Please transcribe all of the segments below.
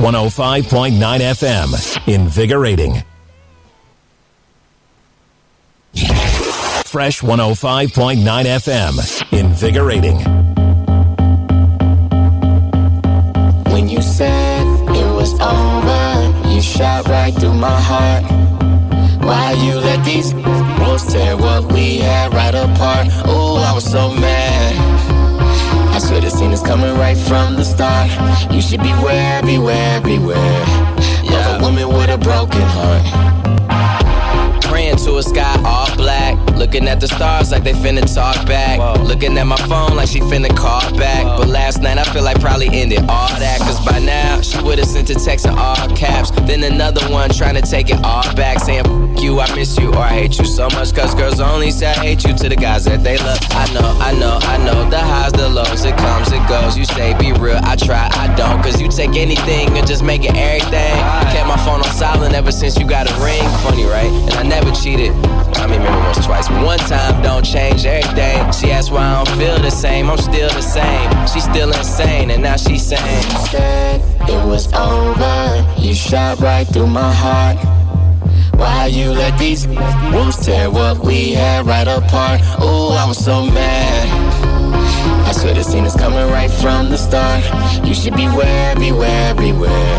105.9 FM. Invigorating. Fresh 105.9 FM. Invigorating. When you said it was over, you shot right through my heart. Why you let these walls tear what we had right apart? Oh, I was so mad could have seen this coming right from the start You should beware, beware, beware yeah. Of a woman with a broken heart Praying to a sky off Looking at the stars like they finna talk back. Whoa. Looking at my phone like she finna call back. Whoa. But last night I feel like probably ended all that. Cause by now she would've sent a text in all caps. Then another one trying to take it all back. Saying, F you, I miss you, or I hate you so much. Cause girls only say I hate you to the guys that they love. I know, I know, I know. The highs, the lows, it comes, it goes. You say be real, I try, I don't. Cause you take anything and just make it everything. Right. Kept my phone on silent ever since you got a ring. Funny, right? And I never cheated. I mean, maybe once, twice. one time don't change everything. She asked why I don't feel the same. I'm still the same. She's still insane, and now she's saying, Said it was over. You shot right through my heart. Why you let these wolves tear what we had right apart? Oh, I was so mad. I swear this scene is coming right from the start. You should beware, beware, beware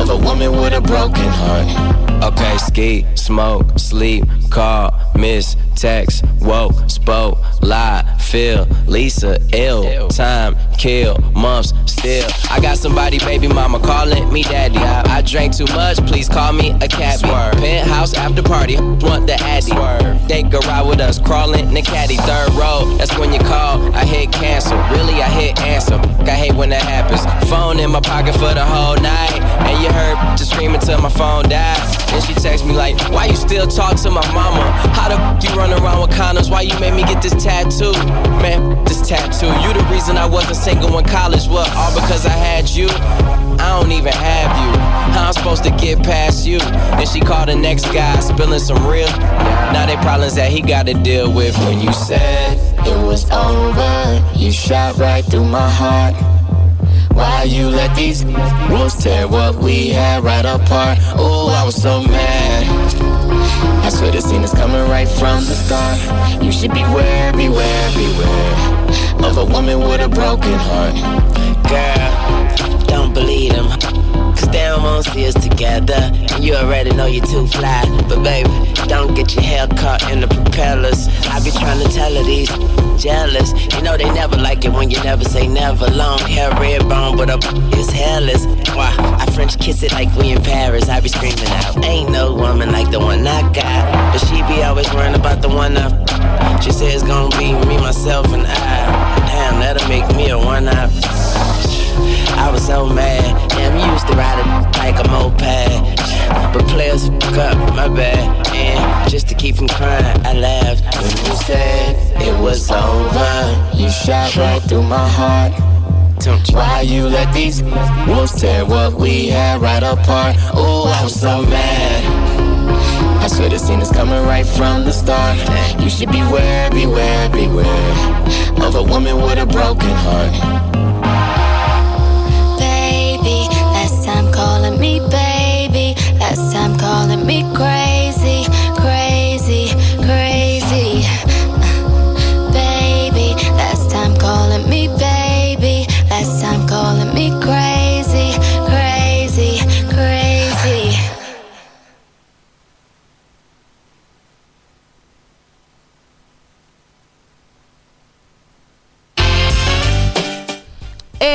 of a woman with a broken heart. Okay, ski, smoke, sleep, call, miss, text, woke, spoke, lie, feel, Lisa, ill, time, kill, months, still. I got somebody, baby mama, calling me daddy. I drank too much, please call me a cat. Penthouse after party, want the addy. They go ride with us, crawling in the caddy. Third row, that's when you call, I hit cancel. Really, I hit answer. I hate when that happens. Phone in my pocket for the whole night. And you heard just screaming till my phone dies. And she text me like, why you still talk to my mama? How the f you run around with condoms? Why you made me get this tattoo? Man, this tattoo. You the reason I wasn't single in college. What, all because I had you? I don't even have you. How I'm supposed to get past you? Then she called the next guy, spilling some real. Now they problems that he gotta deal with when you said it was over. You shot right through my heart why you let these rules tear what we had right apart? Oh, I was so mad. I should've seen this coming right from the start. You should beware, beware, beware of a woman with a broken heart. Girl together. And you already know you're too fly. But baby, don't get your hair caught in the propellers. I be trying to tell her these jealous. You know they never like it when you never say never. Long hair, red bone, but up is hairless. Why? I French kiss it like we in Paris. I be screaming out. Ain't no woman like the one I got. But she be always worrying about the one I. She says it's gonna be me, myself, and I. Damn, that'll make me a one-eye. I was so mad. Damn, you used to ride it like a moped. But players fuck up, my bad. And just to keep from crying, I laughed. When you said it was over, you shot right through my heart. Why you let these wolves tear what we had right apart? Oh, I was so mad. I should've seen this coming right from the start. You should beware, beware, beware of a woman with a broken heart. me baby. Last time calling me crazy.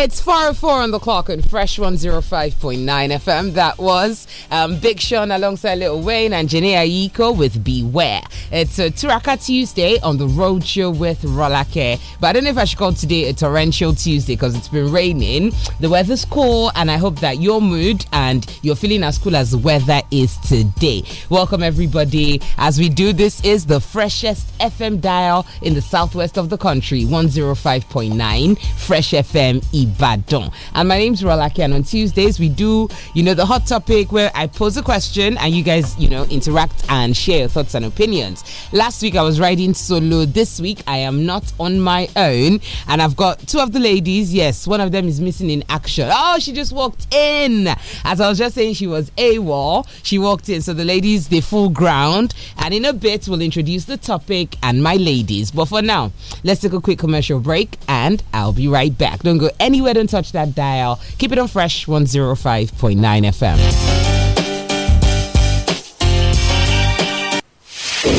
It's 404 on the clock on Fresh 105.9 FM. That was um, Big Sean alongside Little Wayne and Janae Aiko with Beware. It's a uh, Turaka Tuesday on the road show with Rolake. But I don't know if I should call today a torrential Tuesday because it's been raining. The weather's cool, and I hope that your mood and you're feeling as cool as the weather is today. Welcome, everybody. As we do, this is the freshest FM dial in the southwest of the country 105.9 Fresh FM EB. Ibadan. And my name's Rolake, and on Tuesdays we do, you know, the hot topic where I pose a question and you guys, you know, interact and share your thoughts and opinions. Last week I was riding solo. This week I am not on my own, and I've got two of the ladies. Yes, one of them is missing in action. Oh, she just walked in. As I was just saying, she was AWOL. She walked in. So the ladies, they full ground. And in a bit, we'll introduce the topic and my ladies. But for now, let's take a quick commercial break and I'll be right back. Don't go anywhere do ahead and touch that dial. Keep it on Fresh 105.9 FM.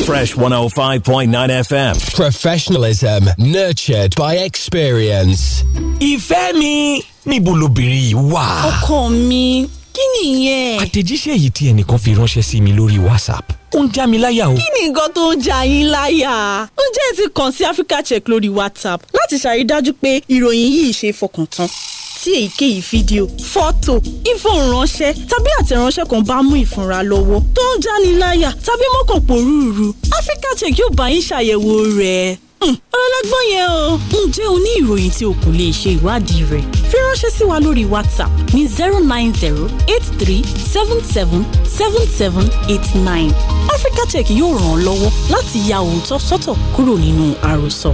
Fresh 105.9 FM. Professionalism nurtured by experience. Ìfẹ́ mi níbo wà? Ọkọ mi. kí nìyẹn. àtẹ̀jíṣẹ́ yìí tí ẹnìkan fi ránṣẹ́ sí mi lórí whatsapp ó ń já mi láyà o. kí ni nǹkan tó ń já yín láyà. ǹjẹ́ ẹ ti kàn sí africa check lórí whatsapp láti ṣàrídájú pé ìròyìn yìí ṣe fọkàn tán tí èyíkéyìí fídíò fọ́tò ìfọ̀ránṣẹ́ tàbí àtẹ̀ránṣẹ́ kan bá mú ìfúnra lọ́wọ́ tó ń jáni láyà tàbí mọ́kànpọ̀ rúurú Africa Check yóò bá yín ṣàyẹ̀wò rẹ̀ Hmm, ọlọ́gbọ́n yẹn o. ǹjẹ́ o ní ìròyìn tí o kò lè ṣe ìwádìí rẹ̀? fi ránṣẹ́ sí wa lórí WhatsApp ní zero nine zero eight three seven seven seven seven eight nine. Africa Tech yóò ràn ọ́ lọ́wọ́ láti ya òótọ́ sọ́tọ̀ kúrò nínú àròsọ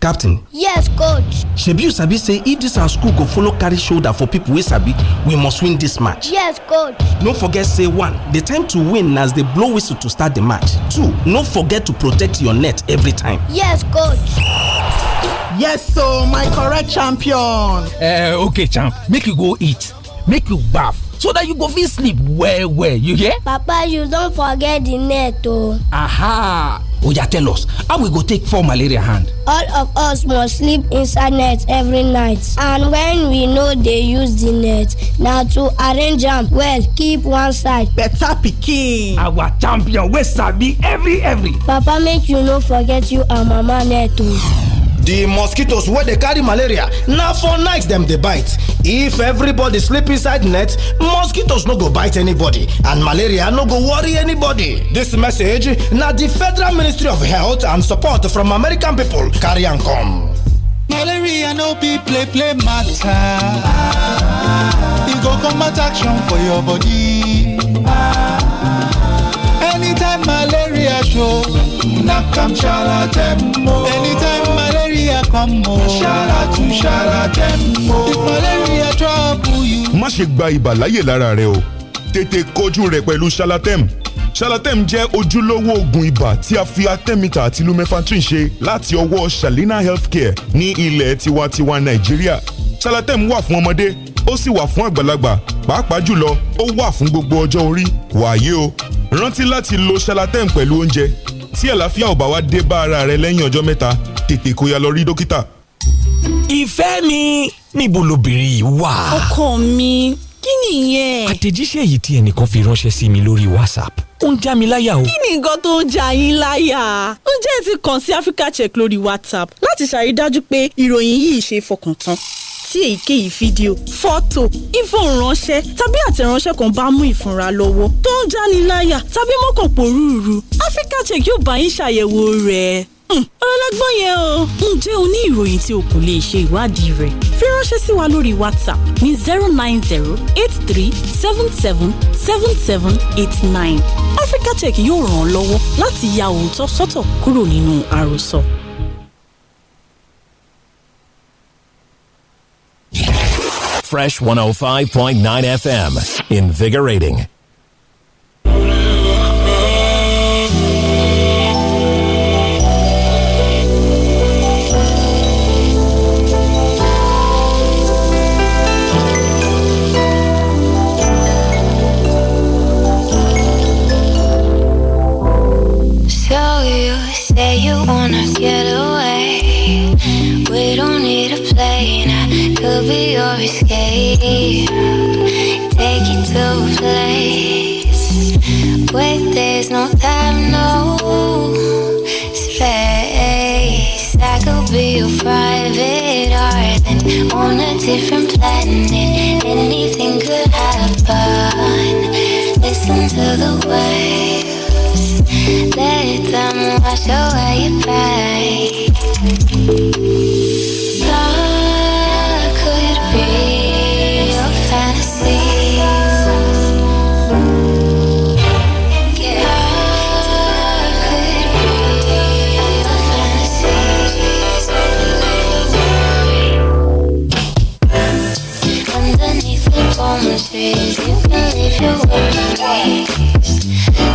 captain yes coach shebi you sabi say if dis our school go follow carry shoulder for pipo wey sabi we must win dis match yes coach no forget say one di time to win na as dey blow whistle to start di match two no forget to protect your net every time yes coach yes so my correct champion Uh, okay champ make you go eat make you baff so that you go fit sleep well well you hear papa you don forget the net o oh. aha oya tell us how we go take fall malaria hand. all of us must sleep inside net every night and when we no dey use the net na to arrange am well keep one side. better pikin. our champion wey sabi every every. papa make you no forget you and mama net o the mosquitoes wey dey carry malaria na for night dem dey bite if everybody sleep inside net mosquitoes no go bite anybody and malaria no go worry anybody. dis message na di federal ministry of health and support from american pipo carry am come. malaria no be play play matter e go combat action for your body anytime malaria show nack am shala dem oh. anytime malaria come o. ṣara tu ṣara tẹ̀ ń bọ̀. if malaria trouble you. má ṣe gba ibà láyè lára rẹ o tètè kojú rẹ̀ pẹ̀lú ṣalatem Shalatem jẹ́ ojúlówó oògùn ibà tí a fi atẹ́mítà àti lumefantrine ṣe láti ọwọ́ Shalina Healthcare ní ilẹ̀ tiwantiwa Nàìjíríà. Shalatem wà fún ọmọdé ó sì wà fún àgbàlagbà pàápàá jùlọ ó wà fún gbogbo ọjọ́ orí wàyé o rántí láti lo Shalatem pẹ̀lú oúnjẹ tí àlàáfíà ò bá wá dé bá ara rẹ lẹ́yìn ọjọ́ mẹ́ta tètè kó ya lọ rí dókítà. ìfẹ́ mi níbo lobìnrin yìí wà. ọkọ mi kí nìyẹn. àtẹ̀jíṣẹ́ yìí tí ẹnìkan fi ránṣẹ́ sí mi lórí whatsapp ó ń já mi láyà o. kí ni nǹkan tó ń já yín láyà. ó jẹ́ ti kàn sí africa check lórí whatsapp láti ṣàrídájú pé ìròyìn yìí ṣe fọkàn tán tí èyíkéyìí fídíò fọ́tò ìfọ̀ránṣẹ́ tàbí àtẹ̀ránṣẹ́ kan bá mú ìfúnra lọ́wọ́ tó ń dániláyà tàbí mọ́kàn pòrúurú Africa Check yóò bá yín ṣàyẹ̀wò rẹ̀ hmm, ọlọ́gbọ́n yẹn o. ǹjẹ́ o ní ìròyìn tí o kò lè ṣe ìwádìí rẹ̀? fi ránṣẹ́ sí wa lórí WhatsApp ní zero nine zero eight three seven seven seven seven eight nine. Africa Check yóò ràn ọ́ lọ́wọ́ láti ya òótọ́ sọ́tọ̀ kúrò nínú àròsọ. Fresh 105.9 FM. Invigorating. say you wanna get away. We don't need a plane could be your escape. Take you to a place where there's no time, no space. I could be your private island on a different planet. Anything could happen. Listen to the waves, let them wash away your pain. You can leave your worries.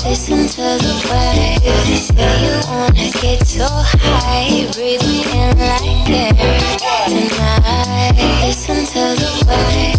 Listen to the waves. Say you wanna get so high, in like air tonight. Listen to the waves.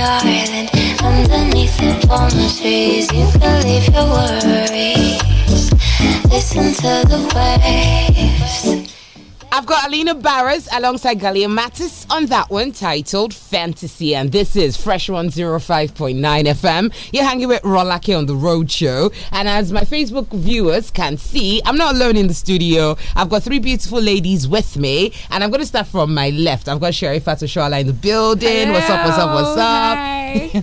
darling. Underneath the palm trees, you can leave your worries. Listen to the waves. I've got Alina Barras alongside Galia Mattis on that one titled fantasy. And this is Fresh 105.9 FM. You're hanging with Rolake on the Road Show. And as my Facebook viewers can see, I'm not alone in the studio. I've got three beautiful ladies with me. And I'm going to start from my left. I've got Sherry Fatoshala in the building. Hello. What's up, what's up, what's up? Hi.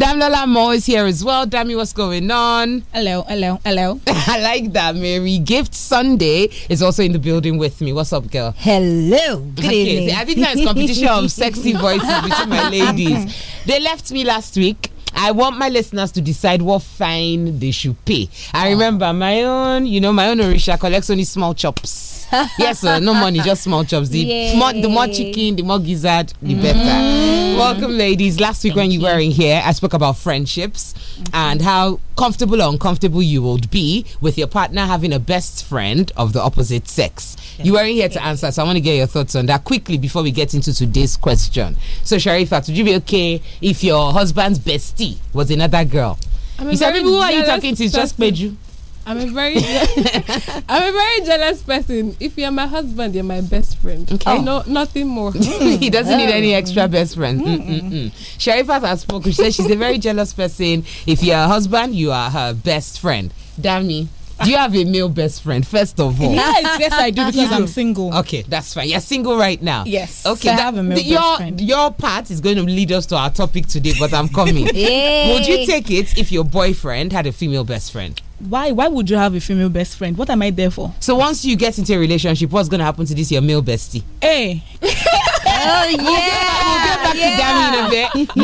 Damlola Mo is here as well. Dammy, what's going on? Hello, hello, hello. I like that, Mary. Gift Sunday is also in the building with me. What's up, girl? Hello. Good okay, evening. So I think that's competition of sexy voices between my ladies. They left me last week. I want my listeners to decide what fine they should pay. I oh. remember my own, you know, my own Orisha collects only small chops. yes, sir. No money, just small chops. The more, the more chicken, the more gizzard, the mm. better. Welcome, ladies. Last week Thank when you, you, were in here, I spoke about friendships mm -hmm. and how comfortable or uncomfortable you would be with your partner having a best friend of the opposite sex. Yes. You were in here to answer, so I want to get your thoughts on that quickly before we get into today's question. So, Sharifa, would you be okay if your husband's bestie was another girl? i mean, you said, people who are you talking to? It's just you. I'm a very I'm a very jealous person. If you're my husband, you're my best friend. Okay. No, nothing more. he doesn't need any oh. extra best friend. Mm, mm, mm. Sharifa has spoken. She says she's a very jealous person. If you're a husband, you are her best friend. Dami. Do you have a male best friend, first of all? Yes, yes, I do because I'm single. Okay, that's fine. You're single right now. Yes. Okay. So I have a male your, best friend. Your part is going to lead us to our topic today, but I'm coming. Yay. Would you take it if your boyfriend had a female best friend? why why would you have a female best friend? What am I there for? So once you get into a relationship, what's gonna happen to this your male bestie? Hey. Oh yeah, we'll get back, we'll get back yeah. to Dami in a bit.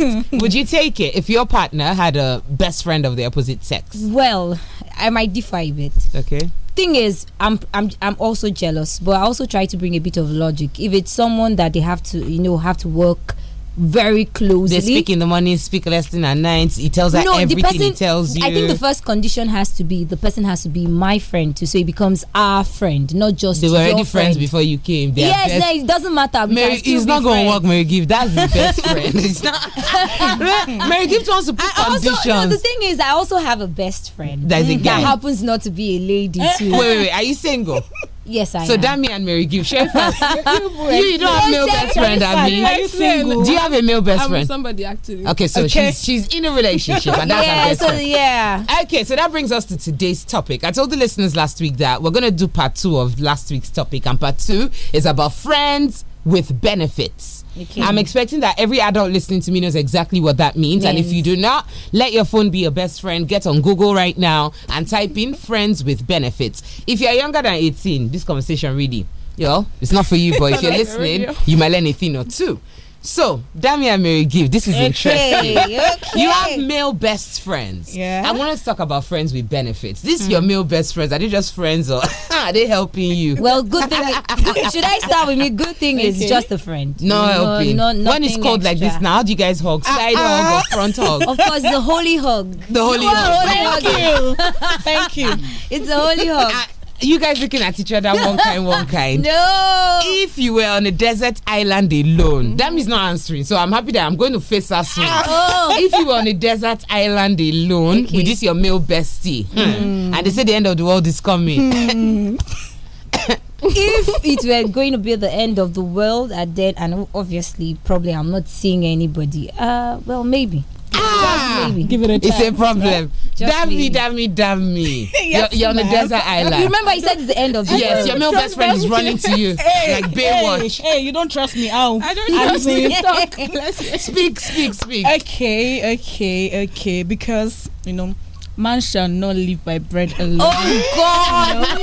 Married gift. Would you take it if your partner had a best friend of the opposite sex? Well, I might defy a bit. Okay. Thing is, I'm I'm I'm also jealous, but I also try to bring a bit of logic. If it's someone that they have to, you know, have to work very closely. They speak in the morning, speak less than at night. He tells her no, everything person, he tells you. I think the first condition has to be the person has to be my friend too, so he becomes our friend, not just. They were already friends before you came. They yes, no, it doesn't matter. Mary, it's not going to work. Mary Gift, that's the best friend. It's not. Mary give wants to put I conditions. Also, the thing is, I also have a best friend that, that happens not to be a lady too. Wait, wait, wait. Are you single? Yes, I so am. So Dami and Mary give share first. you, you don't have male best friend, I Are you single? Do you have a male best I'm friend? Somebody actually. Okay, so okay. she's she's in a relationship and that's yeah, her best so, friend. Yeah. Okay, so that brings us to today's topic. I told the listeners last week that we're gonna do part two of last week's topic, and part two is about friends with benefits. Okay. I'm expecting that every adult listening to me knows exactly what that means. means. And if you do not, let your phone be your best friend. Get on Google right now and type in friends with benefits. If you're younger than 18, this conversation really, yo, it's not for you, but if you're listening, you might learn a thing or two. So, Dami and Mary Give, this is okay, interesting. Okay. You have male best friends. Yeah. I want to talk about friends with benefits. This mm. your hmm. male best friends. Are they just friends or are they helping you? Well, good thing. Good, should I start with me? Good thing okay. is just a friend. No, no helping. No, when it's cold extra. like this, now how do you guys hug? Ah, Side uh, uh, hug or ah. front hug? Of course, the holy hug. The holy you hug. Holy Thank you. Thank you. it's a holy hug. Ah, you guys looking at each other one kind, one kind. No. If you were on a desert island alone, them is not answering. So I'm happy that I'm going to face her soon. Oh. If you were on a desert island alone okay. with this your male bestie, mm. and they say the end of the world is coming. Mm. if it were going to be the end of the world, and then and obviously probably I'm not seeing anybody. Uh, well maybe. Ah! give it a try. It's a problem. damn me, damn me, damn me. yes, you're, you're on the desert island. You remember, he said it's the end of the Yes, your male best friend is running to you hey, like Baywatch. Hey, hey, you don't trust me. Ow. I don't trust you. Talk. Speak, speak, speak. Okay, okay, okay. Because, you know, man shall not live by bread alone. Oh God,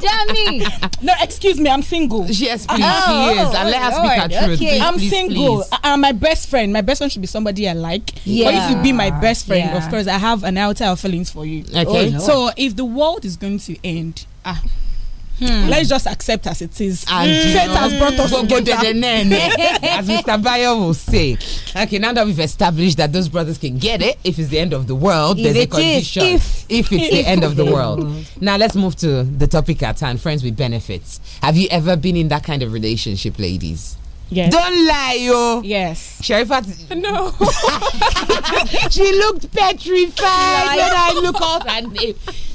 no, Jamie. No, excuse me, I'm single. Yes, please, oh, ah, yes, and let us speak our truth. Okay. I'm please, single. Please. I, uh, am uh, my best friend. My best friend should be somebody I like. Yeah. If you be my best friend, yeah. of course, I have an out of feelings for you. Okay. Oh, no. So if the world is going to end, ah Hmm. Let's just accept as it is. And mm. fate has brought us go, together. Go, as Mr. Bayo will say. Okay, now that we've established that those brothers can get it, if it's the end of the world, if there's a condition. If, if it's the end of the world. now let's move to the topic at hand, friends with benefits. Have you ever been in that kind of relationship, ladies? Yes. Don't lie, yo. Yes. Sherifat. No. she looked petrified when I look out and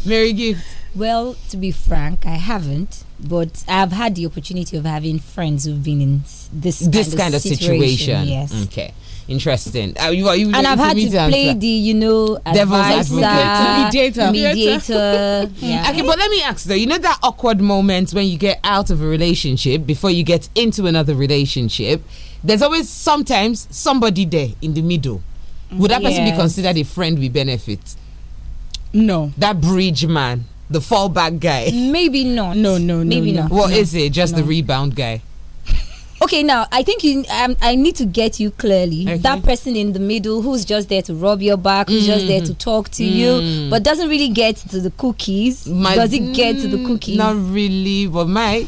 Mary Gift. Well, to be frank, I haven't, but I've had the opportunity of having friends who've been in this this kind, kind of, situation. situation. Yes. Okay. Interesting. Uh, you, you, and I've had to um, play the, you know, advisor, mediator. mediator. yeah. Okay, but let me ask though, you know that awkward moment when you get out of a relationship before you get into another relationship? There's always sometimes somebody there in the middle. Would that person yes. be considered a friend with benefit? No. That bridge man the fallback guy? Maybe not. No, no, no. Maybe no. not. What no. is it? Just no. the rebound guy? okay now i think you um, i need to get you clearly okay. that person in the middle who's just there to rub your back who's mm. just there to mm. talk to mm. you but doesn't really get to the cookies my, does it get to the mm, cookies not really but my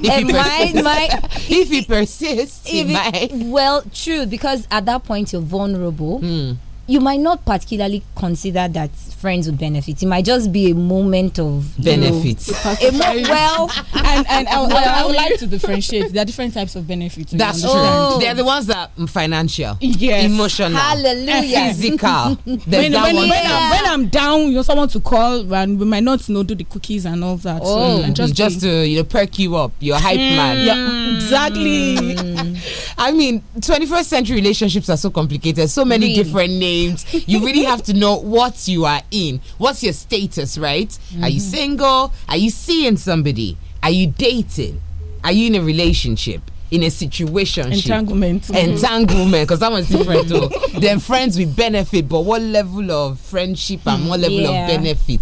if and eh, he persists, my, my, if he persists, if he, well, true, because at that point you're vulnerable. Mm you might not particularly consider that friends would benefit. It might just be a moment of benefit. You know, well, and, and I, I, would like to differentiate. There are different types of benefits. That's true. Oh. They're the ones that are financial, yes. emotional, Hallelujah. physical. when, when, when, I'm, when, I'm, down, you know, someone to call, and we might not know do the cookies and all that. Oh, so, just, just to you know, perk you up, your hype mm. man. Yeah, exactly. Mm. I mean, 21st century relationships are so complicated. So many different names. You really have to know what you are in. What's your status, right? Mm -hmm. Are you mm-hmm. single? Are you seeing somebody? Are you dating? Are you in a relationship? in a situation entanglement mm -hmm. entanglement because that one's different though. then friends with benefit but what level of friendship and what level yeah. of benefit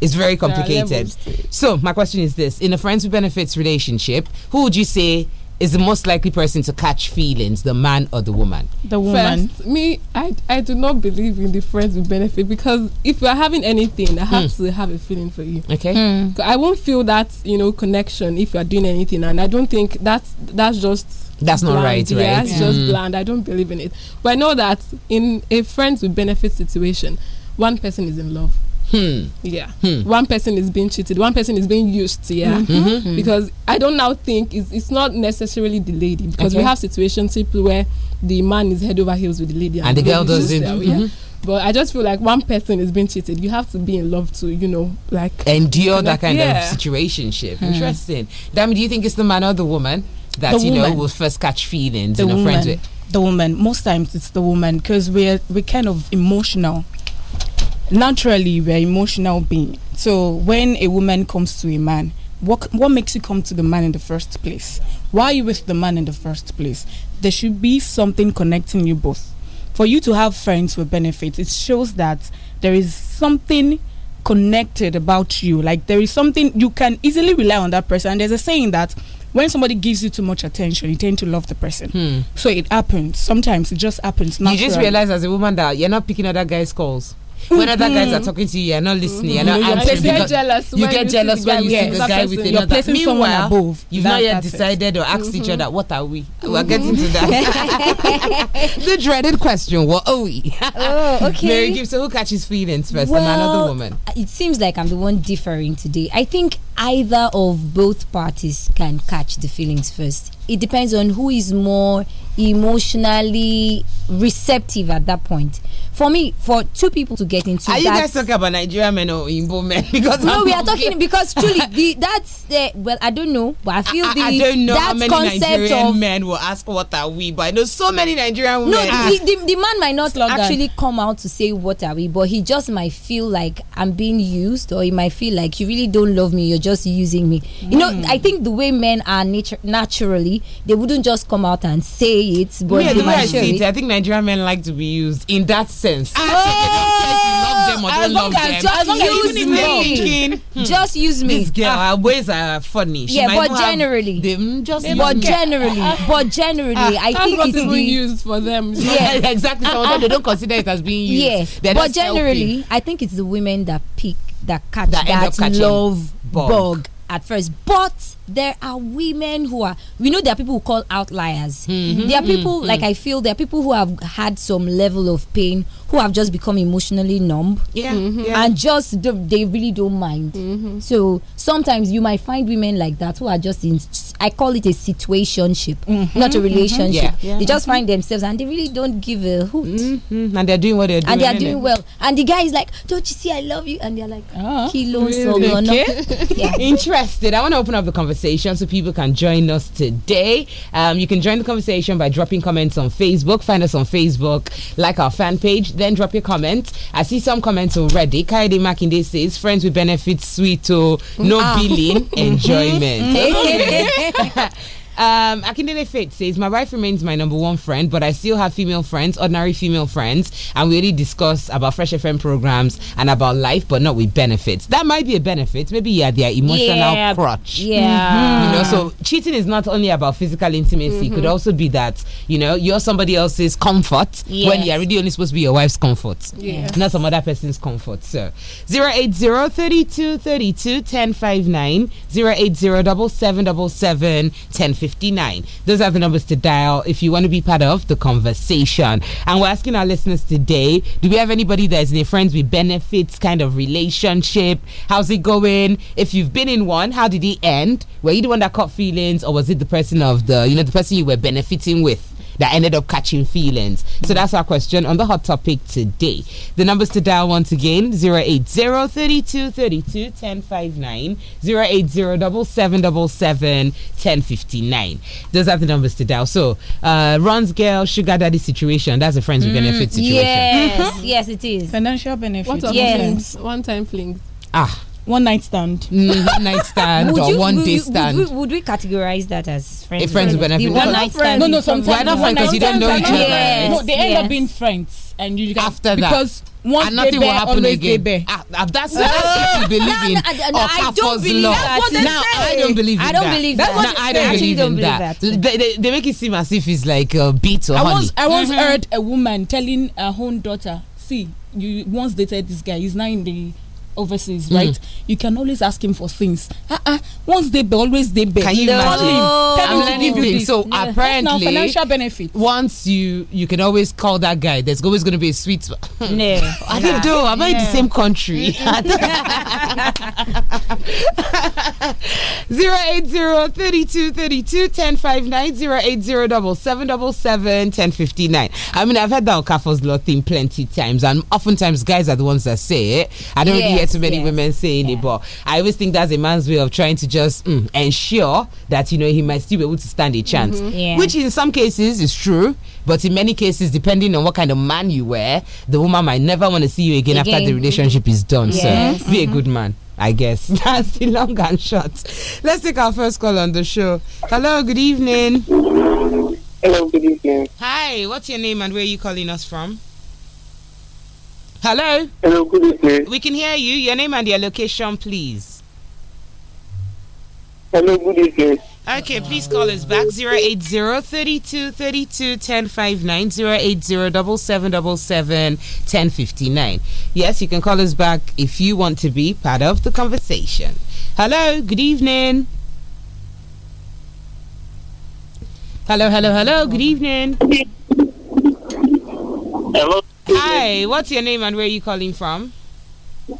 is very complicated so my question is this in a friends with benefits relationship who would you say is the most likely person to catch feelings, the man or the woman? The woman. First, me, I, I do not believe in the friends with benefit because if you are having anything, I have mm. to have a feeling for you. Okay. Mm. I won't feel that you know connection if you are doing anything, and I don't think that's that's just. That's bland. not right, right? Yeah, it's yeah. just hmm. bland. I don't believe in it. But I know that in a friends with benefit situation, one person is in love. Hmm. Yeah. Hmm. One person is being cheated. One person is being used. Yeah. Mm -hmm. Mm because I don't now think it's, it's not necessarily the lady because okay. we have situations where the man is head over heels with the lady and, and the girl doesn't. Yeah. Mm-hmm. But I just feel like one person is being cheated. You have to be in love to, you know, like endure that kind yeah. of situationship. Hmm. Interesting. Damn, do you think it's the man or the woman that the you woman. know will first catch feelings the and woman. with? The woman. Most times it's the woman because we're we kind of emotional naturally we're emotional being. So when a woman comes to a man, what what makes you come to the man in the first place? Why are you with the man in the first place? There should be something connecting you both. For you to have friends with benefits, it shows that there is something connected about you. Like there is something you can easily rely on that person. And there's a saying that when somebody gives you too much attention, you tend to love the person. Hmm. So it happens. Sometimes it just happens. Naturally. You just realize as a woman that you're not picking other guys' calls when other guys are mm-hmm. talking to you, you're not listening. You're not mm-hmm. you get jealous. You get jealous when you see the guy with another. You're placing someone above. You've not yet decided or asked each mm-hmm. other what are we. We're getting to that. the dreaded question: What are we? oh, okay. Mary Gibson, So who catches feelings first, well, another woman? It seems like I'm the one differing today. I think either of both parties can catch the feelings first. It depends on who is more emotionally receptive at that point. For me, for two people to get into, are you guys talking about Nigerian men or Imbo men? Because no, I'm we are talking because truly the, that's the uh, well, I don't know, but I feel I, the I, I don't know how many Nigerian of, men will ask what are we, but I know so many Nigerian no, No, the, the, the, man might not Slogan. Ah. actually come out to say what are we, but he just might feel like I'm being used, or he might feel like you really don't love me. You're just just using me. Mm. You know, hmm. I think the way men are nature naturally, they wouldn't just come out and say it, but yeah, they the way I see it, it, I think Nigerian men like to be used in that sense. Oh, ah! so as long as Just use me. Hmm, just use me. This girl, her ah. ways are funny. She yeah, mm, ah. but generally, them just but generally, uh, but generally, uh, I think it's even used for them. yeah, exactly. So uh, they don't consider it as being used. Yeah, but generally, helping. I think it's the women that pick that catch that, that love bug. bug at first. But there are women who are, we know there are people who call outliers. Mm -hmm. There are hmm. people, mm -hmm. like I feel, there are people who have had some level of pain who have just become emotionally numb. Yeah. Mm-hmm. yeah. And just do, they really don't mind. Mm-hmm. So sometimes you might find women like that who are just in I call it a situationship, mm-hmm. not a mm-hmm. relationship. Yeah. Yeah. They just find themselves and they really don't give a hoot. Mm-hmm. And they're doing what they're doing. And they're doing well. And the guy is like, Don't you see I love you? And they're like, oh, ah, Kilo really? okay. Interested. I want to open up the conversation so people can join us today. Um, you can join the conversation by dropping comments on Facebook. Find us on Facebook, like our fan page then drop your comment. I see some comments already. Kaede Makinde says, friends with benefits, sweet, oh, no ah. billing, mm-hmm. enjoyment. Mm-hmm. Um, Akindele Faith says, My wife remains my number one friend, but I still have female friends, ordinary female friends, and we only discuss about Fresh FM programs and about life, but not with benefits. That might be a benefit. Maybe yeah, their emotional yeah. crutch. Yeah. Mm -hmm. You know, so cheating is not only about physical intimacy, mm -hmm. it could mm-hmm. also be that, you know, you're somebody else's comfort yes. when you're really only supposed to be your wife's comfort. Yes. Not some other person's comfort. So 080 32 32 1059 080 59. Those are the numbers to dial if you want to be part of the conversation. And we're asking our listeners today do we have anybody that is in a friends with benefits kind of relationship? How's it going? If you've been in one, how did it end? Were you the one that caught feelings or was it the person of the, you know, the person you were benefiting with? that ended up catching feelings. So that's our question on the hot topic today. The numbers to dial once again 080 1059 080 1059. Those are the numbers to dial. So, uh, Ron's girl, sugar daddy situation. That's a friends with mm, benefit situation. Yes, mm-hmm. yes, it is. Financial benefits. What yes. Flings? One time flings. Ah one night stand. Mm, one night stand or you, one would, day stand. Would, would, we categorize that as friends? A friends with benefit. One night stand. No, no, sometimes we're not friends because you don't know each other. Yes, no, they end yes. up being friends, and you, guys. after that because. Once and nothing will happen again. Ah, ah, that's, no. that's you believe in no, no, I don't believe law. That. Now I don't believe that. I don't believe that. that. No, I don't believe in that. They, they, make it seem as if it's like a uh, beat or I once, I once mm-hmm. heard a woman telling her own daughter, "See, you once dated this guy. He's now in the overseas, mm. right? You can always ask him for things. Uh uh Once they be, always they be. Can you no. imagine? I'm to give you this. So yeah. apparently, now financial benefit. Once you you can always call that guy. There's always going to be a sweet. no, I don't know. Am I in the same country? Zero eight zero thirty two thirty two ten five nine zero eight zero double seven double seven ten fifty nine. I mean, I've heard that Okafor's law thing plenty times, and oftentimes guys are the ones that say it. I don't yeah. really hear too many yes. women saying yeah. it, but I always think that's a man's way of trying to just mm, ensure that you know he might still be able to stand a chance, mm -hmm. yeah. which in some cases is true. But in many cases, depending on what kind of man you were, the woman might never want to see you again, again. after the relationship is done. Yes. So be mm -hmm. a mm-hmm. good man. I guess that's the long and short. Let's take our first call on the show. Hello, good evening. Hello, good evening. Hi, what's your name and where are you calling us from? Hello. Hello, good evening. We can hear you. Your name and your location, please. Hello, good evening. Okay, please call us back 080 32 32 1059 080 7777 1059. Yes, you can call us back if you want to be part of the conversation. Hello, good evening. Hello, hello, hello, good evening. Hello. Hi, what's your name and where are you calling from?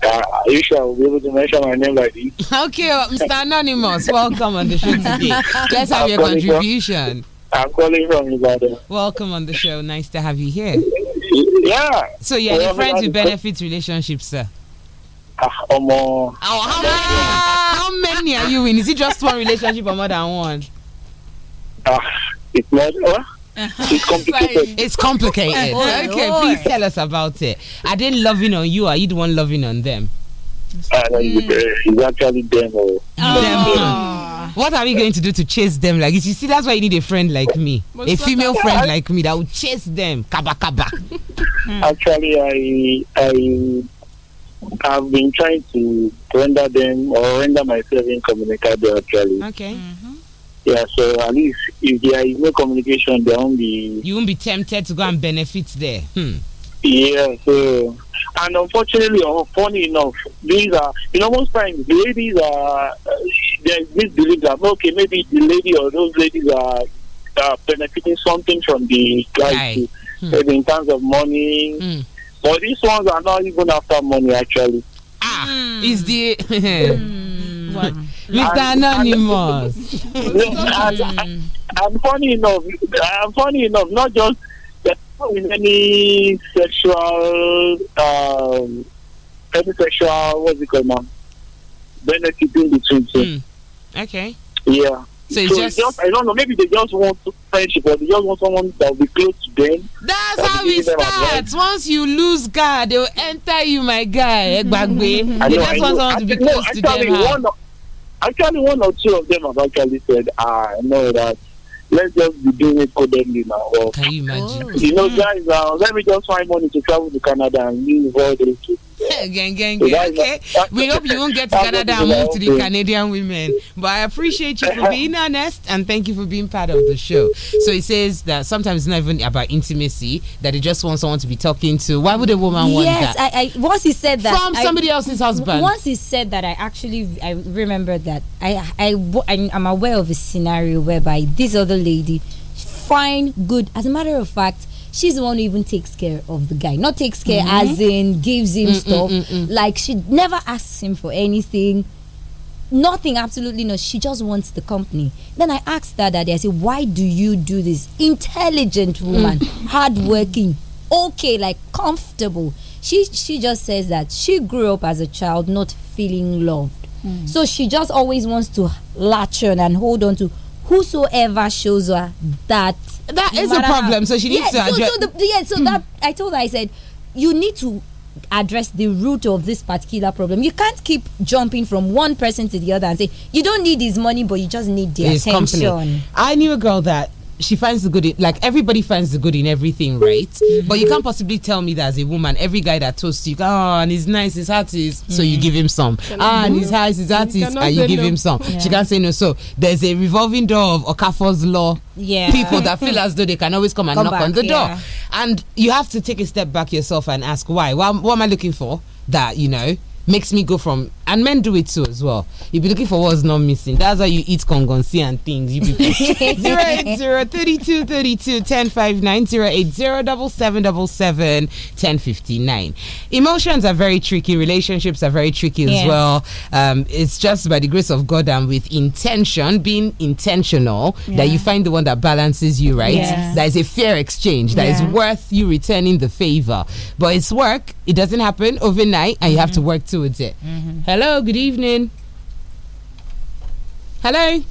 Uh, you shall be able to mention my name like this. okay, Mr. Anonymous, welcome on the show today. Let's have I'm your contribution. From, I'm calling from Ibadan. Welcome on the show. Nice to have you here. Yeah. So you're yeah, the friends to benefit relationship, sir. Uh, um, uh, oh, how, how, many are you in? Is it just one relationship or more than one? Uh, it's not. Uh, uh-huh. It's complicated. It's complicated. oh, okay, Lord. please tell us about it. Are they loving on you? Are you the one loving on them? Ah, mm. It's actually them. Oh. Oh. What are we going to do to chase them? Like you see, that's why you need a friend like me, a female friend like me that will chase them. Kaba kaba. Hmm. Actually, I I have been trying to render them or render myself incommunicado. Actually. Okay. Mm yeah, so at least if there is no communication, there won't be. You won't be tempted to go and benefit there. Hmm. Yeah, so. And unfortunately, or oh, funny enough, these are, you know, most times the ladies are, uh, they misbelieve that, okay, maybe the lady or those ladies are, are benefiting something from the guy, right. hmm. in terms of money. Hmm. But these ones are not even after money, actually. Ah, mm. is the. Hmm. What? Mm. Mr. Anonymous. I'm funny enough, I'm funny enough, not just with any sexual, um, any sexual, what's it called, man? Benefit in between. Mm. Okay. Yeah. So, it's so just, just, I don't know. Maybe they just want friendship, or they just want someone that will be close to them. That's how it starts. Once you lose God, they will enter you, my guy. Mm -hmm. They just want someone to be close to them. actually, one or two of them have actually said, ah, "I ah, know that." Let's just be doing it codedly now. Or, Can you imagine? You know, oh. guys, uh, let me just find money to travel to Canada and leave all the gang, gang, gang. Okay. We hope you won't get to Canada and move to the Canadian women. But I appreciate you for being honest and thank you for being part of the show. So he says that sometimes it's not even about intimacy, that he just wants someone to be talking to. Why would a woman yes, want that? Yes, I, I, once he said that. From somebody I, else's husband. Once he said that, I actually I remember that. I, I, I'm aware of a scenario whereby this other lady, fine, good, as a matter of fact, she's the one who even takes care of the guy. Not takes care mm -hmm. as in gives him mm -mm, stuff. Like she never asks him for anything. Nothing, absolutely no. She just wants the company. Then I asked her that day, I said, Why do you do this? Intelligent woman, mm. hardworking, okay, like comfortable. She she just says that she grew up as a child not feeling loved. Mm. So she just always wants to latch on and hold on to whosoever shows her that that is a problem. So she needs yeah, to address. So, so the, yeah, so hmm. that I told her, I said, you need to address the root of this particular problem. You can't keep jumping from one person to the other and say you don't need his money, but you just need the his attention. Company. I knew a girl that she finds the good in like everybody finds the good in everything, right? Mm -hmm. But you can't possibly tell me that as a woman, every guy that toasts you, oh, and he's nice, his heart is, mm -hmm. so you give him some. ah, and he's nice, his heart is, and you give no. him some. Yeah. She can't say no. So there's a revolving door of Okafor's law. Yeah. People that feel as though they can always come and come knock back, on the door. Yeah. And you have to take a step back yourself and ask why. Well, what am I looking for? That you know makes me go from and men do it too as well. You'll be looking for what's not missing. That's why you eat congonsi and things. You be 0 32 1059 080 1059. Emotions are very tricky. Relationships are very tricky yeah. as well. Um, it's just by the grace of God and with intention, being intentional, yeah. that you find the one that balances you, right? Yeah. That is a fair exchange. That is worth you returning the favor. But it's work. It doesn't happen overnight and you have to work towards it. Mm -hmm. Hello? Hello, good evening. Hello.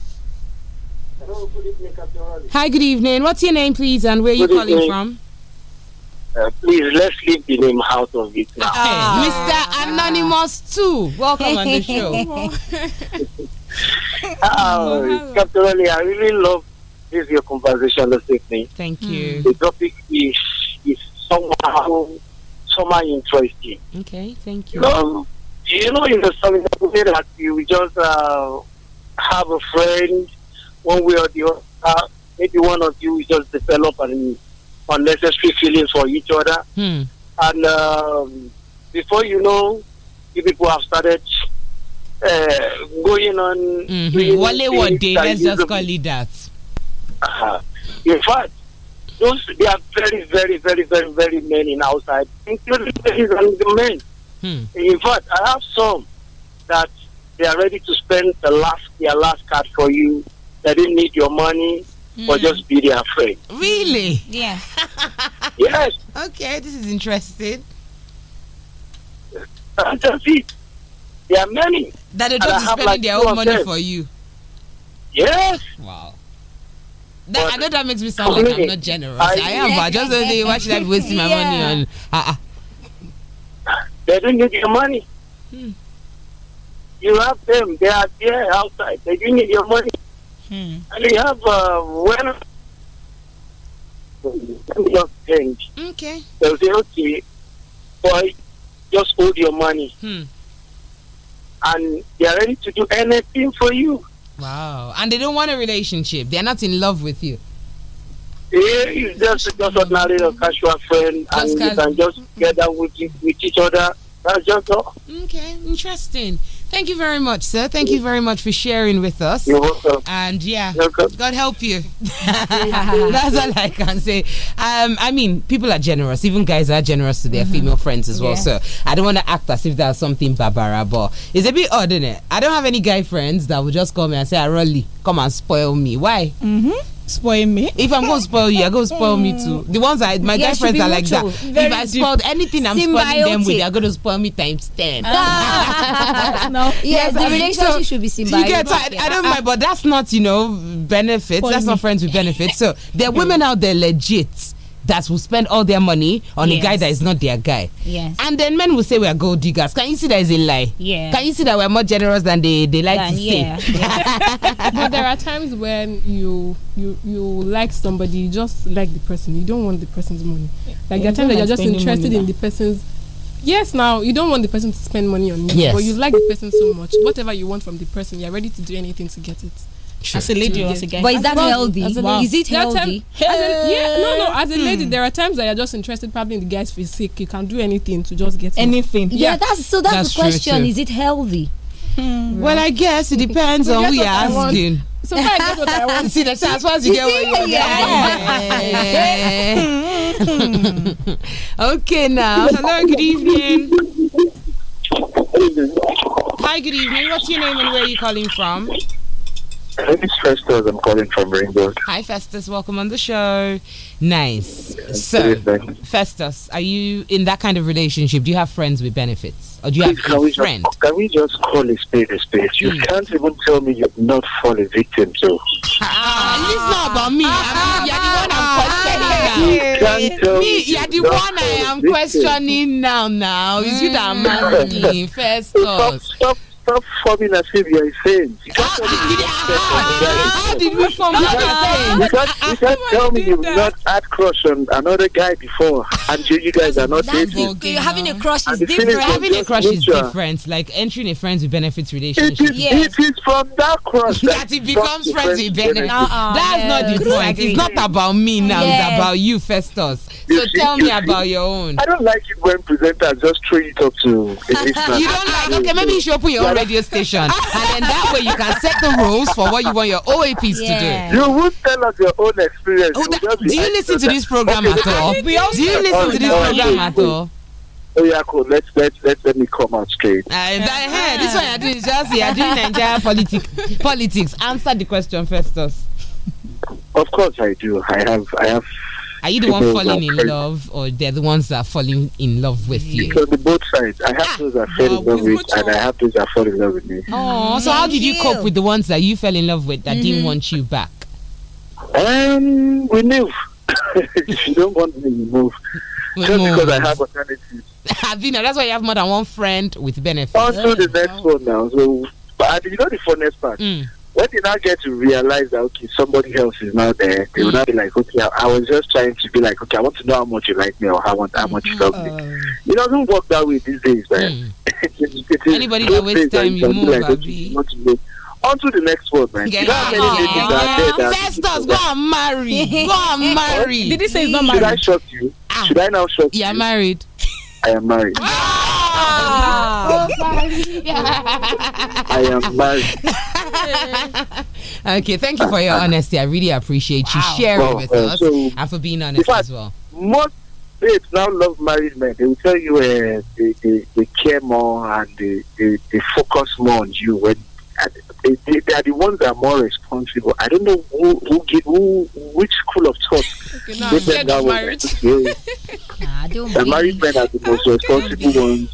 Hello, good evening, Captain Hi, good evening. What's your name, please, and where are good you calling evening. from? Uh, please let's leave the name out of it now. Ah. Mr. Anonymous too. Welcome on the show. uh, Captain Ollie, I really love this your conversation this evening. Thank hmm. you. The topic is is somehow somehow interesting. Okay, thank you. Um, you know, you the something that you just uh, have a friend one way or the other. Uh, maybe one of you just develop an unnecessary feelings for each other, hmm. and um, before you know, you people have started uh, going on. Mm-hmm. Wale day. let's just call it that. Uh, in fact, those there are very, very, very, very, very many outside, including the men. Hmm. In fact, I have some that they are ready to spend the last their last card for you. They didn't need your money but or hmm. just be their friend. Really? Yes. yes. Okay, this is interesting. That's it. There are many. That they don't spend like their own money for you. Yes. Wow. That, I know that makes me sound like I'm not generous. I, I am, but I just don't think why should I be wasting my yeah. money on? Uh, uh, they don't need your money. Hmm. You have them. They are there outside. They don't need your money. Hmm. And you have uh, when just change. Okay. They'll say, okay, boy, just hold your money. Hmm. And they are ready to do anything for you. Wow. And they don't want a relationship. They're not in love with you. It's just just ordinary or casual friend, and you can just get that with with each other. That's just all. Okay, interesting. Thank you very much, sir. Thank you very much for sharing with us. You're welcome. And yeah, welcome. God help you. That's all I can say. Um, I mean, people are generous. Even guys are generous to their mm -hmm. female friends as well. Yeah. So I don't want to act as if that's something Barbara, but it's a bit odd, isn't it? I don't have any guy friends that will just call me and say, "I really come and spoil me. Why? Mm -hmm spoil me. If I'm going to spoil you, I'm going to spoil me mm. too. The ones I, my yeah, friends are like that. Very if I spoiled anything, I'm symbiotic. spoiling them with, they're going to spoil me times 10. Ah. no. Yes, yes the relationship so, should be symbiotic. Get, so I, I, don't ah, mind, ah. but that's not, you know, benefits. Spoil that's me. not friends with benefits. So there are women out there legit that will spend all their money on yes. a guy that is not their guy. Yes. And then men will say we are gold diggers. Can you see that is a lie? Yeah. Can you see that we're more generous than they, they like than, to yeah. say? Yeah. but there are times when you you you like somebody, you just like the person. You don't want the person's money. Like yeah, there are times that you're just interested in the person's yes now you don't want the person to spend money on you yes. but you like the person so much whatever you want from the person you're ready to do anything to get it Sure. As a lady or as a guy. But is that well, healthy? As a, wow. Is it healthy? Time, a, yeah, no, no. As a hmm. lady, there are times that you're just interested probably in the guy's physique. You can do anything to just get anything. Yeah, yeah that's so. That's, that's the question. Is it healthy? Hmm. Well, I guess it depends on who you're asking. So that's what I want. See, the chance once you, you get what you want. Yeah. yeah. okay, now. Hello, good evening. Hi, good evening. What's your name and where are you calling from? Hey, it's Festus. I'm calling from Rainbow. Hi, Festus. Welcome on the show. Nice. So, Festus, are you in that kind of relationship? Do you have friends with benefits? Or do you Please, have a friend? Just, can we just call a spade a spade? You mm. can't even tell me you've not fallen victim to. So. Ah, it's not about me. Ah, you're the one I'm ah, questioning ah. now. You not me, you're the one I am questioning now. Now, is you that i Festus. Stop, stop stop forming as if you are a saint. You can't tell me you you can't, tell me you've not had crush on another guy before and you, you guys are not dating. Okay. Having a crush is different. Having a crush is different. Like entering a friends with benefits relationship. It is, from that crush that, it becomes friends with benefits. Uh-uh, That's not the point. It's not about me now. It's about you, Festus. so tell me about your own. I don't like it when presenters just throw it up to a listener. You don't like? Okay, maybe you should open your own radio station. and then that way you can set the rules for what you want your OAPs yeah. to do. You would tell us your own experience. Oh, that, you do you listen to this program okay, at all? Do you listen to this oh, program at all? Oh yeah, cool. let let let let me come out straight. Uh, yeah. hey, this one you're doing just you're doing Nigerian politics. Politics. Answer the question first, us. Of course I do. I have I have are you the one falling in love, or they're the ones that are falling in love with you? So the both sides. I have ah, those that fell in love with, and I have those that fall in love with me. Oh, so how did you cope with the ones that you fell in love with that mm -hmm. didn't mm-hmm. want you back? Um, we move. if you don't want me, you move. We Just move. because I have alternatives. Avina, that's why you have more than one friend with benefits. Also, oh. the next one now. So, but you know the funniest part. Mm when they now get to realize that okay, somebody else is now there, they will now be like, okay, I, I, was just trying to be like, okay, I want to know how much you like me or how, how much you love me. Uh, it doesn't work that way these days, man. Mm. Anybody that wastes time, you move, like, okay, on to the next one, man. Yeah. You know how many ladies are there that Festus, go and marry. go and marry. Did he say he's not married? Should I shock you? Ah. Should I now shock you? You're married. I am married. Ah! Ah. I am back. okay, thank you for your honesty. I really appreciate wow. you sharing well, with uh, us so and for being honest fact, as well. Most babes now love married men. They will tell you uh, they, they, they care more and they, they, they focus more on you when they, they, they, are the ones that are more responsible. I don't know who who, give, who which school of thought. Okay, no, marriage. don't the married men are the most responsible ones.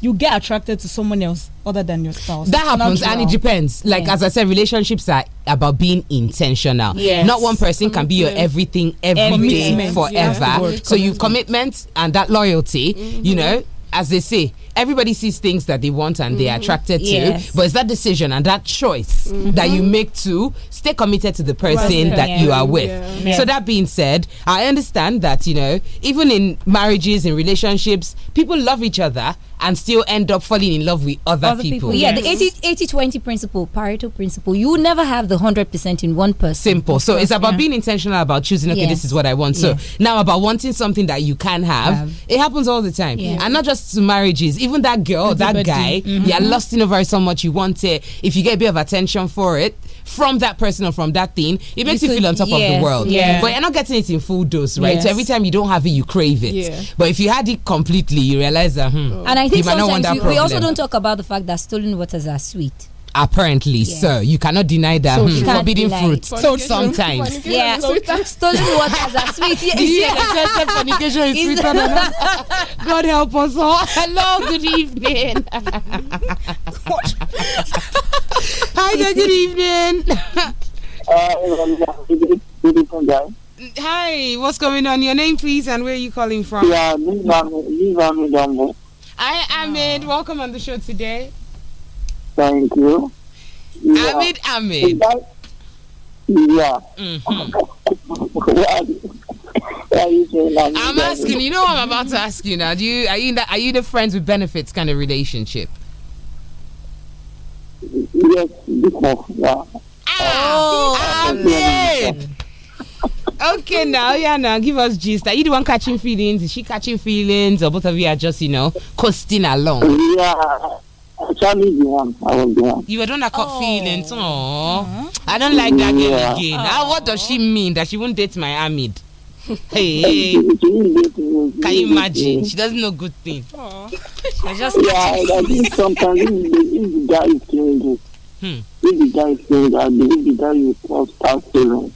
you get attracted to someone else other than your spouse. That it's happens and it depends. Like yeah. as I said, relationships are about being intentional. Yes. Not one person can be your everything every day forever. so you commitment and that loyalty, mm -hmm. you mm-hmm. know, as they say, everybody sees things that they want and mm -hmm. they're mm-hmm. attracted yes. to, but it's that decision and that choice mm -hmm. that you make to stay committed to the person that yeah. you are with. Yeah. So that being said, I understand that you know even in marriages in relationships, people love each other and still end up falling in love with other, other people. people. Yeah, yes. the 80, 80 20 principle, Pareto principle. You never have the 100% in one person. Simple. So it's about yeah. being intentional about choosing, okay, yes. this is what I want. So now about wanting something that you can have, have. it happens all the time. And not just to marriages, even that girl, that guy, mm -hmm. you're lusting over so much you want it. If you get a bit of attention for it, from that person or from that thing, it makes you, you feel on top yes, of the world. Yeah. But you're not getting it in full dose, right? Yes. So every time you don't have it, you crave it. Yeah. But if you had it completely, you realize that. Hmm, and I think sometimes we, we also don't talk about the fact that stolen waters are sweet apparently yes. so you cannot deny that so hmm, forbidden fruit so sometimes yeah stolen waters are sweet yes. yeah. yeah. fornication is sweeter than god help us all hello good evening hi there good evening uh, hi what's going on your name please and where are you calling from yeah this is Ahmed, this is welcome on the show today Thank you. Yeah. Ahmed Ahmed. Yeah. Mm-hmm. I'm asking. You know what I'm about to ask you now. Do you are you the, are you the friends with benefits kind of relationship? Yes, because yeah. Oh, ah, amen. okay, now yeah, now give us gist. Are you the one catching feelings? Is she catching feelings, or both of you are just you know coasting along? Yeah. Charlie Dion. I was You were the one that caught oh. feelings. Oh, I don't like that yeah. girl again. Ah. Now, what does she mean that she won't date my Amid? hey, can you imagine? She doesn't know good thing. Oh. I just yeah, I think sometimes if the guy is crazy, hmm. if the guy is crazy, I believe the guy is called testosterone.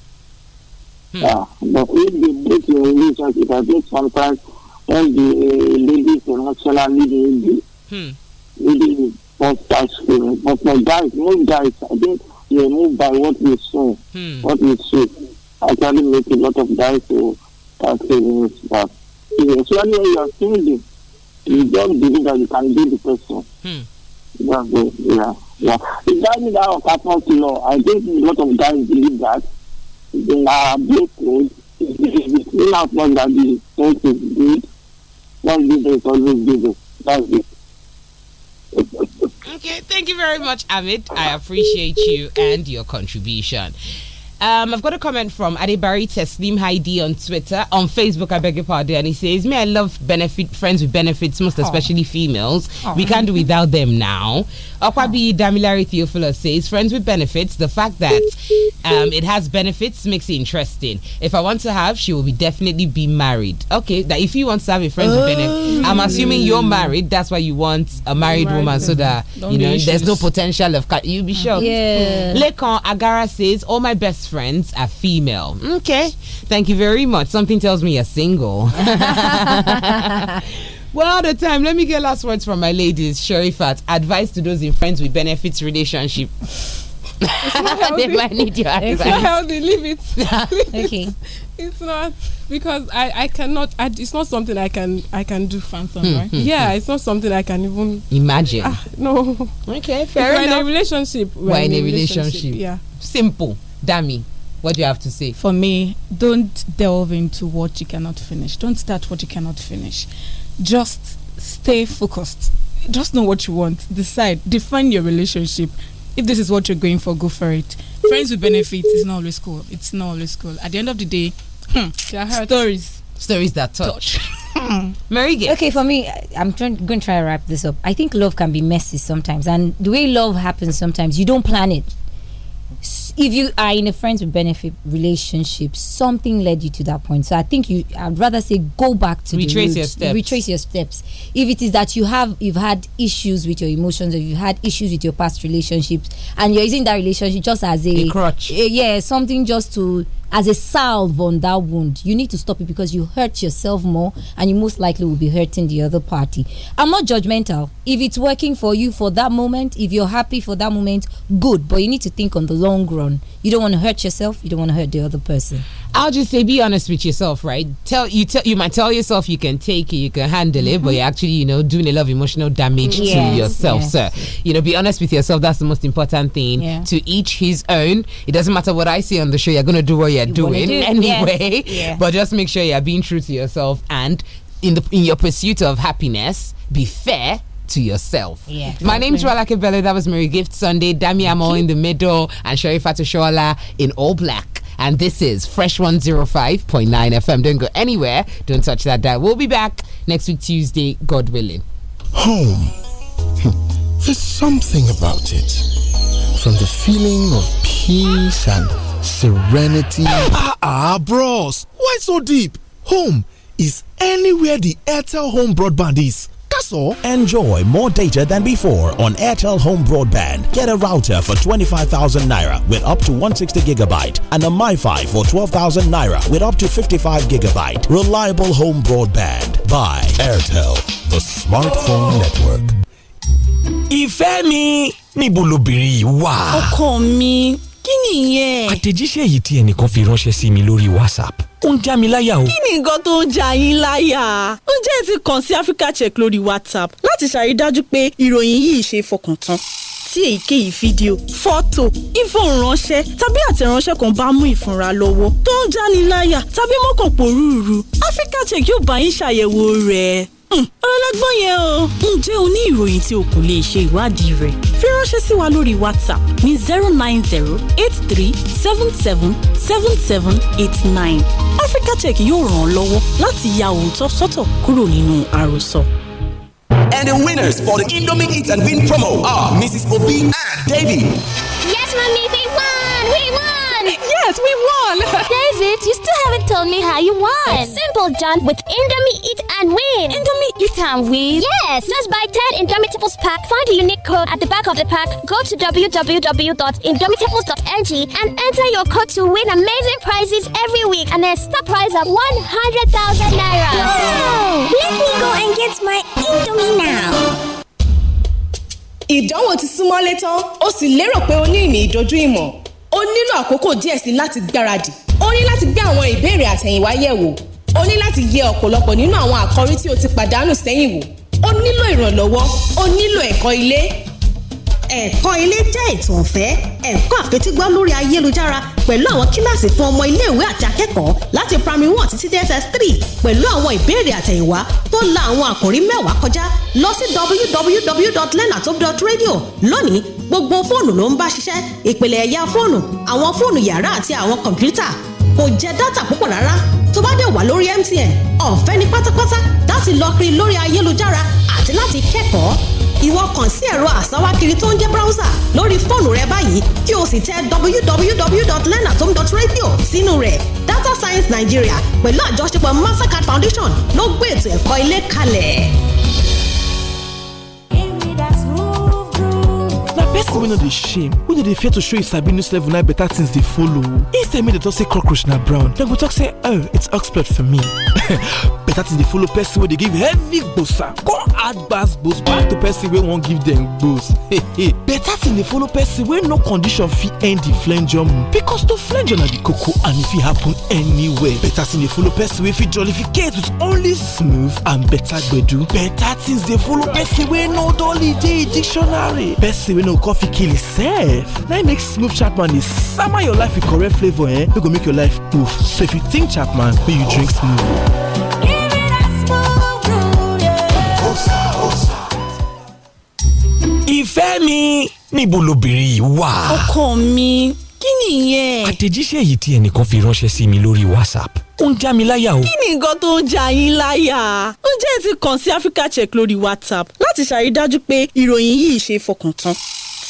Hmm. Yeah, but if the break your relationship, I think sometimes when the uh, ladies are not actually the really not that But my guys, most guys, I think they move by what we saw, hmm. what we see. Actually, make a lot of guys to start saving back. Especially when you are single, you don't believe that you can be the person. Hmm. Yeah, yeah, yeah. Regarding that of Catholic law, I think a lot of guys believe that they are broke It's not that the church is good. That's the always given. That's it okay, thank you very much, Amit. I appreciate you and your contribution. Um, I've got a comment from Adebari Teslim Heidi on Twitter, on Facebook, I beg your pardon. And he says, Me, I love benefit friends with benefits, most oh. especially females. Oh. We can't do without them now. Oh. Okwabi Damilari Theophilus says, Friends with benefits, the fact that um, it has benefits makes it interesting. If I want to have, she will be definitely be married. Okay, that if you want to have a friend with benefits, I'm assuming you're married. That's why you want a married, married woman so that, Don't you know, there's no potential of, you'll be sure. Yeah. Lekan Agara says, All my best friends are female. Okay. Thank you very much. Something tells me you're single. Well, the time. Let me get last words from my ladies. Sherifat, advice to those in friends with benefits relationship. i not they might need your advice. It's not healthy. Leave it. okay. It's not because I I cannot. I, it's not something I can I can do phantom. Hmm, right? Hmm, yeah, hmm. it's not something I can even imagine. Uh, no. Okay, fair if enough. We're in a relationship. We're, we're in, in a relationship. relationship. Yeah. Simple. Dami, what do you have to say? For me, don't delve into what you cannot finish. Don't start what you cannot finish. Just stay focused. Just know what you want. Decide. Define your relationship. If this is what you're going for, go for it. Friends with benefits is not always cool. It's not always cool. At the end of the day, hmm, stories. Stories that touch. touch. Hmm. Mary Gay. Okay, for me, I'm trying, going to try to wrap this up. I think love can be messy sometimes. And the way love happens sometimes, you don't plan it if you are in a friends with benefit relationship, something led you to that point. So I think you, I'd rather say go back to retrace your steps. Retrace your steps. If it is that you have, you've had issues with your emotions, or you've had issues with your past relationships, and you're using that relationship just as a, a crutch. A, yeah, something just to as a salve on that wound. You need to stop it because you hurt yourself more and you most likely will be hurting the other party. I'm not judgmental. If it's working for you for that moment, if you're happy for that moment, good. But you need to think on the long run. You don't want to hurt yourself, you don't want to hurt the other person. I'll just say, be honest with yourself, right? Tell you tell you might tell yourself you can take it, you can handle it, mm -hmm. but mm-hmm. you're actually, you know, doing a lot of emotional damage yes, to yourself, yes. sir. You know, be honest with yourself. That's the most important thing. Yeah. To each his own. It doesn't matter what I say on the show. You're gonna do what you're you doing do anyway. Yes. Yeah. But just make sure you're being true to yourself and in the in your pursuit of happiness, be fair to yourself. Yeah, My name's Rolake Bello. That was Mary Gift Sunday. Dami Amo in the middle and Sherry Fatushola in all black. And this is Fresh 105.9 FM. Don't go anywhere. Don't touch that dial. We'll be back next week, Tuesday, God willing. Home. Hmm. There's something about it. From the feeling of peace and serenity. Ah, ah, bros. Why so deep? Home is anywhere the Airtel home broadband is also Enjoy more data than before on Airtel Home Broadband. Get a router for 25,000 naira with up to 160 gigabyte and a MiFi for 12,000 naira with up to 55 gigabyte. Reliable home broadband by Airtel, the smartphone network. Ìfẹ́ mi níbo lobìnrin wà? Ọkọ mi. kí nìyẹn. àtẹ̀jíṣẹ́ yìí tí ẹnìkan fi ránṣẹ́ sí mi lórí whatsapp ó ń já mi láyà o. kí ni nǹkan tó ń já yín láyà. ó jẹ́ ti kàn sí africa check lórí whatsapp láti ṣàrídájú pé ìròyìn yìí ṣe fọkàn tán tí èyíkéyìí fídíò fọ́tò ìfọ̀ránṣẹ́ tàbí àtẹ̀ránṣẹ́ kan bá mú ìfúnra lọ́wọ́ tó ń jáni láyà tàbí mọ́kànpọ̀ rúurú africa check yóò bá yín ṣàyẹ̀wò rẹ̀ Hmm, ọlọ́gbọ́n yẹn o ǹjẹ́ o ní ìròyìn tí o kò lè ṣe ìwádìí rẹ̀ fi ránṣẹ́ sí wa lórí WhatsApp ní zero nine zero eight three seven seven seven seven eight nine Africa Check yóò ràn ọ́ lọ́wọ́ láti ya òótọ́ sọ́tọ̀ kúrò nínú àròsọ. And the winners for the Indomie Eat and Win promo are Mrs. Obi and Davy. Yes, mommy, we won! We won! won! Yes, we won! David, you still haven't told me how you won! It's simple, John. With Indomie Eat and Win! Indomie Eat and Win? Yes! Just buy 10 Indomitables pack, find the unique code at the back of the pack, go to www.indomitables.ng and enter your code to win amazing prizes every week and a star prize of 100,000 Naira! Wow! Let me go and get my Indomie now! ìdánwò ti súnmọ́lé tán ó sì lérò pé o ní ìmì ìdojú ìmọ̀ ó nílò àkókò díẹ̀ sí láti gbáradì ó ní láti gbé àwọn ìbéèrè àtẹ̀yìnwá yẹ̀ wò ó ní láti yẹ ọ̀pọ̀lọpọ̀ nínú àwọn àkọ́rí tí o ti pàdánù sẹ́yìn wò ó nílò ìrànlọ́wọ́ ó nílò ẹ̀kọ́ ilé ẹ̀kọ́ ilé jẹ́ ètò ọ̀fẹ́ ẹ̀kọ́ àfetígbọ́ lórí ayélujára pẹ̀lú àwọn kíláàsì fún ọmọ iléèwé àti akẹ́kọ̀ọ́ láti primary one títí dss three pẹ̀lú àwọn ìbéèrè àtẹ̀yìnwá tó la àwọn àkòrí mẹ́wàá kọjá lọ sí www.lenatop.radio lónìí gbogbo fóònù ló ń bá ṣiṣẹ́ ìpìlẹ̀ ẹ̀yà fóònù àwọn fóònù yàrá àti àwọn kọ̀ǹpútà kò jẹ dátà púpọ̀ rárá tó bá dẹ̀ wà lórí MTN ọ̀fẹ́ ní pátápátá láti lọ kiri lórí ayélujára àti láti kẹ́kọ̀ọ́ ìwọ kàn sí ẹ̀rọ àsáwákiri tó ń jẹ́ browser lórí fóònù rẹ báyìí kí o sì tẹ www.learnatom.radio sínú rẹ̀ data science nigeria pẹ̀lú àjọṣepọ̀ mastercard foundation ló gbé ètò ẹ̀kọ́ ilé kalẹ̀. person wey no dey shame wey no dey fear to show e sabi news level na e better things dey follow oh. instead make dem talk say cockroach na brown dem go talk say oh it's expert for me better things dey follow person wey dey give heavy gbosa ah. come add gbas gbos back to person wey wan give dem gbos better thing dey follow person wey no condition fit end the flenjum because to flenjum na the koko and e fit happen anywhere better thing dey follow person wey fit jollificate with only smooth and better gbedu better things dey follow person wey no dolly dey dictionary person wey no Coffee kill itself na im make smooth chapman dey Summer your life with correct flavor, eh wey go make your life poof so if you think chapman make you drink smooth. ìfẹ́ mi níbo lobìnrin yìí wà. ọkọ mi kí nìyẹn. àtẹ̀jíṣẹ́ yìí tí ẹnìkan fi ránṣẹ́ sí mi lórí whatsapp ó ń já mi láyà o. kí ni nǹkan tó ń já yín láyà. ǹjẹ́ ẹ ti kàn sí africa check lórí whatsapp láti ṣàrídájú pé ìròyìn yìí ṣe fọkàn tán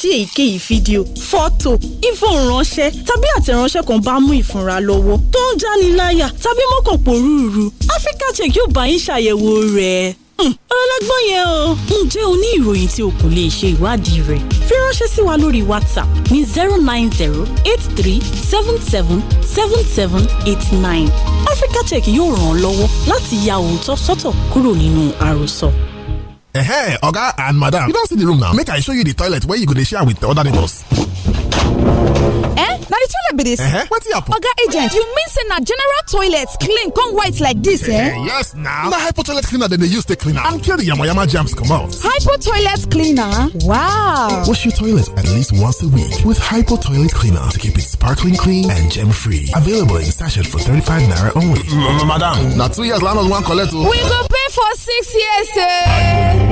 tí èyíkéyìí fídíò fọ́tò ìfọ̀ránṣẹ́ tàbí àtẹ̀ránṣẹ́ kan bá mú ìfúnra lọ́wọ́ tó ń jániláyà tàbí mọ́kàn pòrúurú Africa Check yóò bá yín ṣàyẹ̀wò rẹ̀ hmm, ọlọ́gbọ́n yẹn o ǹjẹ́ o ní ìròyìn tí o kò lè ṣe ìwádìí rẹ̀ fi ránṣẹ́ sí wa lórí WhatsApp ní zero nine zero eight three seven seven seven seven eight nine Africa Check yóò ràn ọ́ lọ́wọ́ láti ya òótọ́ sọ́tọ̀ kúrò nínú àròsọ eh oga and madam you don see the room now make i show you the toilet wey you go dey share with other neighbors. eh Now the toilet be dis eh wetin happen. oga agent you mean say na general toilets clean come white like this, eh, eh? yes now. na hypo toilet cleaner than they use to clean am kidding, kill the jams come out. hypo toilet cleaner wow wash your toilet at least once a week with hypo toilet cleaner to keep it sparkling clean and gem free available in sachet for 35 naira only madam Now two years land wan one o we go pay for six years eh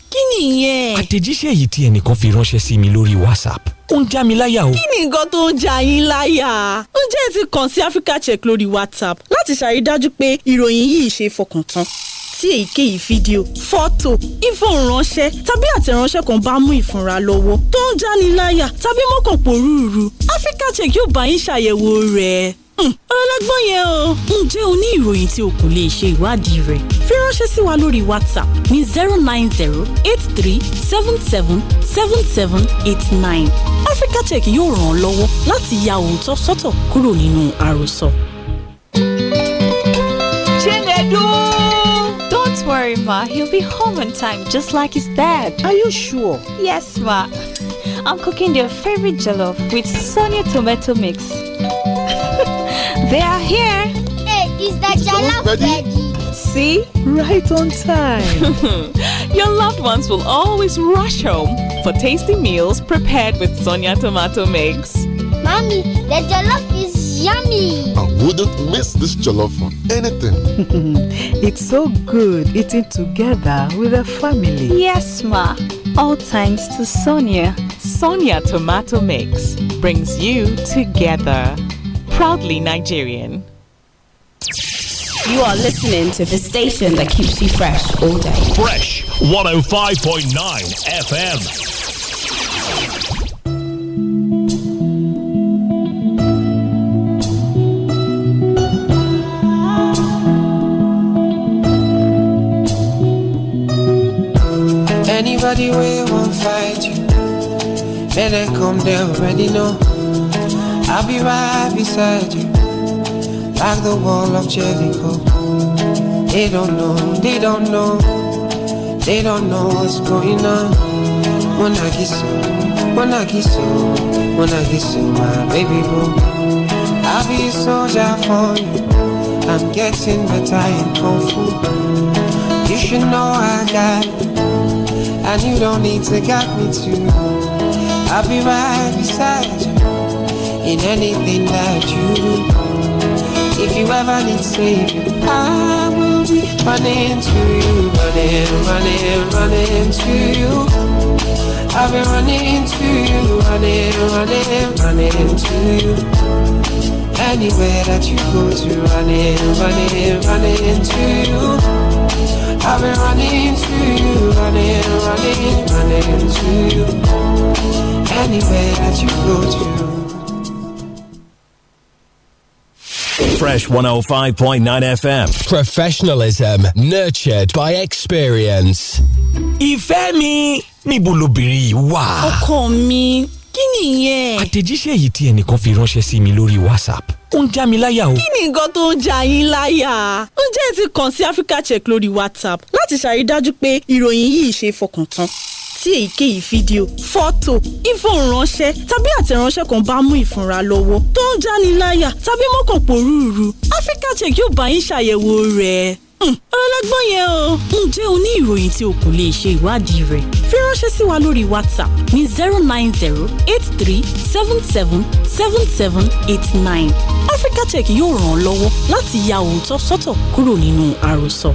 kí nìyẹn. àtẹ̀jíṣẹ́ yìí tí ẹnìkan fi ránṣẹ́ sí mi lórí whatsapp ó ń já mi láyà o. kí ni nǹkan tó ń já yín láyà. ó jẹ́ ti kàn sí africa check lórí whatsapp láti ṣàrídájú pé ìròyìn yìí ṣe fọkàn tán tí èyíkéyìí fídíò fọ́tò ìfọ̀ránṣẹ́ tàbí àtẹ̀ránṣẹ́ kan bá mú ìfúnra lọ́wọ́ tó ń jáni láyà tàbí mọ́kànpọ̀ rúurú africa check yóò bá yín ṣàyẹ̀wò rẹ̀ Hmm, ọlọ́gbọ́n yẹn o ǹjẹ́ o ní ìròyìn tí o kò lè ṣe ìwádìí rẹ̀ fi ránṣẹ́ sí wa lórí whatsapp ní zero nine zero eight three seven seven seven seven eight nine africatech yóò ràn ọ́ lọ́wọ́ láti ya òótọ́ sọ́tọ̀ kúrò nínú àròsọ. Don't worry, Ma. He'll be home on time, just like his dad. Are you sure? Yes, Ma. I'm cooking their favorite jollof with Sonia tomato mix. They are here. Hey, it's the Jollof Daddy. See? Right on time. Your loved ones will always rush home for tasty meals prepared with Sonia tomato mix. Mommy, the jollof is yummy. I wouldn't miss this jollof for anything. it's so good eating together with a family. Yes, ma. All thanks to Sonia. Sonia Tomato Mix brings you together proudly Nigerian. You are listening to the station that keeps you fresh all day. Fresh 105.9 FM. Anybody we won't fight you, and they come, there already know. I'll be right beside you, like the wall of Jericho. They don't know, they don't know, they don't know what's going on. When I get so, when I get so, when I get so, my baby boo. I'll be a soldier for you. I'm getting better in kung fu. You should know I got it, and you don't need to got me too. I'll be right beside you in anything that you do. If you ever need saving, I will be running to you, running, running, running to you. I've been running to you, running, running, running to you. Anywhere that you go to, running, running, running to you. I've been running to you, running, running, running to you. Anywhere that you go to. Fresh 105.9 FM. Professionalism nurtured by experience. Ìfẹ́ mi níbo lobìnrin yìí wà? Ọkọ mi, kí nìyẹn? Àtẹ̀jíṣẹ́ yìí tí ẹnìkan fi ránṣẹ́ sí mi lórí WhatsApp ó ń já mi láyà o. kí ni nǹkan tó ń já yín láyà. ó jẹ́ ti kàn sí Africa Check lórí WhatsApp láti ṣàrídájú pé ìròyìn yìí ṣe fọkàn tán tí èyíkéyìí fídíò fọ́tò ìfọ̀ránṣẹ́ tàbí àtẹ̀ránṣẹ́ kan bá mú ìfúnra lọ́wọ́ tó ń jániláyà tàbí mọ́kàn pòrúurú Africa Check yóò bá yín ṣàyẹ̀wò rẹ̀ hmm, ọlọ́gbọ́n yẹn o. ǹjẹ́ o ní ìròyìn tí o kò lè ṣe ìwádìí rẹ̀? fi ránṣẹ́ sí wa lórí whatsapp ní zero nine zero eight three seven seven seven seven eight nine. Africa Check yóò ràn ọ́ lọ́wọ́ láti ya òótọ́ sọ́tọ̀ kúrò nínú àròsọ.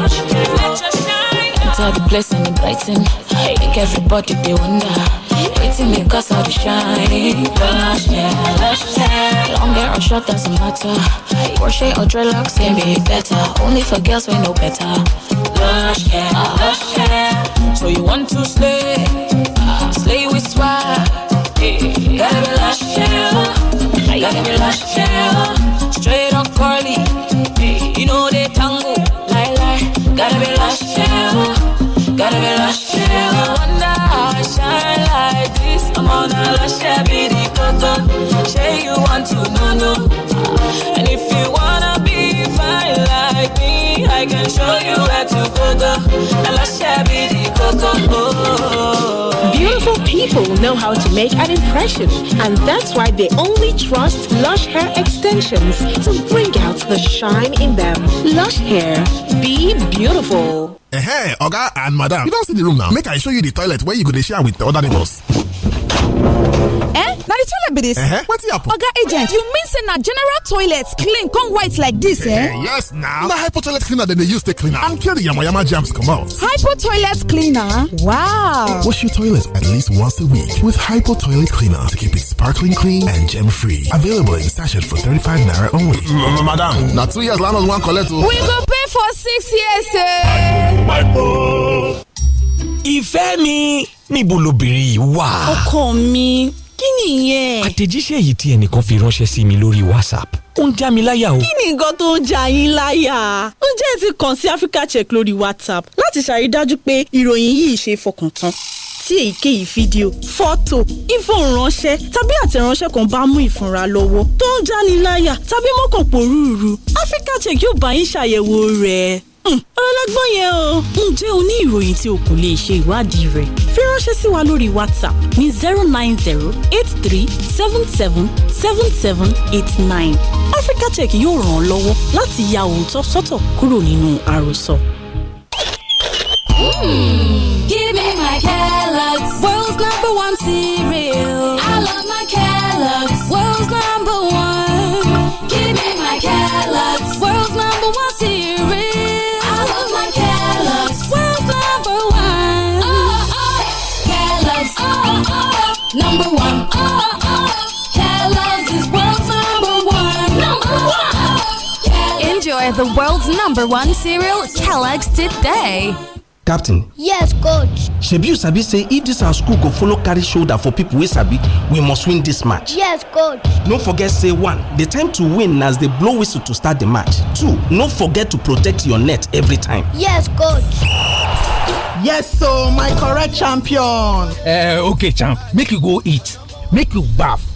lush all the blessing and blighting. Make everybody they wonder. Hating me cause all the shine. Lush, yeah, lush, yeah. Long hair or short doesn't matter. Porsche or dreadlocks can be better. Only for girls we know better. Lush, yeah, lush, yeah. So you want to slay? Ah, slay with swag. Gotta be lush, yeah. Gotta be lush, yeah. Straight or curly. You know they tango. Lie, lie. Gotta be lush, yeah. Gotta be lush, yeah. No wonder how I shine like this. I'm on a lush, yeah, be the coco. Say you want to know, no. And if you wanna be fine like me, I can show you where to go, go. A lush, yeah, be the coco. Beautiful people know how to make an impression, and that's why they only trust Lush Hair Extensions to bring out the shine in them. Lush Hair, be beautiful. eh oga and madam you don't see the room now make i show you the toilet where you go dey share with other neighbors eh Now the toilet be dis eh, eh. wetin happen. oga agent you mean say na general toilets clean come white like this, eh? eh yes na na hypo toilet cleaner than dey use take clean am and kill di yamayama germs comot hypo toilet cleaner wow wash your toilet at least once a week with hypo toilet cleaner to keep it sparkling clean and germ free available in sachet for 35 naira only madam now two years landlord wan collect we go pay for six years eh ìfẹ́ mi níbo lobìnrin yìí wà. ọkọ mi kí nìyẹn. àtẹ̀jíṣẹ́ yìí tí ẹnìkan fi ránṣẹ́ sí mi lórí whatsapp ó ń já mi láyà o. kí ni nǹkan tó ń já yín láyà? ǹjẹ́ ẹ ti kàn sí Africa Check lórí WhatsApp láti ṣàrídájú pé ìròyìn yìí ṣe fọkàn tán tí èyíkéyìí fídíò fọ́tò ìfọ̀ránṣẹ́ tàbí àtẹ̀ránṣẹ́ kan bá mú ìfúnra lọ́wọ́ tó ń jáni láyà tàbí mọ́kànpọ̀ rúurú Africa Check yóò bá yín ṣàyẹ̀wò rẹ̀ Hmm, ọlọ́gbọ́n yẹn o ǹjẹ́ o ní ìròyìn tí o kò lè ṣe ìwádìí rẹ̀ fi ránṣẹ́ sí wa lórí whatsapp ní zero nine zero eight three seven seven seven seven eight nine africa check yóò ràn ọ́ lọ́wọ́ láti ya òótọ́ sọ́tọ̀ kúrò nínú àròsọ. Give me my Kellogg's, world's number one cereal. I love my Kellogg's, world's number one. Give me my Kellogg's, world's number one cereal. number one. Oh, oh, Kellogg's is world's number one. Number one. Enjoy the world's number one cereal, Kellogg's today. captain yes coach shebi you sabi say if this our school go follow carry shoulder for people wey sabi we must win this match yes coach no forget say one the time to win na as they blow whistle to start the match two no forget to protect your net every time. yes coach yes so my correct champion eh okay champ make you go eat make you baff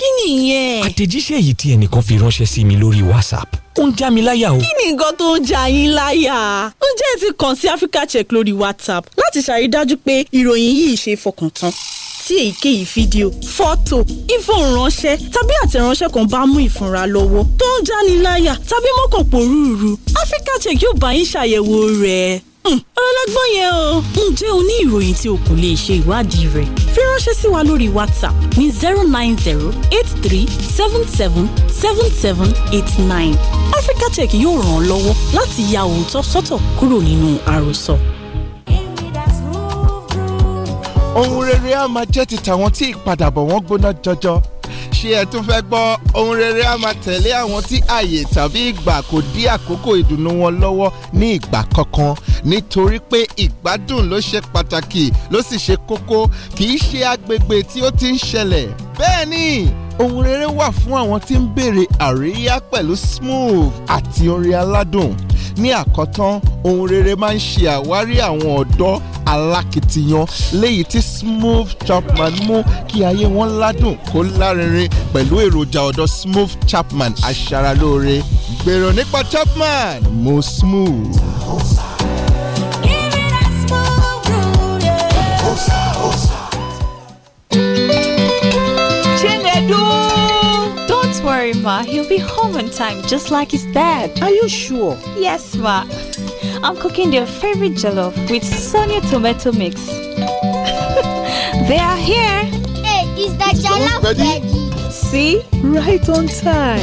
kí nìyẹn. àtẹ̀jíṣẹ́ yìí tí ẹnìkan fi ránṣẹ́ sí mi lórí whatsapp ó ń já mi láyà o. kí ni nǹkan tó ń já yín láyà. ǹjẹ́ ẹ ti kàn sí africa check lórí whatsapp láti ṣàrídájú pé ìròyìn yìí ṣe fọkàn tán tí èyíkéyìí fídíò fọ́tò ìfọ̀ránṣẹ́ tàbí àtẹ̀ránṣẹ́ kan bá mú ìfúnra lọ́wọ́ tó ń jáni láyà tàbí mọ́kànpọ̀ rúurú Africa Check yóò bá yín ṣàyẹ̀wò rẹ̀ Hmm, ọlọ́gbọ́n yẹn o ǹjẹ́ o ní ìròyìn tí o kò lè ṣe ìwádìí rẹ̀ fi ránṣẹ́ sí wa lórí whatsapp ní zero nine zero eight three seven seven seven seven eight nine africa check yóò ràn ọ́ lọ́wọ́ láti ya òótọ́ sọ́tọ̀ kúrò nínú àròsọ ohun rere á máa jẹ́ ti tàwọn tí ìpadàbọ̀ wọn gbóná jọjọ ṣé ẹ tún fẹ́ gbọ́ ohun rere á máa tẹ̀lé àwọn tí àyè tàbí ìgbà kò dí àkókò ìdùnnú wọn lọ́wọ́ ní ìgbà kankan nítorí pé ìgbádùn ló ṣe pàtàkì ló sì ṣe kókó kì í ṣe agbègbè tí ó ti ń ṣẹlẹ̀ bẹ́ẹ̀ ni ohun rere wà fún àwọn tí ń béèrè àríyá pẹ̀lú smooth àti orin aládùn ní àkọ́tán ohun rere máa ń ṣe àwárí àwọn ọ̀dọ́ alákìtiyan léyìí tí smooth chapman mú kí ayé wọn ládùn kó lárinrin pẹ̀lú èròjà ọ̀dọ̀ smooth chapman aṣaralóore gbèrò nípa chapman mo smooth. Ma. He'll be home on time, just like his dad. Are you sure? Yes, Ma. I'm cooking their favorite jollof with Sonia tomato mix. they are here. Hey, is the jollof ready? See? Right on time.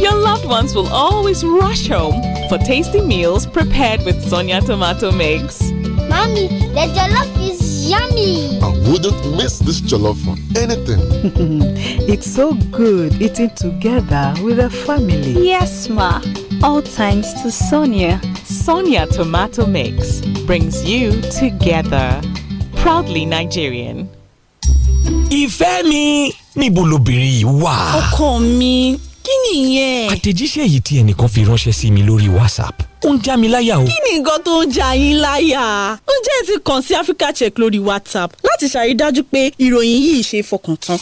Your loved ones will always rush home for tasty meals prepared with Sonia tomato mix. Mommy, the jollof is Yummy! I wouldn't miss this jollof for anything. it's so good eating together with a family. Yes, Ma. All thanks to Sonia. Sonia Tomato Mix brings you together. Proudly Nigerian. Ìfẹ́ mi níbo lobìnrin wà? Ọkọ mi, kí nìyẹn? Àtẹ̀jíṣẹ́ yìí tí ẹnìkan fi ránṣẹ́ sí mi lórí WhatsApp ó ń já mi láyà o. kí ni nǹkan tó ń já yín láyà? ǹjẹ́ ẹ ti kàn sí Africa Check lórí WhatsApp láti ṣàrídájú pé ìròyìn yìí ṣe fọkàn tán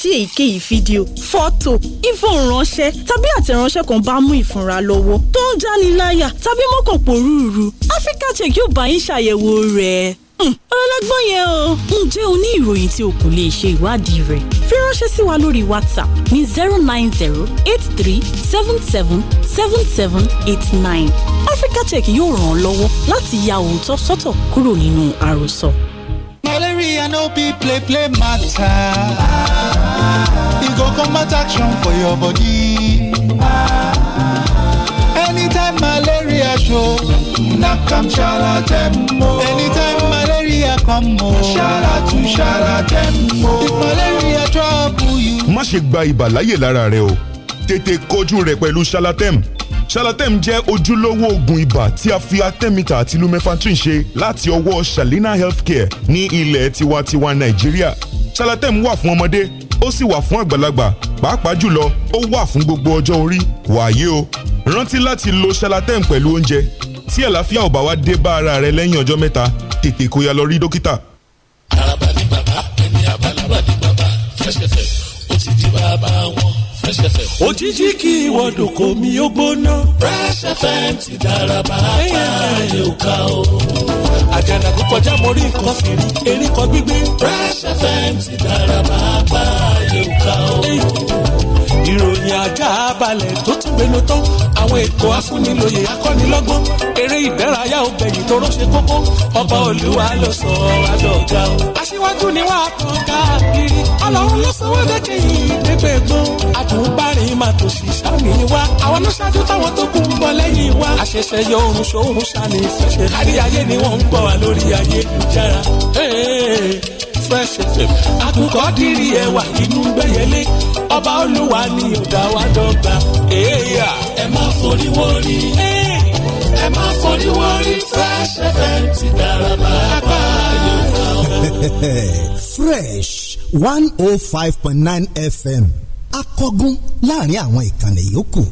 tí èyíkéyìí fídíò fọ́tò ìfọ̀ránṣẹ́ tàbí àtẹ̀ránṣẹ́ kan bá mú ìfúnra lọ́wọ́ tó ń jáni láyà tàbí mọ́kànpọ̀ rúurú Africa Check yóò bá yín ṣàyẹ̀wò rẹ̀ Hm, ọlọ́gbọ́n yẹn o ǹjẹ́ o ní ìròyìn tí o kò lè ṣe ìwádìí rẹ̀ fi ránṣẹ́ sí wa lórí WhatsApp ní zero nine zero eight three seven seven seven seven eight nine Africa Check yóò ràn ọ́ lọ́wọ́ láti ya òótọ́ sọ́tọ̀ kúrò nínú àròsọ. malaria no be play play matter e go combat action for your body anytime malaria show knack am shala dem o anytime malaria come o. ṣara tu ṣara tẹ̀ if malaria trouble you. má ṣe gba ibà láyè lára rẹ o tètè kojú rẹ̀ pẹ̀lú Shalatem Shalatem jẹ́ ojúlówó oògùn ibà tí a fi atẹ́mítà àti lumefantrin ṣe láti ọwọ́ Shalina Healthcare ní ilẹ̀ tiwantiwa Nàìjíríà Shalatem wà fún ọmọdé ó sì wà fún àgbàlagbà pàápàá jùlọ ó wà fún gbogbo ọjọ́ orí wàyé o rántí láti lo Shalatem pẹ̀lú oúnjẹ tí àlàáfíà ò bá wá dé bá ara rẹ lẹ́yìn ọjọ́ mẹ́ta tètè kó ya lọ rí dókítà. àràbà ní bàbá ẹni àbálàbà ní bàbá Fresh FM ó ti di bàbá wọn Fresh FM. òjijì kí ìwọ́dọ̀ kò mí ó gbóná. Fresh FM ti dára bàbá ayé ò ká o. àjànà kó kọjá mo rí nǹkan fìrí erékọ gbígbé. Fresh FM ti dára bàbá ayé ò ká o ìròyìn ajá balẹ̀ tó tún gbénu tán àwọn ètò afúnilòyè akọ́nilọ́gbọ́n eré ìdárayá obìnrin tó rọ́ṣẹ́ kókó ọba olúwa ló sọ àdọ̀gá o. aṣíwájú ni wàá kàn káàkiri ọlọ́run ló sọ wọ́n dẹ́kẹ́ yìí dẹ́gbẹ́ gbọ́n àtúbárìn máa tò sí sáni wa àwọn ló ṣáájú táwọn tó kù ń bọ̀ lẹ́yìn wa. àṣẹ̀ṣẹ̀ yọ oorun ṣòun ṣàní ìfẹsẹ̀ kárí ni wọ́n ń gbọ́ wa lórí ayélujára fresh fm àkùkọ dìrì ẹwà inú gbẹyẹlé ọba olúwa ni ó wa dọ́gba. ẹ má forí wọrí ẹ má forí wọrí fresh fm ti dára pàápàá. fresh one oh five point nine fm akọgun láàrin àwọn ìkànnì yòókù.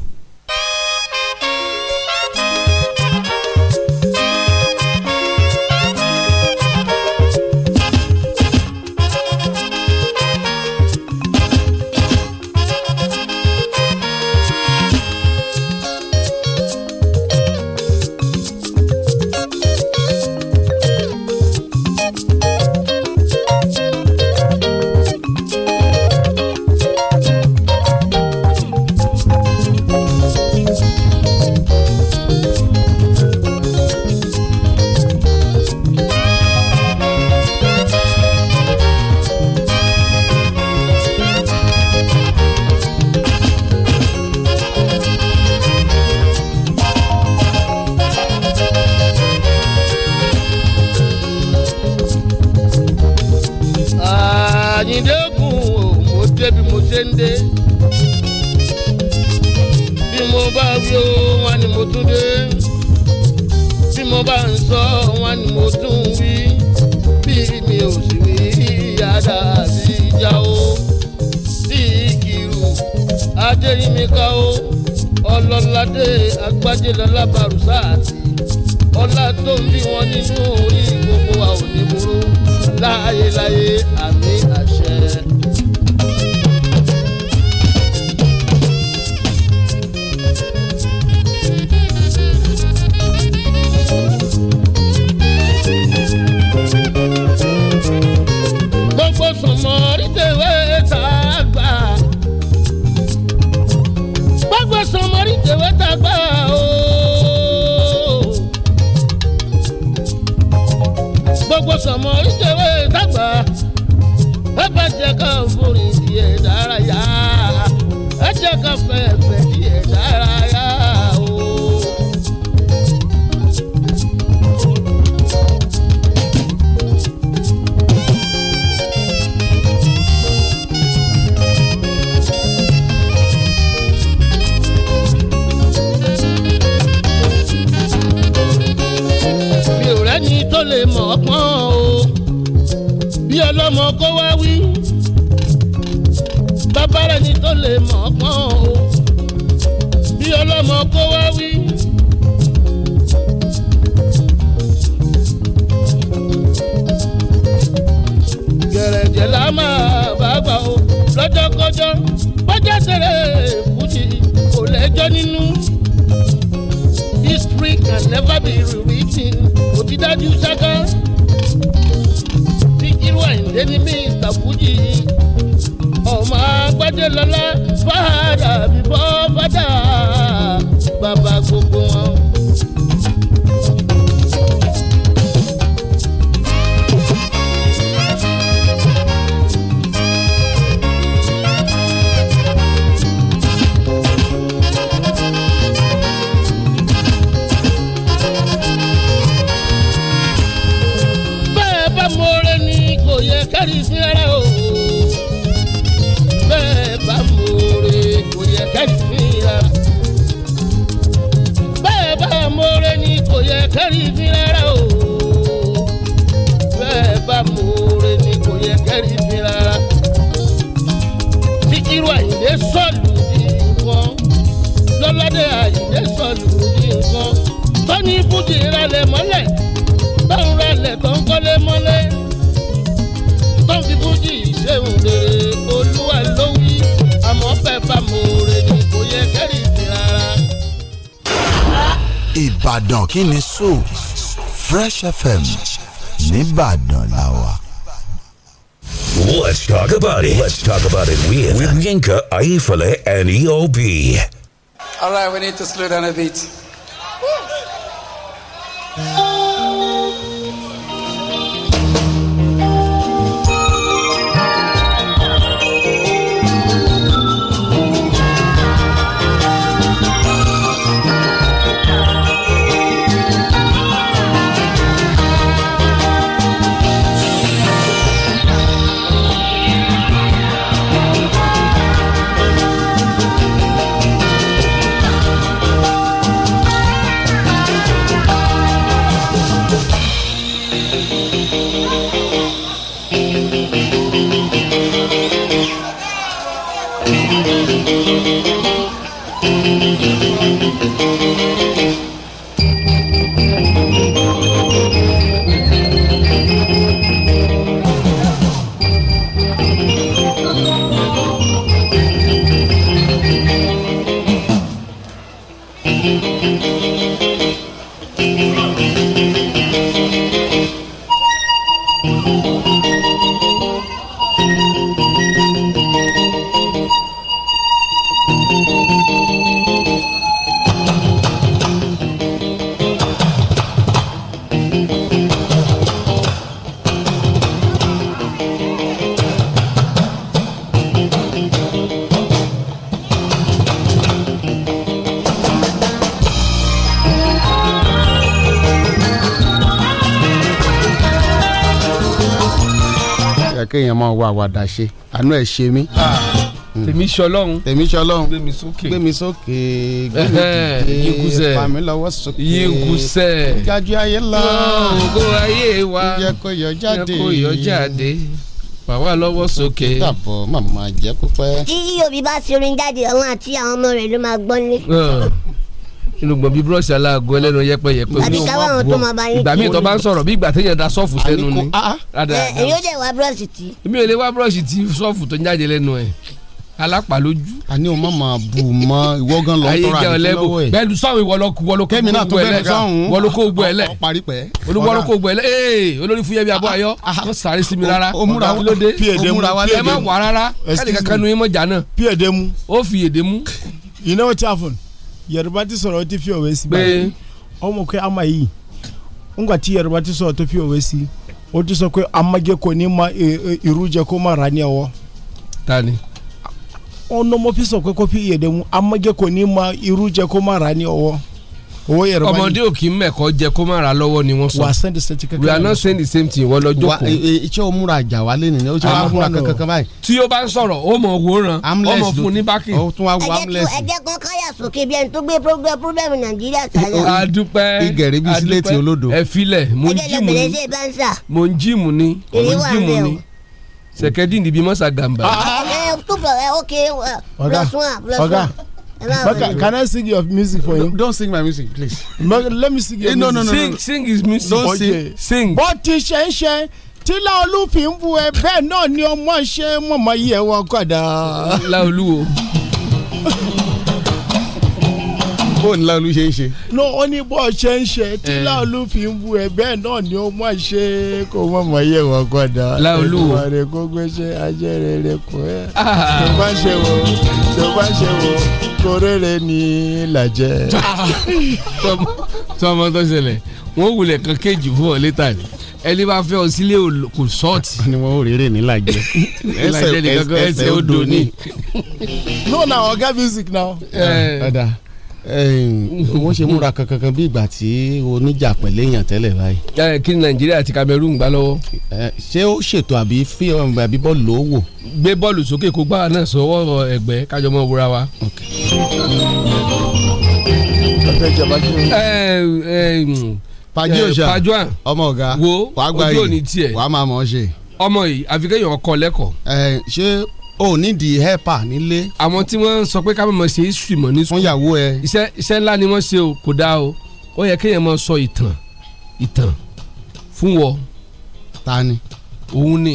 Ìbàdàn kí ni so Fresh FM nìbàdàn la wà. Let's talk about it. Let's talk about it with, with Yinka Ayifale and EOB. All right, we need to slow down a bit. èèyàn máa wá àwàdà ṣe àánú ẹ̀ ṣe mí. Ah, tèmi ṣọlọ́run tèmi ṣọlọ́run gbé mi sókè gbé mi sókè yígusẹ̀ fàmí lọ́wọ́ ayé lọ ògo ayé wa jẹ́ kó yọ jáde jẹ́ kó yọ jáde bàwá lọ́wọ́ sókè. dàbọ̀ màmá jẹ́ púpẹ́. tí yóò bí bá ṣe jáde òun àti àwọn ọmọ rẹ̀ ló máa gbọ́ nílé inú gbọ̀n bí búrọ́ọ̀ṣì aláàgọ ẹlẹ́nu yẹpẹyẹpẹ ní owó àbúrò ìgbà míì tó bá ń sọ̀rọ̀ bí ìgbà téèyàn da sọ́ọ̀fù sẹ́nu ni. èyí ah, ah. ó jẹ́ wá búrọ́ọ̀ṣì tí. mi ò lè wá búrọ́ọ̀ṣì tí sọ́ọ̀fù tó ń jáde lẹ́nu ẹ̀ alápá lójú. a ní o má máa bù mọ ìwọ gan lọ tọrọ àti lọ́wọ́ ẹ. bẹ́ẹ̀ni sọhùn ìwọlọkọ ìwọlọkọ gbogbo ẹlẹ ìwọlọkọ gbogbo ẹlẹ olùwọlọkọ gbogbo ẹlẹ ee olórí fúyẹ́ bí abọ́ ayọ́ ah, ó sáré sí mi rárá ọ̀gá kílódé ẹ má wà rárá káàdì kankan nu yín mọ̀ jà náà ó fi èdè mú. you know what happened? yorùbá ti sọ̀rọ̀ ti fi òwe sí báyìí ọmọ pé ama yìí ńgbà tí yorùbá ti sọ̀rọ̀ tó fi òwe sí ó ti sọ pé amagye kò ní ma ìrújẹ e, e, kó má ra ní ọwọ́. tani. ọ̀nà mo fi sọ pé kó fi ìyẹ̀dẹ̀ mu amagye kò ní ma ìrújẹ kó má ra ní ọwọ́ owó yẹrọ báyìí ọmọdé òkì mẹ́kọ̀ọ́ jẹ kó má ra lọ́wọ́ ni wọ́n sọ wà send the same thing kankan we are not saying the same thing wọ́n lọ jókòó. iṣẹ́ o àjà wa lé nìyẹn o ṣe kankan báyìí. tí o bá ń sọ̀rọ̀ o mọ̀ wòran o mọ̀ fún ní bákì. ẹ jẹ́ kó káyà sókè bí ẹni tó gbé púrọ́bẹ̀mù nàìjíríà sáyà. a dúpẹ́ igẹ̀rẹ́ bíi sílẹ̀tì olódò. ẹ filẹ̀ mo ń jíìmù ni mo ń jíìmù ni ni sẹ̀kẹ́dì níbi mọ́sà ọ̀gá ọ̀gá But can, can I sing your music for you? Don't sing my music, please. Let me sing your hey, eh, no, music. No, no, no, sing, Sing his music. Don't okay. sing. Sing. Bọ́tí ṣẹ́ṣẹ́ tí Láolú fi ń bu ẹ bẹ́ẹ̀ náà ni ọmọ ṣe mọ̀mọ́ yẹ wọ́n kọ̀dá. Láolú o bó ni láolú ṣe ń ṣe. no ó ní bó ṣe ń ṣe tí eh. láolú fi ń bu ẹgbẹ́ náà ni ó mọ̀ ṣe kó mọ̀ mọ̀ yẹ wọ́n kọ́dà. láolú o ètò rẹ̀ kó gbéṣẹ́ ajé rẹ̀ rẹ̀ kún ẹ̀. tó ah, ah, ah. bá ṣe wo tó bá ṣe wo kórèrè ní làjẹ́. sọmọ tó ṣẹlẹ̀ wọ́n wulẹ̀ kan kéjì fún ọ létà ni ẹni bá fẹ́ ọ sílé kò sọ́ọ̀tì. ni wọn ò rèrè nílà jẹ ẹsẹ ẹsẹ odò ni. no na oga music now. ọ̀dà. Yeah. Uh, wọ́n ṣe múra kankankan bí ìgbà tí oníjà pẹ̀lú èèyàn tẹ́lẹ̀ báyìí. kí nàìjíríà àti cameroon gbá lọ́wọ́. ṣé ó ṣètò àbí fi um, àbí bọ́ọ̀lù ó wò. gbé bọ́ọ̀lù sókè kó gbá náà sọ́wọ́ ẹ̀gbẹ́ kájọ mọ́ wúra wa. pàjọ́ pàjọ́ ọmọ ọ̀gá wo ojú òní tiẹ̀ wàá máa mọ̀ ọ́ ṣe. ọmọ yìí àfikẹ́yìn ọkọ lẹ́kọ̀ọ́. ṣé o ní di helper nílé. àwọn tí wọ́n ń sọ pé ká mọ̀ ṣe history mọ̀ ní. fún ìyàwó ẹ. iṣẹ́ iṣẹ́ ńlá ni wọ́n ṣe o kò dáa o ó yẹ kéèyàn máa sọ ìtàn ìtàn fún wọ. ta ni. òun ni.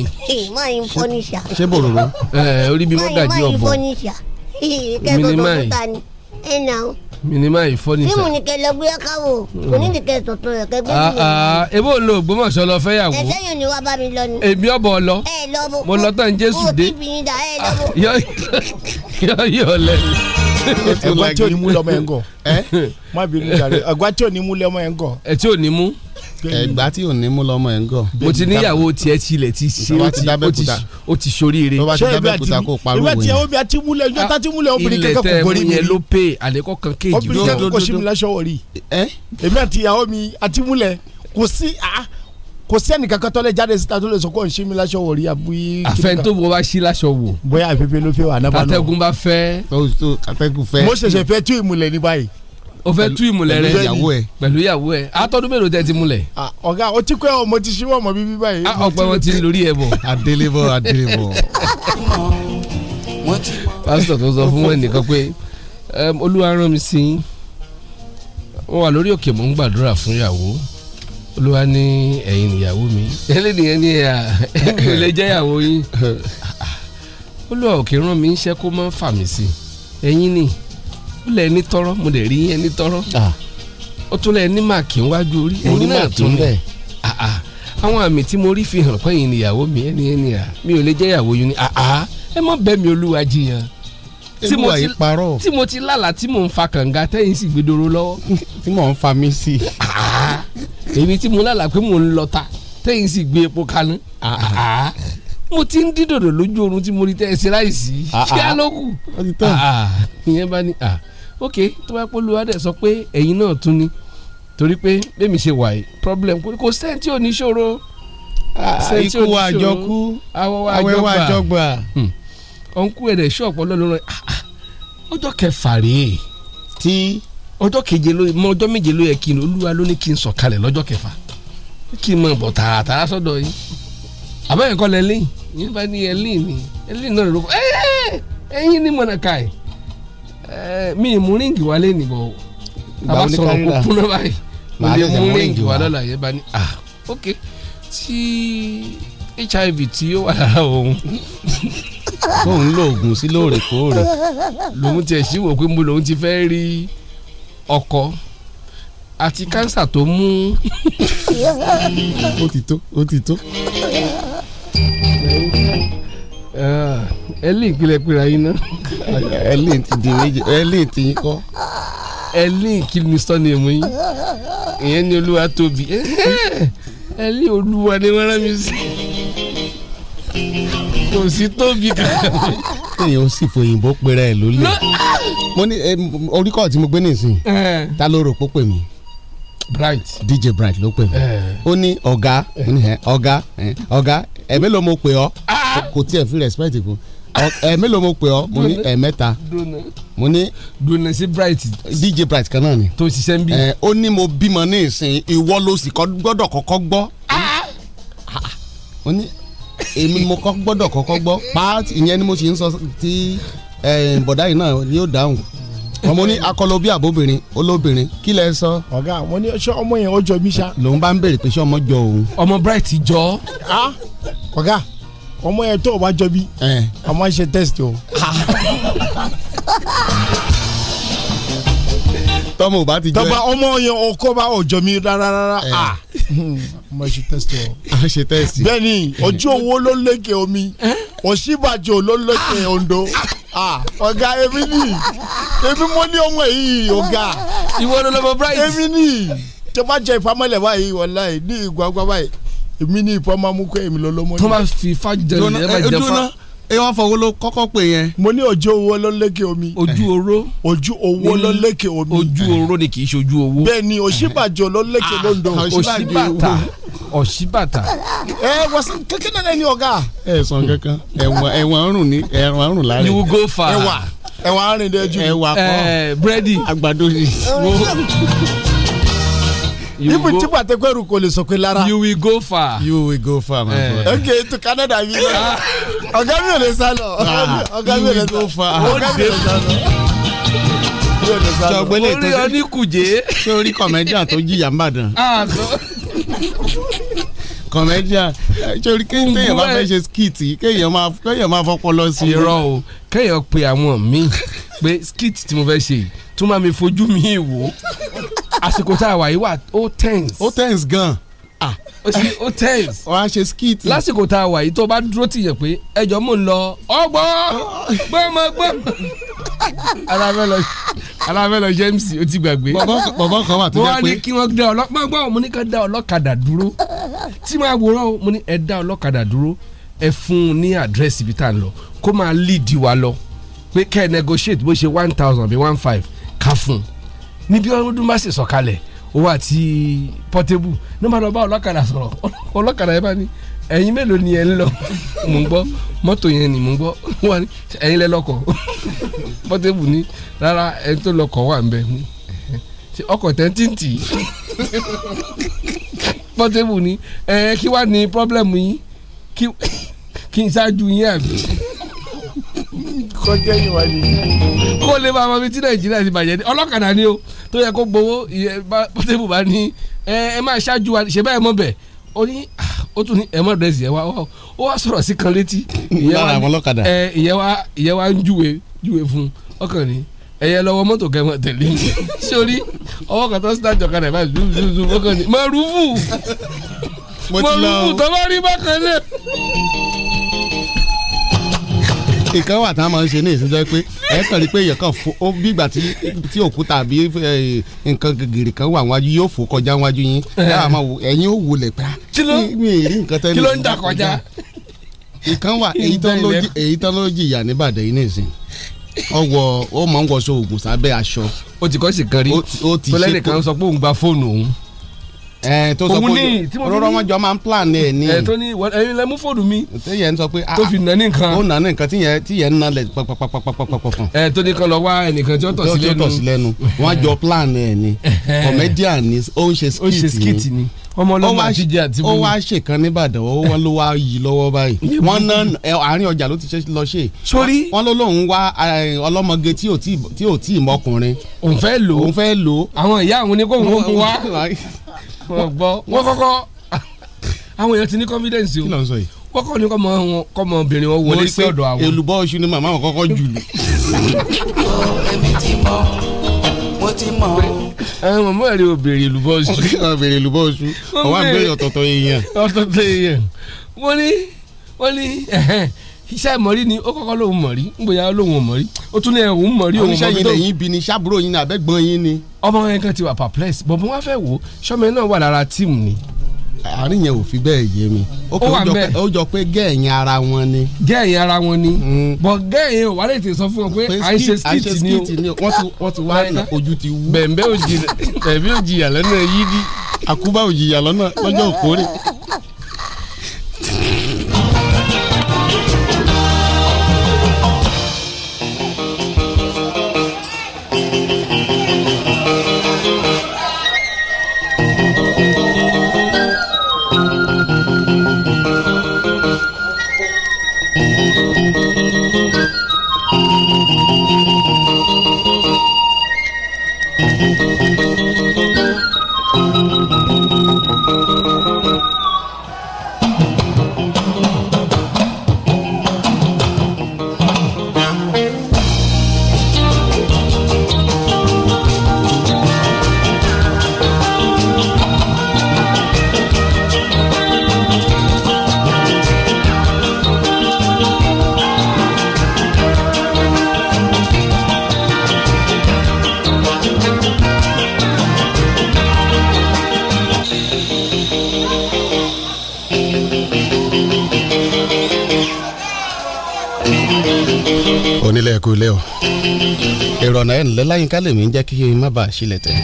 máa yin fọ́nìṣà. ṣé bòròrò. ẹ orí bí mo gàjí ọ̀bọ̀. máa yin fọ́nìṣà. kẹ́kọ̀ọ́ tó kúta ni ẹ nà ó. minima yìí fọ́ nìṣà. fíìmù nìkẹ́ lọ gbé ọkà wò kò ní nìkẹ́ tọ̀tọ̀ rẹ̀ kẹ́gbẹ́ nìyẹn. Ah, ah, ebo ń lo Ògbómọ̀ṣọ́ lọ fẹ́ yàwó. ẹsẹ̀ yìí ni wàá bá mi lọ ni. èmi ọ̀bọ̀ lọ. ẹ lọ bó mo lọ tán Jésù dé. mo ti bìyìn dà ẹ lọ ah, bó. yọ yọ lẹ́nu ẹgbà tí ò ní mú lọmọ yẹn gọ má bínú jàre ẹgbà tí ò ní mú lọmọ yẹn gọ. ẹ tí ò ní mú. ẹgbà tí ò ní mú lọmọ yẹn gọ. mo ti níyàwó tiẹ̀ tilẹ̀ ti ṣe ó ti soríire. tó bá ti dábẹ́ kuta kó parọ́ wòye. ìwé tiẹ̀ obi àti múlẹ̀ ọjọ́ tá ti múlẹ̀ obìnrin kankan kò gorí mi. ilẹ̀ tẹ mú yẹn ló pè àlékọ́ kéèjì. obìnrin kankan kò sí mi lásán wọ̀rí. èmi kò sẹ́ni kankan tó lè jáde síta tó lè sọ kó n ṣí mi láṣọ wò rí àbí. àfẹn tó bọ wá sí láṣọ wò. bóyá àfẹ́fẹ́ ló fẹ́ wà nábàánù. atẹ́gùn bá fẹ́. atẹ́gùn fẹ́. mo ṣẹ̀ṣẹ̀ fẹ́ tú ìmùlẹ̀ ní báyìí. o fẹ́ tú ìmùlẹ̀ rẹ pẹ̀lú ìyàwó ẹ̀ atọ́dún mélòó tẹ́ ti múlẹ̀. ọ̀gá o ti kọ́ ẹ̀ mo ti ṣí wọ́n mọ́ bíbí báyìí. Ah, ọ̀pẹ wọn ti lórí ẹ̀ ló wá ní ẹ̀yin ìyàwó mi eléyìí yẹn ní ẹ̀yà mi ò lè jẹ́ ìyàwó yín ó lọ òkè rán mi iṣẹ́ kó máa ń fà mí sí ẹ̀yin ni ó lẹ̀ ní tọ́rọ́ mo lè rí ẹni tọ́rọ́ ó tún lẹ̀ ní màkì wájú orí ẹ̀yin náà tún lẹ̀ àwọn àmì tí mo rí fi hàn pẹ́yìn ìyàwó mi ẹni ẹni à mi ò lè jẹ́ ìyàwó yín ni ẹ má bẹ́ mi olúwa jiyàn tí mo ti parọ́ tí mo ti lálàá tí mò ń fa kànga tẹ́yìn sì gbẹdọ̀rọ̀ lọ́wọ́. tí mò ń fa mi sí. èmi tí mo lálàá pé mò ń lọ ta tẹ́yìn sì gbé epo kaná. mo ti ń dídòdò lójú oorun tí mo rí tẹ́ ẹ ṣe láìsí ah, kíá ah. ló kù. Ah, ìyẹn bá ní ok tó bá pọ́ lùwádẹ́ sọ pé ẹ̀yin náà tún ni torí pé bẹ́ẹ̀ mi ṣe wà yìí problem kò sẹ́ńtì ò ní ṣòro. ikú wa àjọkú awẹ́wà àjọgbà. Hmm ọ̀nkú ẹ̀rẹ̀ ṣọ́ọ̀pù ọlọ́run rẹ̀ ah, ah, ọjọ́ kẹfà rèé tí ọjọ́ keje ló mọ ọjọ́ méje ló yẹ kí n olúwa ló ní kí n sọ̀kalẹ̀ lọ́jọ́ kẹfà kí n mọ̀ bọ̀ tààtà sọ́dọ̀ yìí àbẹ́yẹn kọ́ lẹ lẹ́yìn yín bá ní ẹlẹ́yìn ni ẹlẹ́yìn náà ló kọ́ ẹ̀yìn ní mọ̀nàkà ẹ̀ mi ì mú ríǹgì wá lẹ́yìn bọ̀ àbá sọ̀rọ̀ kó kúnná báyìí mo mú ríǹgì wá lọ́la yẹn bá ní ah ok tí hiv tí ó wà lára òun tóun lo oògùn sí lóòrèkóòrè lòun tiẹ̀ sí wò pé mo lòun ti fẹ́ rí ọkọ àti kánsà tó mú. ó ti tó ó ti tó. ẹ lè ìpìlẹ̀ pera yín ná. ẹ lè ti di méje ẹ ti yín kọ́. ẹ kí ni sọ́ni èmu yín ìyẹn ni olúwa tóbi ẹ olúwa ni wọ́n rán mi sí kò sí tóbi kan. èèyàn ó sì fòyìnbó pera ẹ̀ lólè mo ní oríkọ̀ tí mo gbé nìsín ta ló rò pé pè bright dj bright ló pè mí ó ní ọ̀gá ọ̀gá ọ̀gá ẹ̀mẹ́ ló mo pè ọ́ ah. kò tiẹ̀ fi respect fún ẹ̀mẹ́ ló mo pè ọ́ mo ní ẹ̀mẹ́ta mo ní. dùnà sí bright. dj bright kan náà ni. tó ṣiṣẹ́ ń bí. ó ní mo bímọ ní ìsìn ìwọ ló sì gbọ́dọ̀ kọ́kọ́ gbọ́. mo ah. ní èmi mo kọ́ gbọ́dọ̀ kọ́kọ́ gbọ́ pààtì ìyẹn ni mo ṣe ń sọ tí eh, bọ̀dá yìí náà yóò dáhùn ọmọ ní akọlọ bí àbóbìnrin olóbìnrin kí lẹ sọ. ọ̀gá mo ní ṣé ọmọ yẹn ó jọ mí ṣá. lòun bá ń béèrè pé ṣé ọmọ jọ òun. ọmọ bright jọ. ọ̀gá ọmọ yẹn tó o bá jọ bí. ọmọ eh. ṣe test o. tọmọ ò bá ti jọ ẹ tọba ọmọ yẹn ọkọ bá ọjọ mi rárá rárá a ṣe test ọ. a ṣe test. bẹ́ẹ̀ni ọjọ́ owó ló lékè omi òṣìbàjò ló lékè ah. ondo ah, ọ̀gá èmi ni èmi mo ní ọmọ yìí ọ̀gá. ìwọ ló lọ bọ bright. èmi ni tó jẹ ìfamọ́lẹ̀ báyìí wàláhì ní ìgbàgbọ́ báyìí èmi ni ìfọmọ́mú kọ́ èmi lọ́lọ́mọ́. tó fi fájọ ní bá jẹ fa ẹ wá fọwọ́ ló kọ́kọ́ pè yẹn. mo ní ojú owó ló lékè omi. ojú oró. ojú owó ló lékè omi. ojú oró ni kì í ṣojú owó. bẹ́ẹ̀ ni òṣìbàjò ló lékè ah, lóńdó. òṣìbàtà òṣìbàtà. ẹ wọ́sán kékeré náà ní ọ̀gá. ẹ sàn kankan ẹ̀wọ̀n ẹ̀wọ̀n rùn ní ẹ̀wọ̀n rùn láàrin. you go far. ẹ̀wà ẹ̀wà arìnrìn-ẹ̀jù. ẹ̀wà kọ́ eh, búrẹ́dì àgbàdo ni even go... Chip Atekweru kò lè sọ pé lára. you will go far. you will go far my eh. brother. okay to Canada mi lọ ah. ọ̀gá mi ò lè sá lọ ah, ọ̀gá mi ò lè sá lọ ọ̀gá mi ò lè sá lọ sọgbẹ́lẹ̀ tó ṣe orí oníkùjé. ṣé orí kọ̀mẹ́díà tó jìyà ń bàdàn. kọ̀mẹ́díà ah, ṣé orí kéèyàn bá fẹ́ ṣe skiti kéèyàn máa kéèyàn máa fọpọ́ lọ sí. irọ́ o kéèyàn pe àwọn míì pé skiti tí mo fẹ́ ṣe tún máa mi fojú mi wò àsìkò tá a wà yìí wà ó tense. ó tense gan. ah ó tense. wàá ṣe skit. lásìkò tá a wà yìí tó bá dúró tìyẹ̀ pé ẹjọ́ mò ń lọ ọgbọ́ gbọ́mọ gbọ́mọ. alábẹ́ lọ james o ti gbàgbé. bọ̀bọ̀ kan wà tó jẹ́ pé. wọ́n á ní kí wọ́n da ọlọ́pàá gbọ́ mo ní ká da ọlọ́kadà dúró tí máa wòran o mo ní ẹ da ọlọ́kadà dúró ẹ fún un ní àdírẹ́sì ibi tá a lọ kó máa lead wa lọ pé kẹ́ ẹ negotiate bó ṣe one thousand bí one five ká fún un ní bí ọdún bá sì sọ̀kalẹ̀ owó àti Portable ní bá lọ bá ọlọ́kadà sọ̀rọ̀ ọlọ́kadà yẹn bá ní ẹ̀yin mélòó ni ẹ ń lọ mò ń gbọ́ mọ́tò yẹn ni mò ń gbọ́ wà ní ẹ̀yin lẹ lọ́kọ̀ Portable ni, rárá ẹni tó lọ́kọ̀ wà ń bẹ ọkọ̀ tẹ́ntìntì Portable ní ẹ kí wàá ní pọ́blẹ́mù yín kí n ṣáájú yín àbí kọjá ìwádìí kó lè máa mọbi tí nàìjíríà ti bàjẹ́ ọlọ́kadà ni o tó yẹ kó gbowó pọ́tẹ́bù bá ní ẹ máa ṣáájú wa ṣe báyìí mọ́ bẹ̀ ó ní ó tún ní ẹ̀mọ́ dẹ́sì ẹ̀ wá ó wá sọ̀rọ̀ sí kan létí ìyẹn wá ń júwe júwe fún ọkàn ni ẹyẹ lọ́wọ́ mọ́tò kẹmọ tẹ̀lé mi sórí ọwọ́ kan tó sítájọ kan rẹ báyìí zuzuzú ọkàn ni mọ rúfù mọ rúfù tọ́ bá rí bákan náà nǹkan wà tá a máa ń ṣe ní ìsinjọ́ pé ẹ kàn rí pé èèyàn kan fò tí òkúta àbí nǹkan gègèrè kan wà wájú yóò fò kọjá wájú yín eh. ẹ̀yin ó wulẹ̀ pé ah, mi ì rí nǹkan tẹ́lẹ̀ kí ń dà kọjá ìkan wà èyí tán ló jìyà níbàdàn yìí nìsín ọwọ ó máa ń wọṣọ òògùn sábẹ́ aṣọ. ó ti kọ́ sí kan rí tó lẹ́nìkan sọ pé òun gba fóònù òun ẹ tó sọ pé olóró wọn jọ máa ń plan ẹ ní. ẹ tó ní ẹyin lẹ mú fóònù mi. tó yẹn sọ pé tó fi nà ní nǹkan. ó nà ní nǹkan tí yẹn tí yẹn nà lẹ pọpọpọpọpọpọ. ẹ tó ní kan lọ wá ẹnìkan tí ó tọ̀ sí lẹ́nu. wọ́n jọ plan ẹ ní comedian ni ó ń ṣe skit ni ọmọ ọlọ́mọ àti jẹ àti bímọ. ó wá ṣèkan nìbàdàn ó ló wá yí lọ́wọ́ báyìí wọ́n ná àárín ọjà ló ti lọ ṣe. sórí wọ́n ló lóun wá ọlọ́mọge tí ò tí mọkùnrin. òun fẹ́ lò òun fẹ́ lò. àwọn ìyá àwọn oníkóhùn ó mú wá wọ́n kọ́kọ́ àwọn èèyàn ti ní confidence o. kí ló ni kọ́mọ obìnrin wọn wọlé sí ọ̀dọ̀ oṣù ni màmá wọn kọ́kọ́ jù lù. èmi ti mọ̀ mo ti mọ̀ o àwọn mọ̀mọ́ rẹ̀ ò béèrè ìlúbọ̀ oṣù. ò béèrè ìlúbọ̀ oṣù ọwọ́ àgbẹ̀rẹ̀ ọ̀tọ̀ọ̀tọ̀ èèyàn. ọ̀tọ̀ọ̀tọ̀ èèyàn wọ́n ní wọ́n ní iṣẹ́ mọ̀rí ni ó kọ́kọ́ lóun mọ̀rí ngbòyà lóun mọ̀rí ó tún ní ẹ̀hún mọ̀rí òun mọ̀rí tó. oníṣẹ́ yìí lẹ́yìn bí ni ṣàbúrò yín ni àbẹ́gbọ́n yín ni. ọmọ yẹn kan ti wà perplex bọ̀bọ̀n wá fẹ́ wò sọ́mọ náà wà lára tíìmù ni. àárín yẹn ò fi bẹ́ẹ̀ yé mi. ó wà jọ pé gẹ́ẹ̀yìn ara wọn ni. gẹ́ẹ̀yìn ara wọn ni. Mm. bọ̀ gẹ́ẹ̀yìn ò wá lè sọ fún wọn pé ni o. wọ́n ti wá ojú ti wú. bẹ̀ẹ̀bẹ̀ ò jìyà lọ́nà yídí kú lé o ìrọ̀nà ẹ̀ ńlẹ́ láyínká lèmi ń jẹ́ kí n má bàa sílẹ̀ tẹ̀.